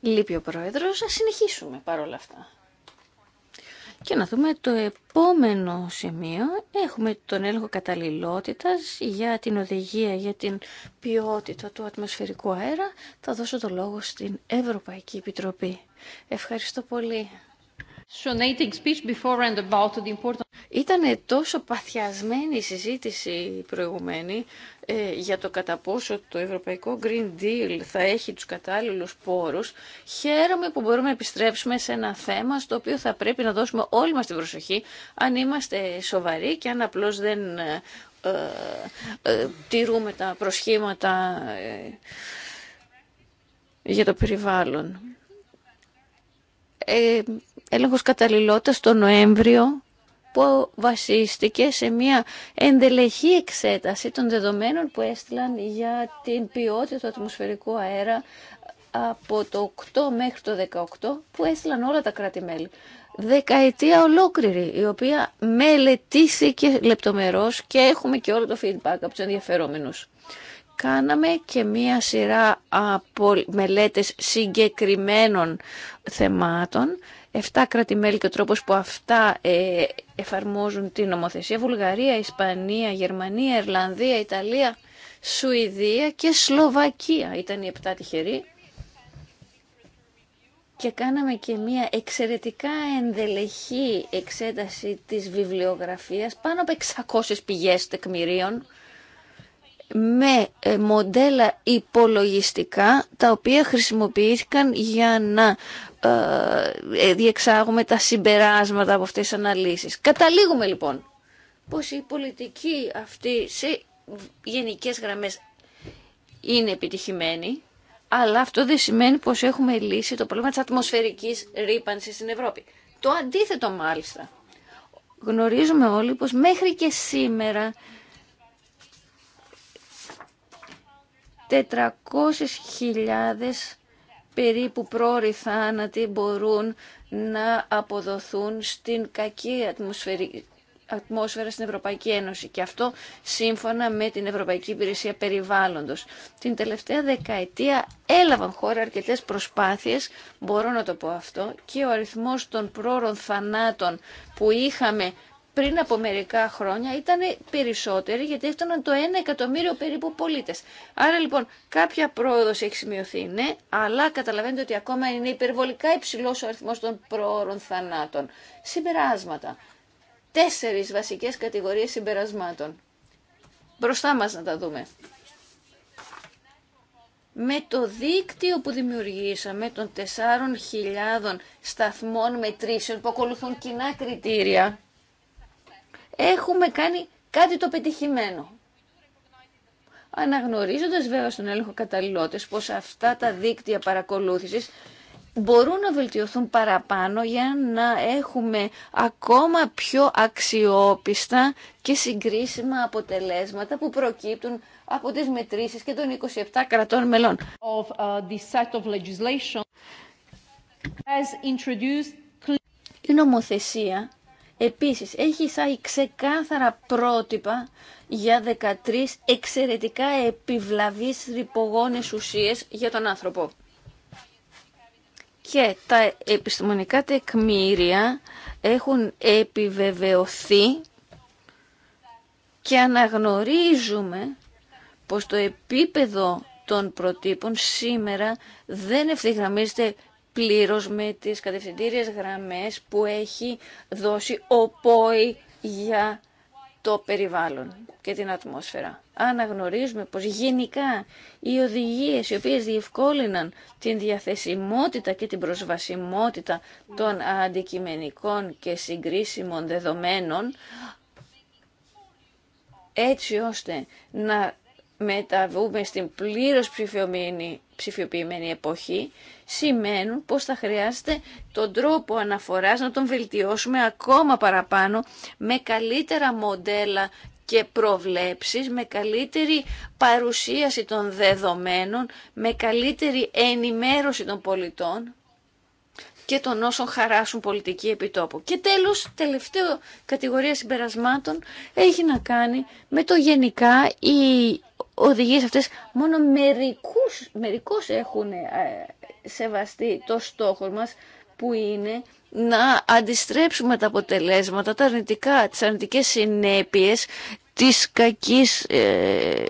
Λείπει ο Πρόεδρος, ας συνεχίσουμε παρόλα αυτά. Και να δούμε το επόμενο σημείο. Έχουμε τον έλεγχο καταλληλότητας για την οδηγία για την ποιότητα του ατμοσφαιρικού αέρα. Θα δώσω το λόγο στην Ευρωπαϊκή Επιτροπή. Ευχαριστώ πολύ. Ήταν τόσο παθιασμένη η συζήτηση προηγουμένη ε, για το κατά πόσο το Ευρωπαϊκό Green Deal θα έχει τους κατάλληλους πόρους. Χαίρομαι που μπορούμε να επιστρέψουμε σε ένα θέμα στο οποίο θα πρέπει να δώσουμε όλη μας την προσοχή αν είμαστε σοβαροί και αν απλώς δεν ε, ε, ε τηρούμε τα προσχήματα για το περιβάλλον. Έλεγχος καταλληλότητας το Νοέμβριο που βασίστηκε σε μια ενδελεχή εξέταση των δεδομένων που έστειλαν για την ποιότητα του ατμοσφαιρικού αέρα από το 8 μέχρι το 18 που έστειλαν όλα τα κράτη-μέλη. Δεκαετία ολόκληρη η οποία μελετήθηκε λεπτομερώς και έχουμε και όλο το feedback από τους ενδιαφερόμενους. Κάναμε και μία σειρά από μελέτες συγκεκριμένων θεμάτων 7 κράτη-μέλη και ο τρόπος που αυτά ε, εφαρμόζουν την νομοθεσία. Βουλγαρία, Ισπανία, Γερμανία, Ιρλανδία, Ιταλία, Σουηδία και Σλοβακία ήταν οι 7 τυχεροί. Και κάναμε και μια εξαιρετικά ενδελεχή εξέταση της βιβλιογραφίας, πάνω από 600 πηγές τεκμηρίων, με ε, μοντέλα υπολογιστικά τα οποία χρησιμοποιήθηκαν για να ε, ε, διεξάγουμε τα συμπεράσματα από αυτές τις αναλύσεις. Καταλήγουμε λοιπόν πως η πολιτική αυτή σε γενικές γραμμές είναι επιτυχημένη, αλλά αυτό δεν σημαίνει πως έχουμε λύσει το πρόβλημα της ατμοσφαιρικής ρήπανσης στην Ευρώπη. Το αντίθετο μάλιστα. Γνωρίζουμε όλοι πως μέχρι και σήμερα 400.000 περίπου πρόοροι θάνατοι μπορούν να αποδοθούν στην κακή ατμόσφαιρα στην Ευρωπαϊκή Ένωση και αυτό σύμφωνα με την Ευρωπαϊκή Υπηρεσία Περιβάλλοντος. Την τελευταία δεκαετία έλαβαν χώρα αρκετές προσπάθειες, μπορώ να το πω αυτό, και ο αριθμός των πρόωρων θανάτων που είχαμε πριν από μερικά χρόνια ήταν περισσότεροι γιατί έφταναν το 1 εκατομμύριο περίπου πολίτες. Άρα λοιπόν κάποια πρόοδος έχει σημειωθεί, ναι, αλλά καταλαβαίνετε ότι ακόμα είναι υπερβολικά υψηλός ο αριθμός των προώρων θανάτων. Συμπεράσματα. Τέσσερις βασικές κατηγορίες συμπερασμάτων. Μπροστά μας να τα δούμε. Με το δίκτυο που δημιουργήσαμε των 4.000 σταθμών μετρήσεων που ακολουθούν κοινά κριτήρια, έχουμε κάνει κάτι το πετυχημένο. Αναγνωρίζοντας βέβαια στον έλεγχο καταλληλώτες πως αυτά τα δίκτυα παρακολούθησης μπορούν να βελτιωθούν παραπάνω για να έχουμε ακόμα πιο αξιόπιστα και συγκρίσιμα αποτελέσματα που προκύπτουν από τις μετρήσεις και των 27 κρατών μελών. Uh, Η νομοθεσία Επίσης, έχει εισάγει ξεκάθαρα πρότυπα για 13 εξαιρετικά επιβλαβείς ρηπογόνες ουσίες για τον άνθρωπο. Και τα επιστημονικά τεκμήρια έχουν επιβεβαιωθεί και αναγνωρίζουμε πως το επίπεδο των προτύπων σήμερα δεν ευθυγραμμίζεται πλήρως με τις κατευθυντήριες γραμμές που έχει δώσει ο ΠΟΗ για το περιβάλλον και την ατμόσφαιρα. Αναγνωρίζουμε πως γενικά οι οδηγίες οι οποίες διευκόλυναν την διαθεσιμότητα και την προσβασιμότητα των αντικειμενικών και συγκρίσιμων δεδομένων έτσι ώστε να μεταβούμε στην πλήρως ψηφιοποιημένη εποχή σημαίνουν πως θα χρειάζεται τον τρόπο αναφοράς να τον βελτιώσουμε ακόμα παραπάνω με καλύτερα μοντέλα και προβλέψεις, με καλύτερη παρουσίαση των δεδομένων, με καλύτερη ενημέρωση των πολιτών και των όσων χαράσουν πολιτική επιτόπου. Και τέλος, τελευταία κατηγορία συμπερασμάτων έχει να κάνει με το γενικά οι οδηγίες αυτές μόνο μερικούς, έχουν ε, σεβαστεί το στόχο μας που είναι να αντιστρέψουμε τα αποτελέσματα, τα αρνητικά, τις αρνητικές συνέπειες της κακής ε,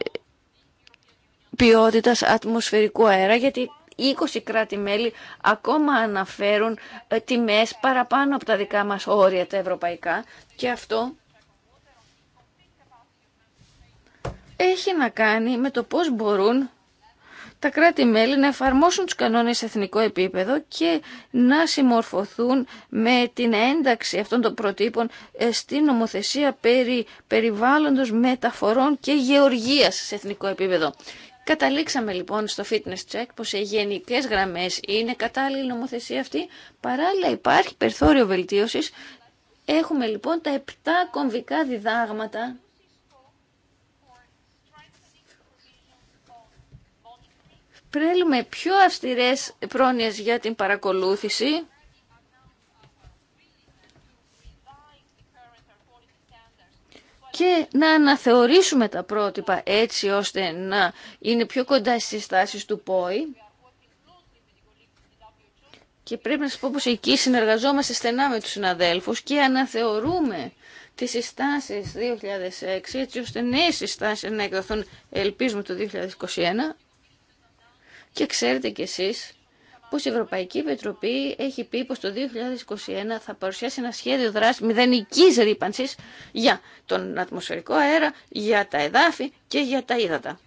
ποιότητας ατμοσφαιρικού αέρα, γιατί 20 κράτη-μέλη ακόμα αναφέρουν ε, τιμές παραπάνω από τα δικά μας όρια τα ευρωπαϊκά και αυτό έχει να κάνει με το πώς μπορούν τα κράτη-μέλη να εφαρμόσουν τους κανόνες σε εθνικό επίπεδο και να συμμορφωθούν με την ένταξη αυτών των προτύπων ε, στην νομοθεσία περί περιβάλλοντος μεταφορών και γεωργίας σε εθνικό επίπεδο. Καταλήξαμε λοιπόν στο fitness check πως σε γενικές γραμμές είναι κατάλληλη νομοθεσία αυτή. Παράλληλα υπάρχει περιθώριο βελτίωσης. Έχουμε λοιπόν τα 7 κομβικά διδάγματα Πρέλουμε πιο αυστηρές πρόνοιες για την παρακολούθηση και να αναθεωρήσουμε τα πρότυπα έτσι ώστε να είναι πιο κοντά στις τάσεις του ΠΟΗ. Και πρέπει να σας πω πως εκεί συνεργαζόμαστε στενά με τους συναδέλφους και αναθεωρούμε τις συστάσεις 2006 έτσι ώστε νέες συστάσεις να εκδοθούν ελπίζουμε το 2021 και ξέρετε κι εσείς πως η Ευρωπαϊκή Επιτροπή έχει πει πως το 2021 θα παρουσιάσει ένα σχέδιο δράσης μηδενικής ρήπανσης για τον ατμοσφαιρικό αέρα, για τα εδάφη και για τα ύδατα.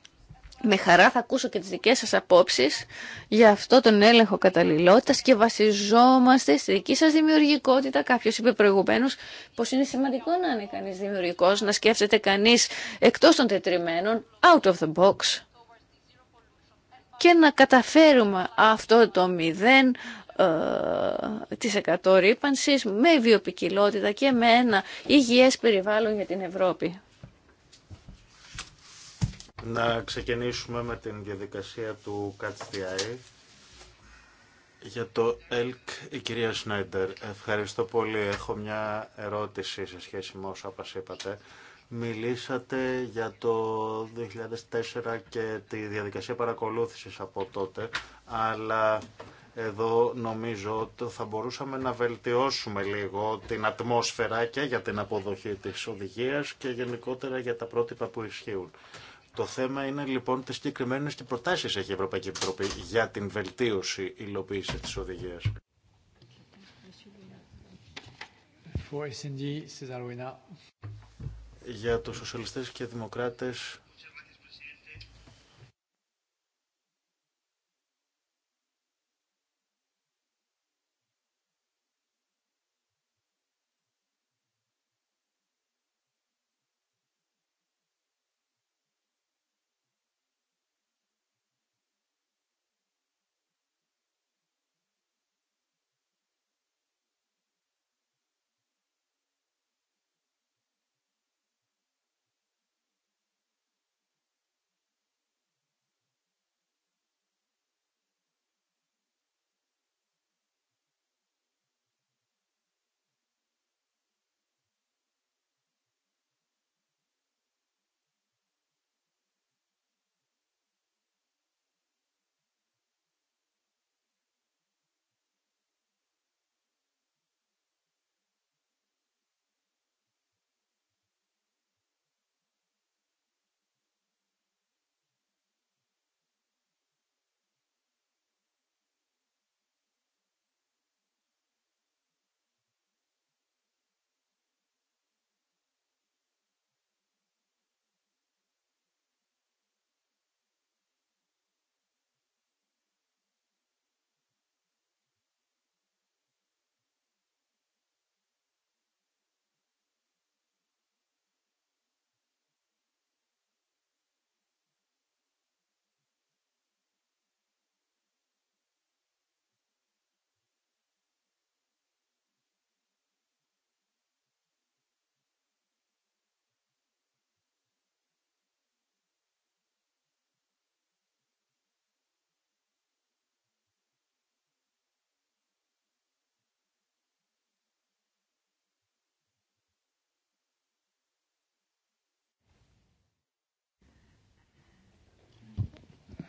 Με χαρά θα ακούσω και τις δικές σας απόψεις για αυτό τον έλεγχο καταλληλότητας και βασιζόμαστε στη δική σας δημιουργικότητα. Κάποιος είπε προηγουμένω πως είναι σημαντικό να είναι κανείς δημιουργικός, να σκέφτεται κανείς εκτός των τετριμένων, out of the box και να καταφέρουμε αυτό το μηδέν ε, της εκατορύπανσης με βιοπικιλότητα και με ένα υγιές περιβάλλον για την Ευρώπη. Να ξεκινήσουμε με την διαδικασία του ΚΑΤΣΤΙΑΗ. Για το ΕΛΚ, η κυρία Σνάιντερ, ευχαριστώ πολύ. Έχω μια ερώτηση σε σχέση με όσα είπατε. Μιλήσατε για το 2004 και τη διαδικασία παρακολούθησης από τότε, αλλά εδώ νομίζω ότι θα μπορούσαμε να βελτιώσουμε λίγο την ατμόσφαιρα και για την αποδοχή της οδηγίας και γενικότερα για τα πρότυπα που ισχύουν. Το θέμα είναι λοιπόν τι συγκεκριμένε και προτάσει έχει η Ευρωπαϊκή Επιτροπή για την βελτίωση υλοποίηση τη οδηγία. Για τους σοσιαλιστές και δημοκράτες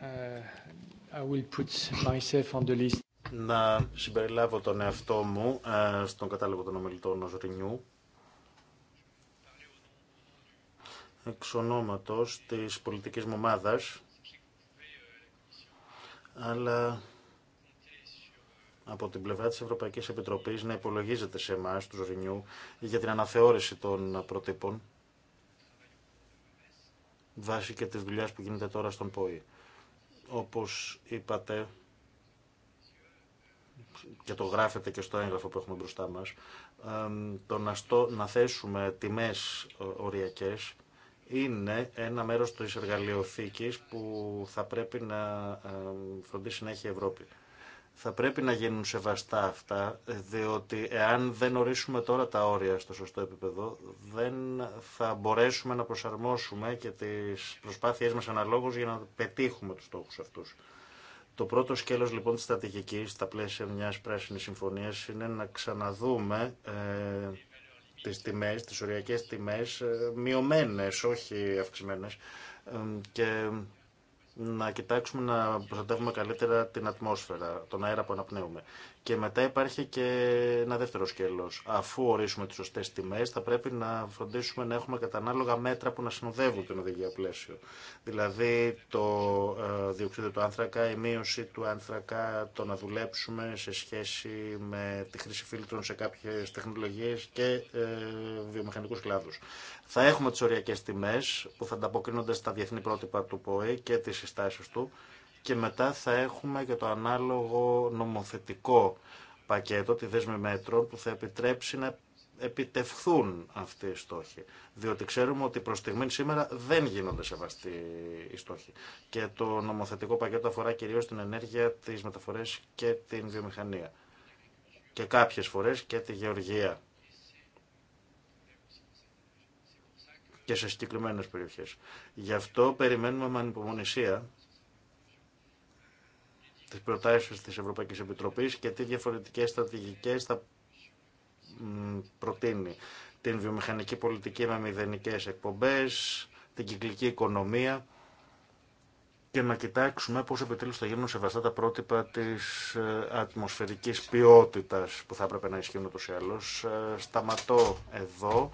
Uh, να συμπεριλάβω τον εαυτό μου ε, στον κατάλογο των ομιλητών ως Ρηνιού. Εξ ονόματος της πολιτικής μου ομάδας, αλλά από την πλευρά της Ευρωπαϊκής Επιτροπής να υπολογίζεται σε εμά του Ρηνιού, για την αναθεώρηση των προτύπων βάσει και της δουλειάς που γίνεται τώρα στον ΠΟΗ. Όπως είπατε, και το γράφετε και στο έγγραφο που έχουμε μπροστά μας, το να, στο, να θέσουμε τιμές οριακές είναι ένα μέρος της εργαλειοθήκης που θα πρέπει να φροντίσει να έχει η Ευρώπη θα πρέπει να γίνουν σεβαστά αυτά, διότι εάν δεν ορίσουμε τώρα τα όρια στο σωστό επίπεδο, δεν θα μπορέσουμε να προσαρμόσουμε και τις προσπάθειές μας αναλόγως για να πετύχουμε τους στόχους αυτούς. Το πρώτο σκέλος λοιπόν της στρατηγικής στα πλαίσια μιας πράσινης συμφωνίας είναι να ξαναδούμε ε, τις τιμές, τις οριακές τιμές, ε, μειωμένες, όχι αυξημένες, ε, και να κοιτάξουμε να προστατεύουμε καλύτερα την ατμόσφαιρα, τον αέρα που αναπνέουμε. Και μετά υπάρχει και ένα δεύτερο σκέλο. Αφού ορίσουμε τι σωστέ τιμέ, θα πρέπει να φροντίσουμε να έχουμε κατανάλογα μέτρα που να συνοδεύουν την οδηγία πλαίσιο. Δηλαδή το ε, διοξείδιο του άνθρακα, η μείωση του άνθρακα, το να δουλέψουμε σε σχέση με τη χρήση φίλτρων σε κάποιε τεχνολογίε και ε, βιομηχανικού κλάδου. Θα έχουμε τι οριακέ τιμέ που θα ανταποκρίνονται στα διεθνή πρότυπα του ΠΟΕ και τι συστάσει του και μετά θα έχουμε και το ανάλογο νομοθετικό πακέτο, τη δέσμη μέτρων που θα επιτρέψει να επιτευχθούν αυτοί οι στόχοι. Διότι ξέρουμε ότι προς στιγμή σήμερα δεν γίνονται σεβαστοί οι στόχοι. Και το νομοθετικό πακέτο αφορά κυρίως την ενέργεια, τις μεταφορές και την βιομηχανία. Και κάποιες φορές και τη γεωργία. Και σε συγκεκριμένε περιοχέ. Γι' αυτό περιμένουμε με ανυπομονησία τις προτάσεις της Ευρωπαϊκής Επιτροπής και τι διαφορετικές στρατηγικές θα προτείνει. Την βιομηχανική πολιτική με μηδενικές εκπομπές, την κυκλική οικονομία και να κοιτάξουμε πώς επιτέλους θα γίνουν σεβαστά τα πρότυπα της ε, ατμοσφαιρικής ποιότητας που θα έπρεπε να ισχύουν ούτως ή άλλως. Ε, σταματώ εδώ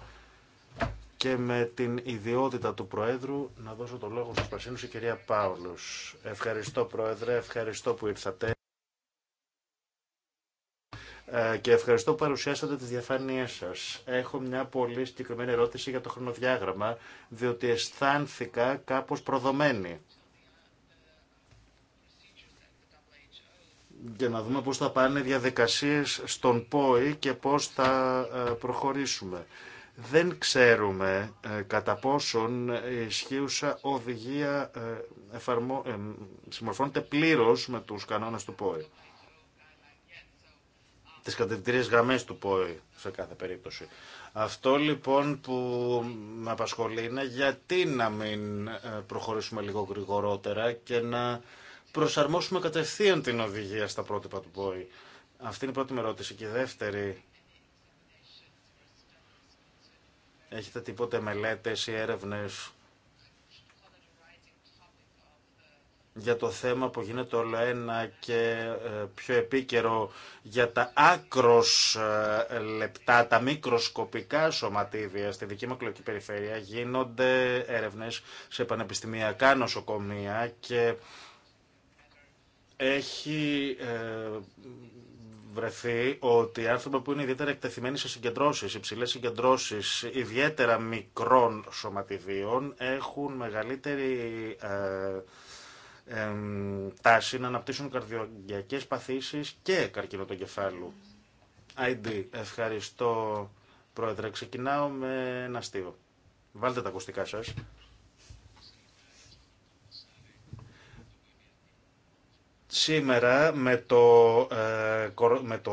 και με την ιδιότητα του Προέδρου να δώσω το λόγο στους Πασίνους η κυρία Παύλους. Ευχαριστώ Πρόεδρε, ευχαριστώ που ήρθατε ε, και ευχαριστώ που παρουσιάσατε τις διαφάνειές σας. Έχω μια πολύ συγκεκριμένη ερώτηση για το χρονοδιάγραμμα, διότι αισθάνθηκα κάπως προδομένη. Για να δούμε πώς θα πάνε οι διαδικασίες στον ΠΟΗ και πώς θα ε, προχωρήσουμε δεν ξέρουμε ε, κατά πόσον η ισχύουσα οδηγία ε, εφαρμο... Ε, συμμορφώνεται πλήρως με τους κανόνες του ΠΟΕ. Τις κατευθυντήριες γραμμές του ΠΟΗ σε κάθε περίπτωση. Αυτό λοιπόν που με απασχολεί είναι γιατί να μην προχωρήσουμε λίγο γρηγορότερα και να προσαρμόσουμε κατευθείαν την οδηγία στα πρότυπα του ΠΟΕ. Αυτή είναι η πρώτη με ερώτηση. Και η δεύτερη Έχετε τίποτε μελέτες ή έρευνες για το θέμα που γίνεται όλο ένα και ε, πιο επίκαιρο για τα άκρος ε, λεπτά, τα μικροσκοπικά σωματίδια στη δική μου εκλογική περιφέρεια γίνονται έρευνες σε πανεπιστημιακά νοσοκομεία και έχει ε, βρεθεί ότι άνθρωποι που είναι ιδιαίτερα εκτεθειμένοι σε συγκεντρώσεις, υψηλέ συγκεντρώσεις ιδιαίτερα μικρών σωματιδίων έχουν μεγαλύτερη ε, τάση να αναπτύσσουν καρδιογειακέ παθήσεις και καρκίνο του κεφάλου. ID, ευχαριστώ πρόεδρε. Ξεκινάω με ένα αστείο. Βάλτε τα ακουστικά σας. Σήμερα με το, ε, με το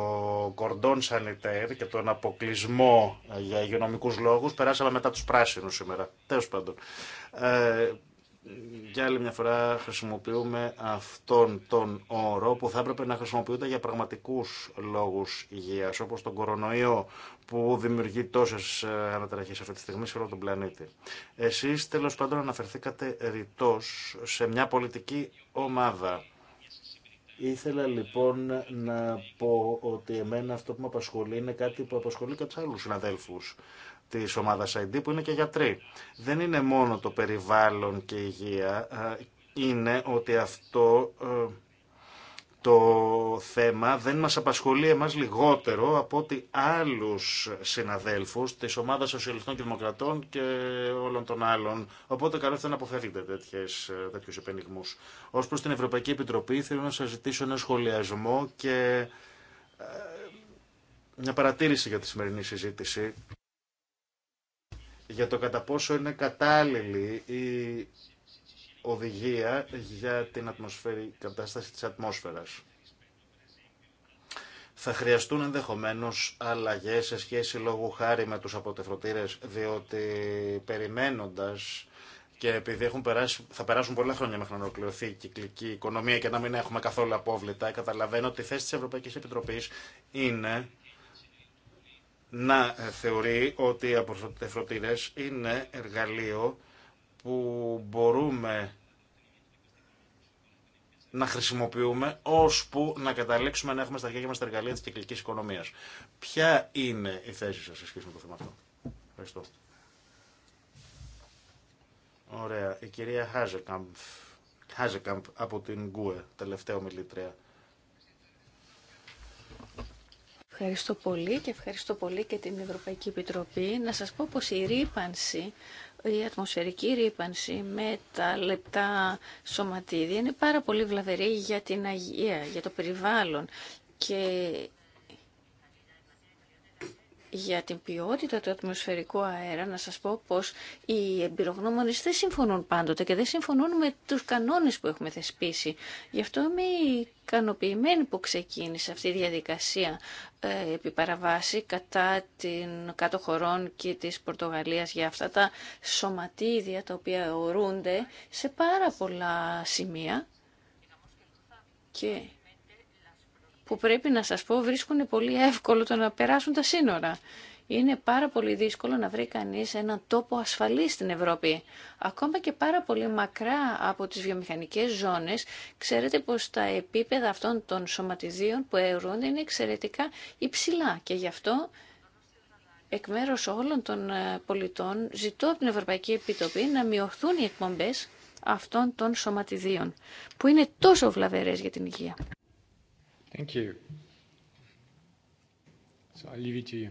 κορδόν σανιτέρ και τον αποκλεισμό ε, για υγειονομικούς λόγους περάσαμε μετά τους πράσινους σήμερα. Τέλος πάντων. Ε, για άλλη μια φορά χρησιμοποιούμε αυτόν τον όρο που θα έπρεπε να χρησιμοποιούνται για πραγματικούς λόγους υγείας όπως τον κορονοϊό που δημιουργεί τόσες ε, ανατεραχές αυτή τη στιγμή σε όλο τον πλανήτη. Εσείς τέλος πάντων αναφερθήκατε ρητός σε μια πολιτική ομάδα Ήθελα λοιπόν να πω ότι εμένα αυτό που με απασχολεί είναι κάτι που απασχολεί και του άλλου συναδέλφου τη ομάδα ID που είναι και γιατροί. Δεν είναι μόνο το περιβάλλον και η υγεία, ε, είναι ότι αυτό ε, το θέμα δεν μας απασχολεί εμάς λιγότερο από ότι άλλους συναδέλφους της ομάδας Σοσιαλιστών και Δημοκρατών και όλων των άλλων. Οπότε καλό θα να αποφεύγετε τέτοιες, τέτοιους επενιγμούς. Ως προς την Ευρωπαϊκή Επιτροπή θέλω να σας ζητήσω ένα σχολιασμό και ε, μια παρατήρηση για τη σημερινή συζήτηση για το κατά πόσο είναι κατάλληλη η οδηγία για την ατμοσφαίρη, κατάσταση της ατμόσφαιρας. Θα χρειαστούν ενδεχομένως αλλαγές σε σχέση λόγου χάρη με τους αποτεφρωτήρες, διότι περιμένοντας και επειδή έχουν περάσει, θα περάσουν πολλά χρόνια μέχρι να ολοκληρωθεί η κυκλική οικονομία και να μην έχουμε καθόλου απόβλητα, καταλαβαίνω ότι η θέση της Ευρωπαϊκής Επιτροπής είναι να θεωρεί ότι οι αποτεφρωτήρες είναι εργαλείο που μπορούμε να χρησιμοποιούμε ώσπου να καταλήξουμε να έχουμε στα χέρια μας τα εργαλεία της κυκλικής οικονομίας. Ποια είναι η θέση σας σε σχέση με το θέμα αυτό. Ευχαριστώ. Ωραία. Η κυρία Χάζεκαμπ, από την ΓΚΟΕ, τελευταία ομιλήτρια. Ευχαριστώ πολύ και ευχαριστώ πολύ και την Ευρωπαϊκή Επιτροπή. Να σας πω πως η ρήπανση η ατμοσφαιρική ρήπανση με τα λεπτά σωματίδια είναι πάρα πολύ βλαβερή για την αγία, για το περιβάλλον και για την ποιότητα του ατμοσφαιρικού αέρα, να σας πω πως οι εμπειρογνώμονες δεν συμφωνούν πάντοτε και δεν συμφωνούν με τους κανόνες που έχουμε θεσπίσει. Γι' αυτό είμαι ικανοποιημένη που ξεκίνησε αυτή η διαδικασία ε, επί παραβάση κατά την κάτω χωρών και της Πορτογαλίας για αυτά τα σωματίδια τα οποία ορούνται σε πάρα πολλά σημεία και που πρέπει να σας πω βρίσκουν πολύ εύκολο το να περάσουν τα σύνορα. Είναι πάρα πολύ δύσκολο να βρει κανείς έναν τόπο ασφαλή στην Ευρώπη. Ακόμα και πάρα πολύ μακρά από τις βιομηχανικές ζώνες, ξέρετε πως τα επίπεδα αυτών των σωματιδίων που αιρούνται είναι εξαιρετικά υψηλά και γι' αυτό εκ μέρους όλων των ε, πολιτών ζητώ από την Ευρωπαϊκή Επιτροπή να μειωθούν οι εκπομπές αυτών των σωματιδίων, που είναι τόσο βλαβερές για την υγεία. Thank you. So I leave it to you.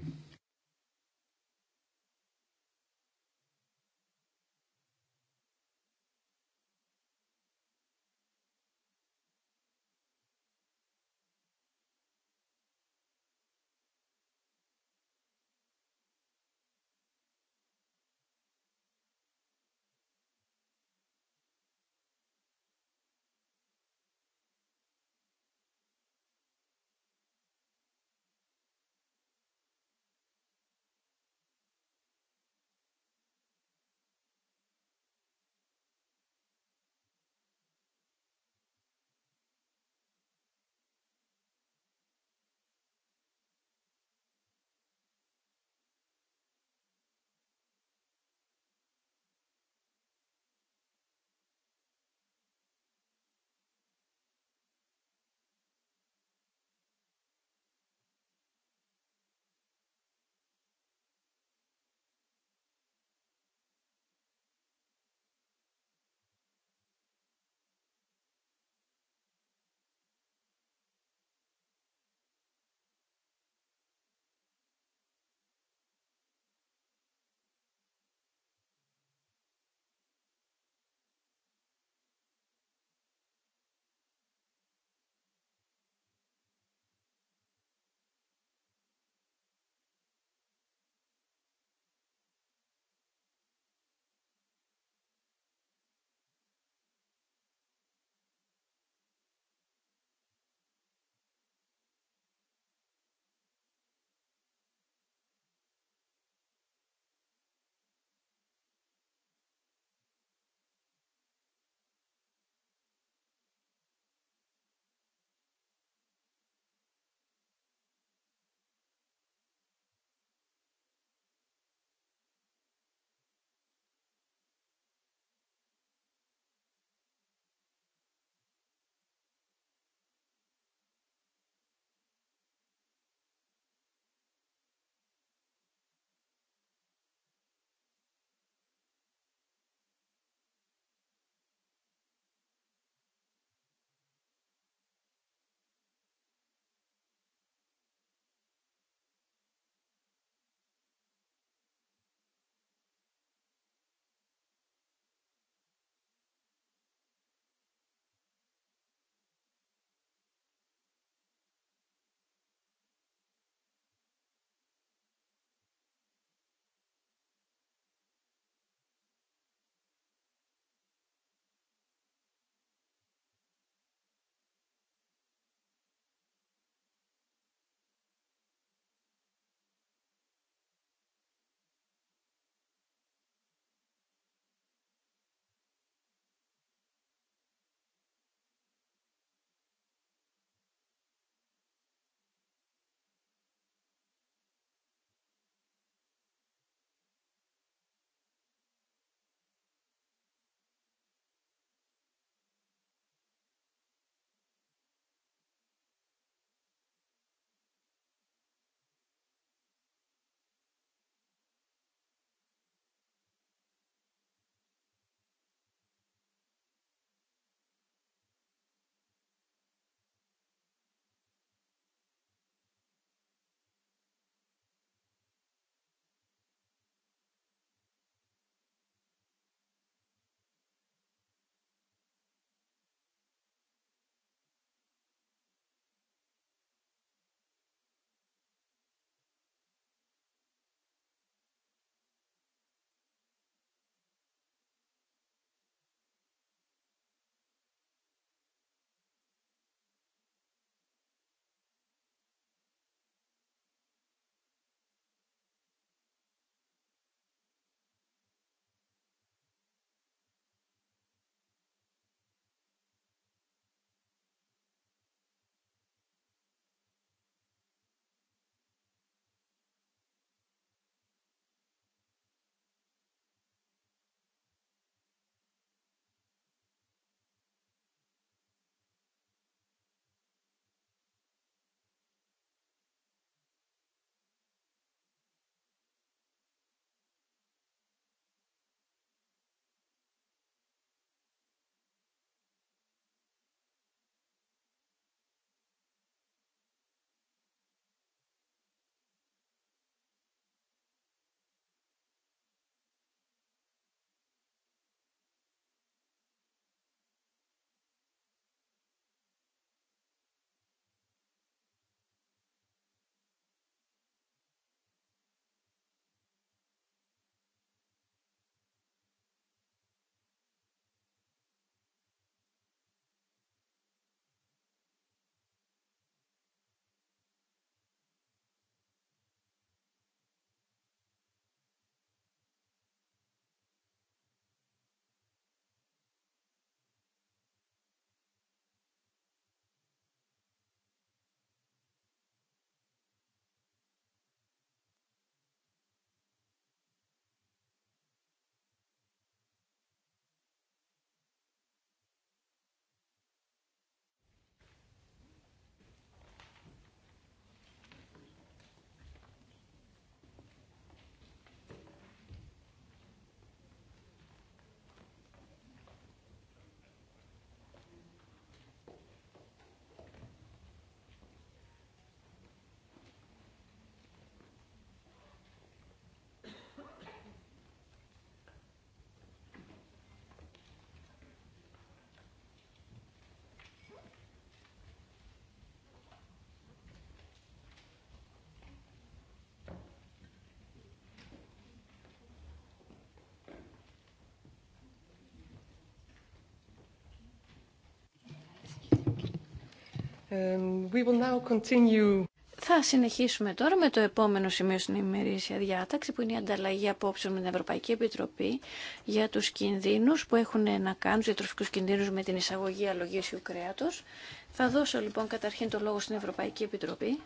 We will now continue. Θα συνεχίσουμε τώρα με το επόμενο σημείο στην ημερήσια διάταξη που είναι η ανταλλαγή απόψεων με την Ευρωπαϊκή Επιτροπή για τους κινδύνους που έχουν να κάνουν, διατροφικούς κινδύνους με την εισαγωγή αλογίσιου κρέατος. Θα δώσω λοιπόν καταρχήν το λόγο στην Ευρωπαϊκή Επιτροπή.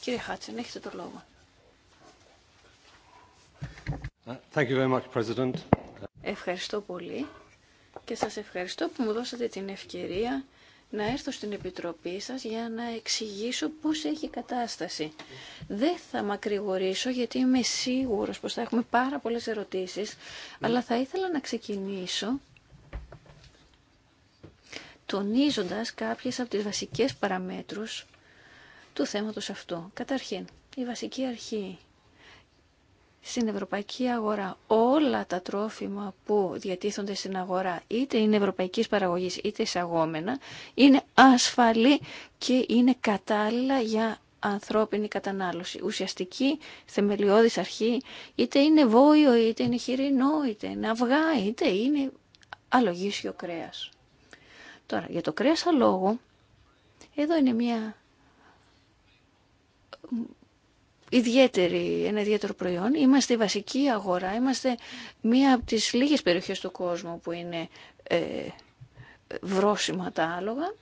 Κύριε Χάτσεν, έχετε το λόγο. Thank you very much, President. Ευχαριστώ πολύ και σας ευχαριστώ που μου δώσατε την ευκαιρία να έρθω στην Επιτροπή σας για να εξηγήσω πώς έχει η κατάσταση. Δεν θα μακρηγορήσω γιατί είμαι σίγουρος πως θα έχουμε πάρα πολλές ερωτήσεις, αλλά θα ήθελα να ξεκινήσω τονίζοντας κάποιες από τις βασικές παραμέτρους του θέματος αυτού. Καταρχήν, η βασική αρχή στην ευρωπαϊκή αγορά όλα τα τρόφιμα που διατίθονται στην αγορά, είτε είναι ευρωπαϊκής παραγωγής είτε εισαγόμενα, είναι ασφαλή και είναι κατάλληλα για ανθρώπινη κατανάλωση. Ουσιαστική, θεμελιώδης αρχή, είτε είναι βόηο, είτε είναι χοιρινό, είτε είναι αυγά, είτε είναι αλογίσιο κρέας. Τώρα, για το κρέας αλόγου, εδώ είναι μια ιδιαίτερη, ένα ιδιαίτερο προϊόν. Είμαστε η βασική αγορά, είμαστε μία από τις λίγες περιοχές του κόσμου που είναι ε, βρόσιμα τα άλογα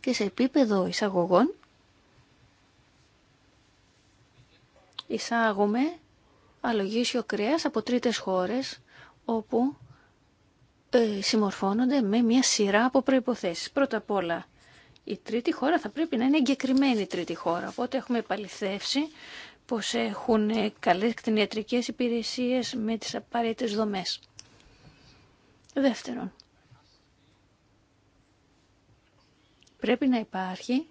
και σε επίπεδο εισαγωγών εισάγουμε αλογίσιο κρέας από τρίτες χώρες όπου ε, συμμορφώνονται με μια σειρά από προϋποθέσεις. Πρώτα απ' όλα η τρίτη χώρα θα πρέπει να είναι εγκεκριμένη η τρίτη χώρα. Οπότε έχουμε επαληθεύσει πως έχουν καλές κτηνιατρικές υπηρεσίες με τις απαραίτητες δομές. Δεύτερον, πρέπει να υπάρχει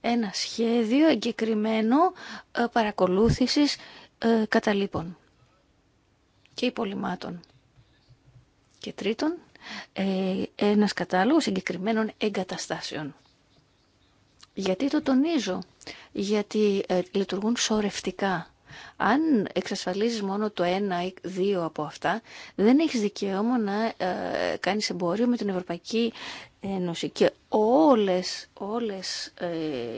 ένα σχέδιο εγκεκριμένο ε, παρακολούθησης ε, καταλήπων και υπολοιμάτων. Και τρίτον, ε, ένας κατάλογος συγκεκριμένων εγκαταστάσεων. Γιατί το τονίζω, γιατί ε, λειτουργούν σωρευτικά. Αν εξασφαλίζεις μόνο το ένα ή δύο από αυτά, δεν έχεις δικαίωμα να ε, κάνεις εμπόριο με την Ευρωπαϊκή Ένωση. Και όλες, όλες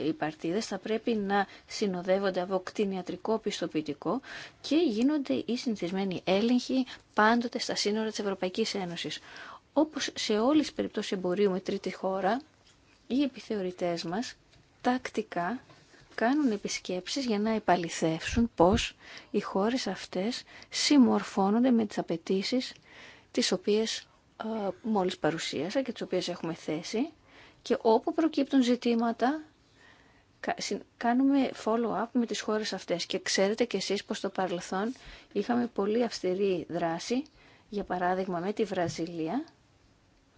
οι παρτίδες θα πρέπει να συνοδεύονται από κτηνιατρικό πιστοποιητικό και γίνονται οι συνηθισμένοι έλεγχοι πάντοτε στα σύνορα της Ευρωπαϊκής Ένωσης. Όπως σε όλες τις περιπτώσεις εμπορίου με τρίτη χώρα, οι επιθεωρητές μας τακτικά κάνουν επισκέψεις για να επαληθεύσουν πως οι χώρες αυτές συμμορφώνονται με τις απαιτήσει τις οποίες ε, μόλις παρουσίασα και τις οποίες έχουμε θέσει και όπου προκύπτουν ζητήματα κάνουμε follow-up με τις χώρες αυτές και ξέρετε κι εσείς πως στο παρελθόν είχαμε πολύ αυστηρή δράση για παράδειγμα με τη Βραζιλία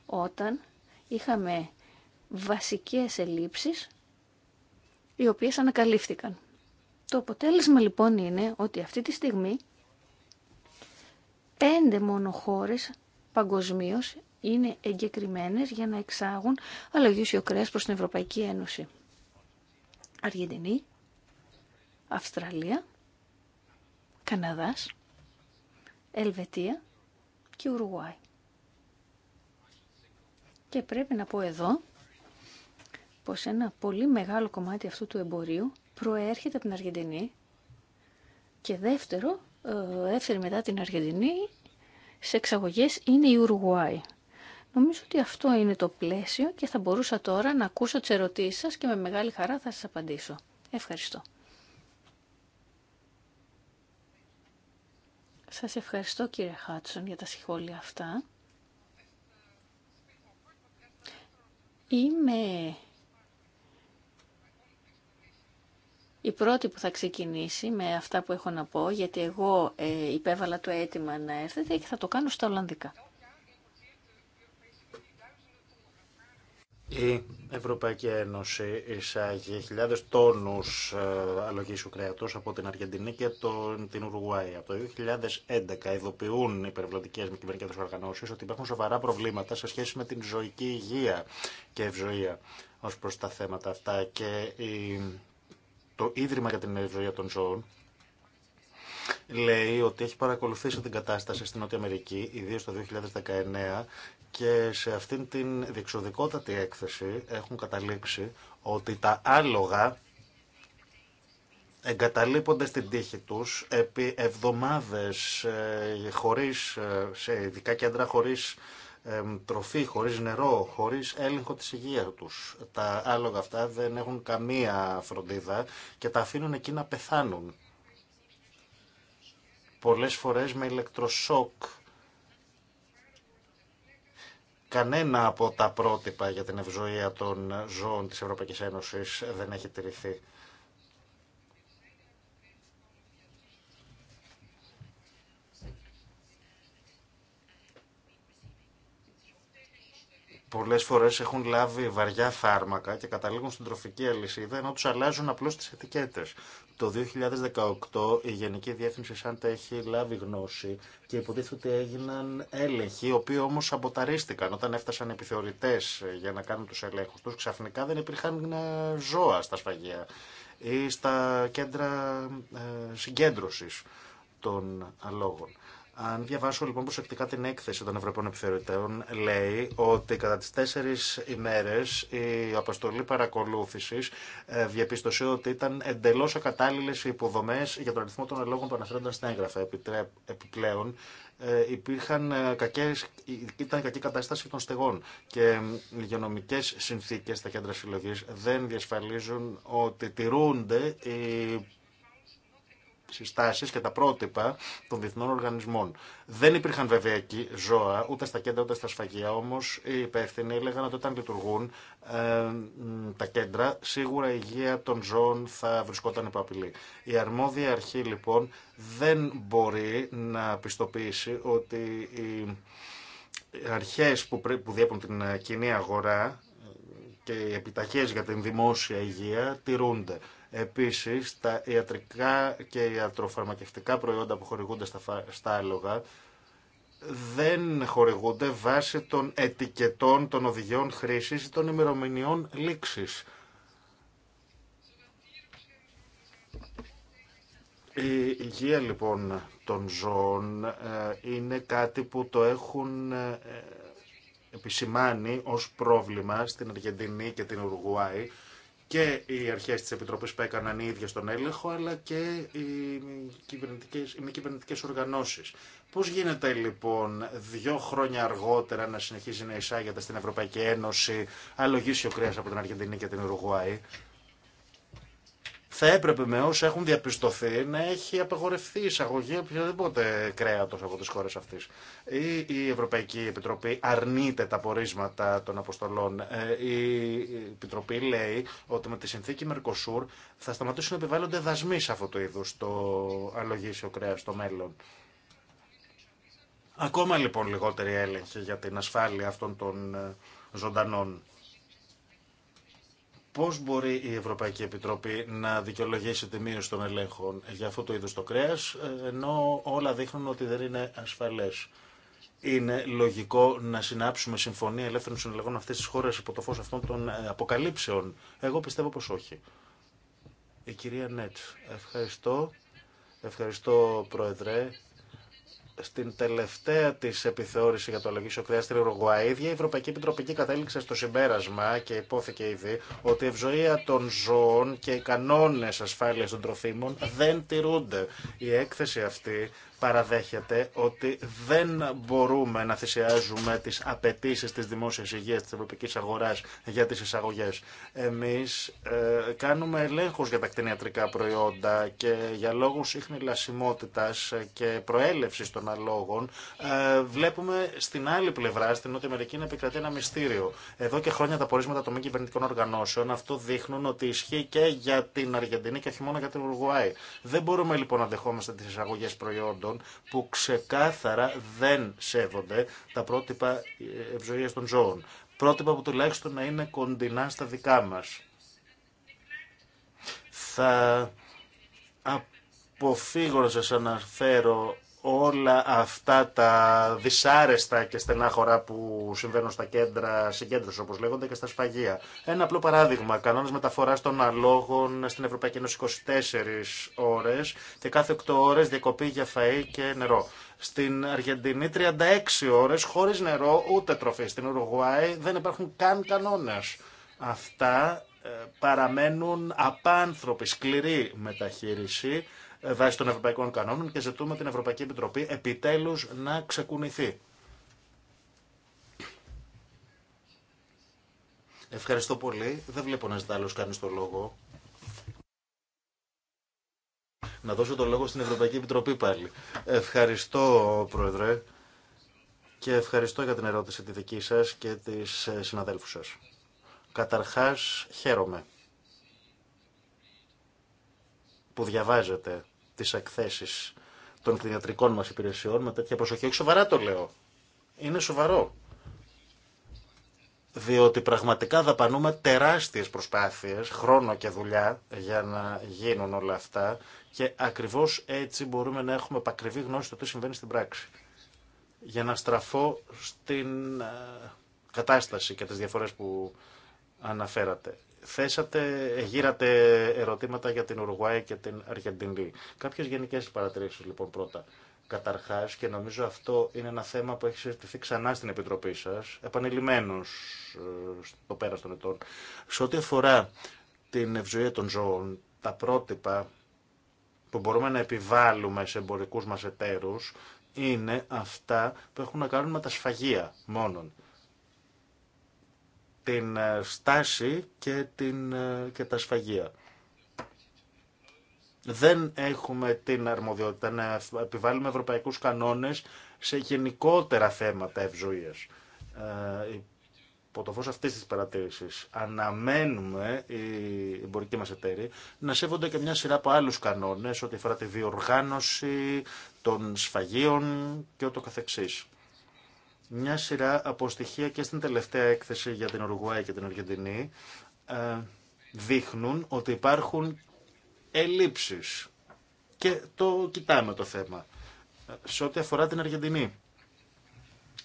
όταν είχαμε βασικές ελλείψεις οι οποίες ανακαλύφθηκαν. Το αποτέλεσμα λοιπόν είναι ότι αυτή τη στιγμή πέντε μόνο χώρες παγκοσμίως είναι εγκεκριμένες για να εξάγουν αλλαγή κρέα προς την Ευρωπαϊκή Ένωση. Αργεντινή, Αυστραλία, Καναδάς, Ελβετία και Ουρουγουάη. Και πρέπει να πω εδώ πως ένα πολύ μεγάλο κομμάτι αυτού του εμπορίου προέρχεται από την Αργεντινή και δεύτερο, ε, δεύτερη μετά την Αργεντινή, σε εξαγωγές είναι η Ουρουάη. Νομίζω ότι αυτό είναι το πλαίσιο και θα μπορούσα τώρα να ακούσω τις ερωτήσεις σας και με μεγάλη χαρά θα σας απαντήσω. Ευχαριστώ. Σας ευχαριστώ κύριε Χάτσον για τα σχόλια αυτά. Είμαι η πρώτη που θα ξεκινήσει με αυτά που έχω να πω, γιατί εγώ ε, υπέβαλα το αίτημα να έρθετε και θα το κάνω στα Ολλανδικά. Η Ευρωπαϊκή Ένωση εισάγει χιλιάδε τόνου ε, αλογίσου κρέατο από την Αργεντινή και τον, την Ουρουάη. Από το 2011 ειδοποιούν οι περιβαλλοντικέ με κυβερνητικέ οργανώσει ότι υπάρχουν σοβαρά προβλήματα σε σχέση με την ζωική υγεία και ευζοία ω προ τα θέματα αυτά. Και το Ίδρυμα για την Ευζοία των Ζώων λέει ότι έχει παρακολουθήσει την κατάσταση στην Νότια Αμερική, ιδίως το 2019, και σε αυτήν την διεξοδικότατη έκθεση έχουν καταλήξει ότι τα άλογα εγκαταλείπονται στην τύχη τους επί εβδομάδες ε, χωρίς, ε, σε ειδικά κέντρα χωρίς ε, τροφή, χωρίς νερό, χωρίς έλεγχο της υγείας τους. Τα άλογα αυτά δεν έχουν καμία φροντίδα και τα αφήνουν εκεί να πεθάνουν πολλές φορές με ηλεκτροσόκ. Κανένα από τα πρότυπα για την ευζοία των ζώων της Ευρωπαϊκής Ένωσης δεν έχει τηρηθεί. Πολλέ φορέ έχουν λάβει βαριά φάρμακα και καταλήγουν στην τροφική αλυσίδα ενώ του αλλάζουν απλώ τις ετικέτε. Το 2018 η Γενική Διεύθυνση Σάντα έχει λάβει γνώση και υποτίθεται ότι έγιναν έλεγχοι, οι οποίοι όμως σαμποταρίστηκαν όταν έφτασαν επιθεωρητές για να κάνουν τους ελέγχου του, Ξαφνικά δεν υπήρχαν ε, ζώα στα σφαγεία ή στα κέντρα ε, συγκέντρωση των αλόγων. Αν διαβάσω λοιπόν προσεκτικά την έκθεση των Ευρωπαίων Επιθεωρητών, λέει ότι κατά τι τέσσερι ημέρε η αποστολή παρακολούθηση ε, διαπίστωσε ότι ήταν εντελώ ακατάλληλε οι υποδομέ για τον αριθμό των ελόγων που αναφέρονταν στην έγγραφα. Επιπλέον, ε, υπήρχαν ε, κακές, ήταν κακή κατάσταση των στεγών και οι υγειονομικέ συνθήκε στα κέντρα συλλογή δεν διασφαλίζουν ότι τηρούνται οι συστάσεις και τα πρότυπα των διεθνών οργανισμών. Δεν υπήρχαν βέβαια εκεί ζώα, ούτε στα κέντρα ούτε στα σφαγεία, όμως οι υπεύθυνοι έλεγαν ότι όταν λειτουργούν ε, τα κέντρα, σίγουρα η υγεία των ζώων θα βρισκόταν υπό απειλή. Η αρμόδια αρχή λοιπόν δεν μπορεί να πιστοποιήσει ότι οι αρχές που, που διέπουν την ε, κοινή αγορά ε, και οι επιταχές για την δημόσια υγεία τηρούνται. Επίσης, τα ιατρικά και ιατροφαρμακευτικά προϊόντα που χορηγούνται στα άλογα δεν χορηγούνται βάσει των ετικετών των οδηγιών χρήσης ή των ημερομηνιών λήξης. Η υγεία λοιπόν των ζώων ε, είναι κάτι που το έχουν ε, επισημάνει ως πρόβλημα στην Αργεντινή και την Ουρουγουάη και οι αρχές της Επιτροπής που έκαναν οι ίδιες τον έλεγχο, αλλά και οι μη κυβερνητικές οργανώσεις. Πώς γίνεται λοιπόν δύο χρόνια αργότερα να συνεχίζει να εισάγεται στην Ευρωπαϊκή Ένωση αλογίσιο κρέα από την Αργεντινή και την Ουρουγουάη, θα έπρεπε με όσα έχουν διαπιστωθεί να έχει απαγορευτεί η εισαγωγή οποιοδήποτε κρέατο από τι χώρε αυτή. Ή η Ευρωπαϊκή Επιτροπή αρνείται τα πορίσματα των αποστολών. Ε, η Επιτροπή λέει ότι με τη συνθήκη Μερκοσούρ θα σταματήσουν να επιβάλλονται δασμοί σε αυτό το είδου το αλογίσιο κρέα στο μέλλον. Ακόμα λοιπόν λιγότερη έλεγχη για την ασφάλεια αυτών των ε, ζωντανών Πώ μπορεί η Ευρωπαϊκή Επιτροπή να δικαιολογήσει τη μείωση των ελέγχων για αυτό το είδος το κρέας, ενώ όλα δείχνουν ότι δεν είναι ασφαλές. Είναι λογικό να συνάψουμε συμφωνία ελεύθερων συναλλαγών αυτές τις χώρες υπό το φω αυτών των ε, αποκαλύψεων. Εγώ πιστεύω πως όχι. Η κυρία Νέτ, ευχαριστώ. Ευχαριστώ, Πρόεδρε στην τελευταία τη επιθεώρηση για το αλλαγή κρέα η Ευρωπαϊκή Επιτροπή κατέληξε στο συμπέρασμα και υπόθηκε ήδη ότι η ευζοία των ζώων και οι κανόνε ασφάλεια των τροφίμων δεν τηρούνται. Η έκθεση αυτή παραδέχεται ότι δεν μπορούμε να θυσιάζουμε τις απαιτήσει της δημόσιας υγείας της ευρωπαϊκής αγοράς για τις εισαγωγές. Εμείς ε, κάνουμε ελέγχους για τα κτηνιατρικά προϊόντα και για λόγους ίχνη λασιμότητας και προέλευσης των αλόγων ε, βλέπουμε στην άλλη πλευρά, στην Νότια Αμερική, να επικρατεί ένα μυστήριο. Εδώ και χρόνια τα πορίσματα των μη κυβερνητικών οργανώσεων αυτό δείχνουν ότι ισχύει και για την Αργεντινή και όχι μόνο για την Ουρουάη. Δεν μπορούμε λοιπόν να δεχόμαστε τις εισαγωγές προϊόντων που ξεκάθαρα δεν σέβονται τα πρότυπα ευζοίας των ζώων. Πρότυπα που τουλάχιστον να είναι κοντινά στα δικά μας. Θα αποφύγω να σας αναφέρω όλα αυτά τα δυσάρεστα και στενά χωρά που συμβαίνουν στα κέντρα συγκέντρωση όπως λέγονται και στα σφαγεία. Ένα απλό παράδειγμα, κανόνες μεταφοράς των αλόγων στην Ευρωπαϊκή Ένωση 24 ώρες και κάθε 8 ώρες διακοπή για φαΐ και νερό. Στην Αργεντινή 36 ώρες χωρίς νερό ούτε τροφή. Στην Ουρουγουάη δεν υπάρχουν καν κανόνες. Αυτά ε, παραμένουν απάνθρωποι, σκληρή μεταχείριση ε, βάσει των ευρωπαϊκών κανόνων και ζητούμε την Ευρωπαϊκή Επιτροπή επιτέλους να ξεκουνηθεί. Ευχαριστώ πολύ. Δεν βλέπω να ζητά άλλος κανείς το λόγο. Να δώσω το λόγο στην Ευρωπαϊκή Επιτροπή πάλι. Ευχαριστώ, Πρόεδρε, και ευχαριστώ για την ερώτηση τη δική σας και της ε, συναδέλφου σας. Καταρχάς, χαίρομαι που διαβάζετε τις εκθέσει των κτηνιατρικών μας υπηρεσιών με τέτοια προσοχή. Όχι σοβαρά το λέω. Είναι σοβαρό. Διότι πραγματικά δαπανούμε τεράστιες προσπάθειες, χρόνο και δουλειά για να γίνουν όλα αυτά και ακριβώς έτσι μπορούμε να έχουμε πακριβή γνώση του τι συμβαίνει στην πράξη. Για να στραφώ στην ε, κατάσταση και τις διαφορές που αναφέρατε θέσατε, γύρατε ερωτήματα για την Ουρουάη και την Αργεντινή. Κάποιες γενικές παρατηρήσεις λοιπόν πρώτα. Καταρχάς, και νομίζω αυτό είναι ένα θέμα που έχει συζητηθεί ξανά στην Επιτροπή σας, επανειλημμένος ε, στο πέρας των ετών. Σε ό,τι αφορά την ευζοία των ζώων, τα πρότυπα που μπορούμε να επιβάλλουμε σε εμπορικούς μας εταίρους είναι αυτά που έχουν να κάνουν με τα σφαγεία μόνον την ε, στάση και, την, ε, και τα σφαγεία. Δεν έχουμε την αρμοδιότητα να επιβάλλουμε ευρωπαϊκούς κανόνες σε γενικότερα θέματα ευζωίας. Ε, υπό το φως αυτής της παρατήρησης αναμένουμε οι εμπορικοί μας εταίροι να σέβονται και μια σειρά από άλλους κανόνες ό,τι αφορά τη διοργάνωση των σφαγείων και ούτω καθεξής μια σειρά από στοιχεία και στην τελευταία έκθεση για την Ουρουγουάη και την Αργεντινή ε, δείχνουν ότι υπάρχουν ελλείψεις. Και το κοιτάμε το θέμα. Σε ό,τι αφορά την Αργεντινή,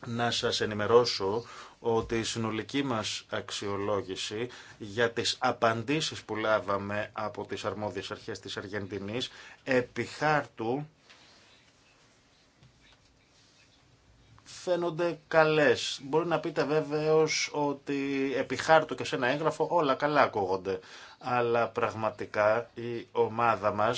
να σας ενημερώσω ότι η συνολική μας αξιολόγηση για τις απαντήσεις που λάβαμε από τις αρμόδιες αρχές της Αργεντινής επί χάρτου φαίνονται καλέ. Μπορεί να πείτε βέβαιος ότι επί χάρτου και σε ένα έγγραφο όλα καλά ακούγονται. Αλλά πραγματικά η ομάδα μα,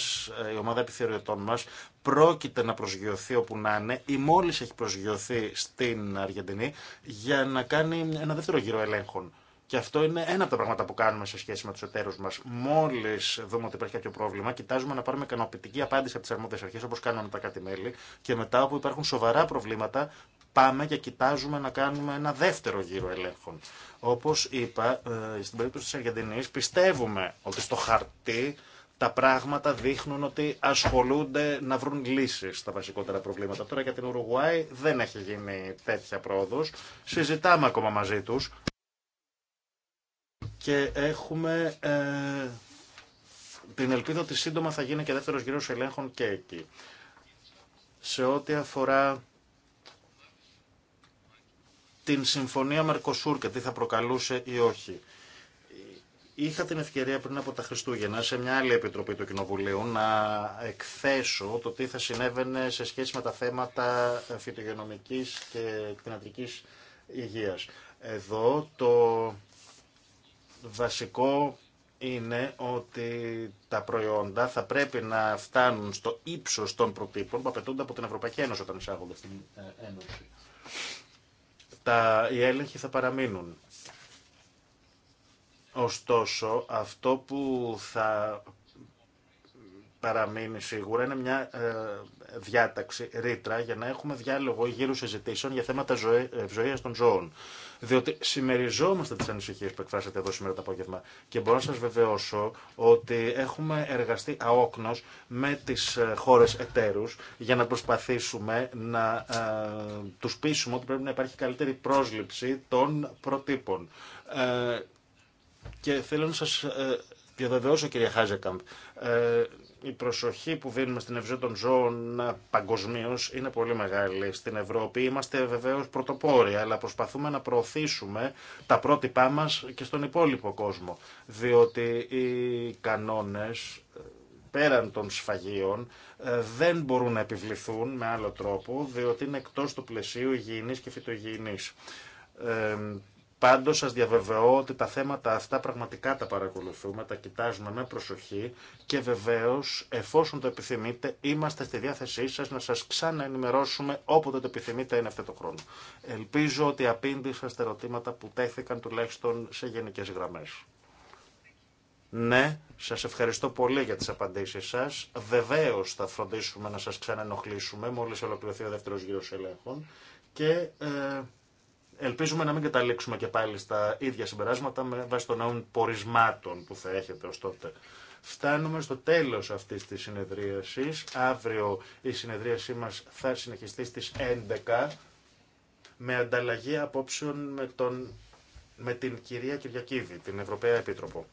ε, η ομάδα επιθεωρητών μα, πρόκειται να προσγειωθεί όπου να είναι ή μόλι έχει προσγειωθεί στην Αργεντινή για να κάνει ένα δεύτερο γύρο ελέγχων. Και αυτό είναι ένα από τα πράγματα που κάνουμε σε σχέση με του εταίρου μα. Μόλι δούμε ότι υπάρχει κάποιο πρόβλημα, κοιτάζουμε να πάρουμε ικανοποιητική απάντηση από τι αρμόδιε αρχέ, όπω κάνουν τα κάτι μέλη, και μετά όπου υπάρχουν σοβαρά προβλήματα, πάμε και κοιτάζουμε να κάνουμε ένα δεύτερο γύρο ελέγχων. Όπως είπα, ε, στην περίπτωση της Αργεντινής πιστεύουμε ότι στο χαρτί τα πράγματα δείχνουν ότι ασχολούνται να βρουν λύσεις στα βασικότερα προβλήματα. Τώρα για την Ουρουγουάη δεν έχει γίνει τέτοια πρόοδος. Συζητάμε ακόμα μαζί του και έχουμε ε, την ελπίδα ότι σύντομα θα γίνει και δεύτερος γύρος ελέγχων και εκεί. Σε ό,τι αφορά την συμφωνία Μερκοσούρ και τι θα προκαλούσε ή όχι. Είχα την ευκαιρία πριν από τα Χριστούγεννα σε μια άλλη επιτροπή του Κοινοβουλίου να εκθέσω το τι θα συνέβαινε σε σχέση με τα θέματα φυτογενομικής και κτηνατικής υγείας. Εδώ το βασικό είναι ότι τα προϊόντα θα πρέπει να φτάνουν στο ύψος των προτύπων που απαιτούνται από την Ευρωπαϊκή Ένωση όταν εισάγονται στην ε, Ένωση τα, οι έλεγχοι θα παραμείνουν. Ωστόσο, αυτό που θα παραμείνει σίγουρα είναι μια ε, διάταξη, ρήτρα, για να έχουμε διάλογο γύρω συζητήσεων για θέματα ζωή, ε, των ζώων. Διότι συμμεριζόμαστε τι ανησυχίε που εκφράσατε εδώ σήμερα το απόγευμα. Και μπορώ να σα βεβαιώσω ότι έχουμε εργαστεί αόκνο με τι ε, χώρε εταίρου για να προσπαθήσουμε να ε, του πείσουμε ότι πρέπει να υπάρχει καλύτερη πρόσληψη των προτύπων. Ε, και θέλω να σα διαβεβαιώσω, κυρία Χάζεκαμπ, η προσοχή που δίνουμε στην ευζοία των ζώων παγκοσμίω είναι πολύ μεγάλη στην Ευρώπη. Είμαστε βεβαίω πρωτοπόροι, αλλά προσπαθούμε να προωθήσουμε τα πρότυπά μα και στον υπόλοιπο κόσμο. Διότι οι κανόνε πέραν των σφαγίων δεν μπορούν να επιβληθούν με άλλο τρόπο, διότι είναι εκτό του πλαισίου υγιεινή και φυτογενή ε, Πάντω σα διαβεβαιώ ότι τα θέματα αυτά πραγματικά τα παρακολουθούμε, τα κοιτάζουμε με προσοχή και βεβαίω εφόσον το επιθυμείτε είμαστε στη διάθεσή σα να σα ξαναενημερώσουμε όποτε το επιθυμείτε είναι αυτό το χρόνο. Ελπίζω ότι απήντησα στα ερωτήματα που τέθηκαν τουλάχιστον σε γενικέ γραμμέ. Ναι, σα ευχαριστώ πολύ για τι απαντήσει σα. Βεβαίω θα φροντίσουμε να σα ξαναενοχλήσουμε μόλι ολοκληρωθεί ο δεύτερο γύρο ελέγχων και. Ε, Ελπίζουμε να μην καταλήξουμε και πάλι στα ίδια συμπεράσματα με βάση των νέων πορισμάτων που θα έχετε ως τότε. Φτάνουμε στο τέλος αυτής της συνεδρίασης. Αύριο η συνεδρίασή μας θα συνεχιστεί στις 11 με ανταλλαγή απόψεων με, τον, με την κυρία Κυριακίδη, την Ευρωπαία Επίτροπο.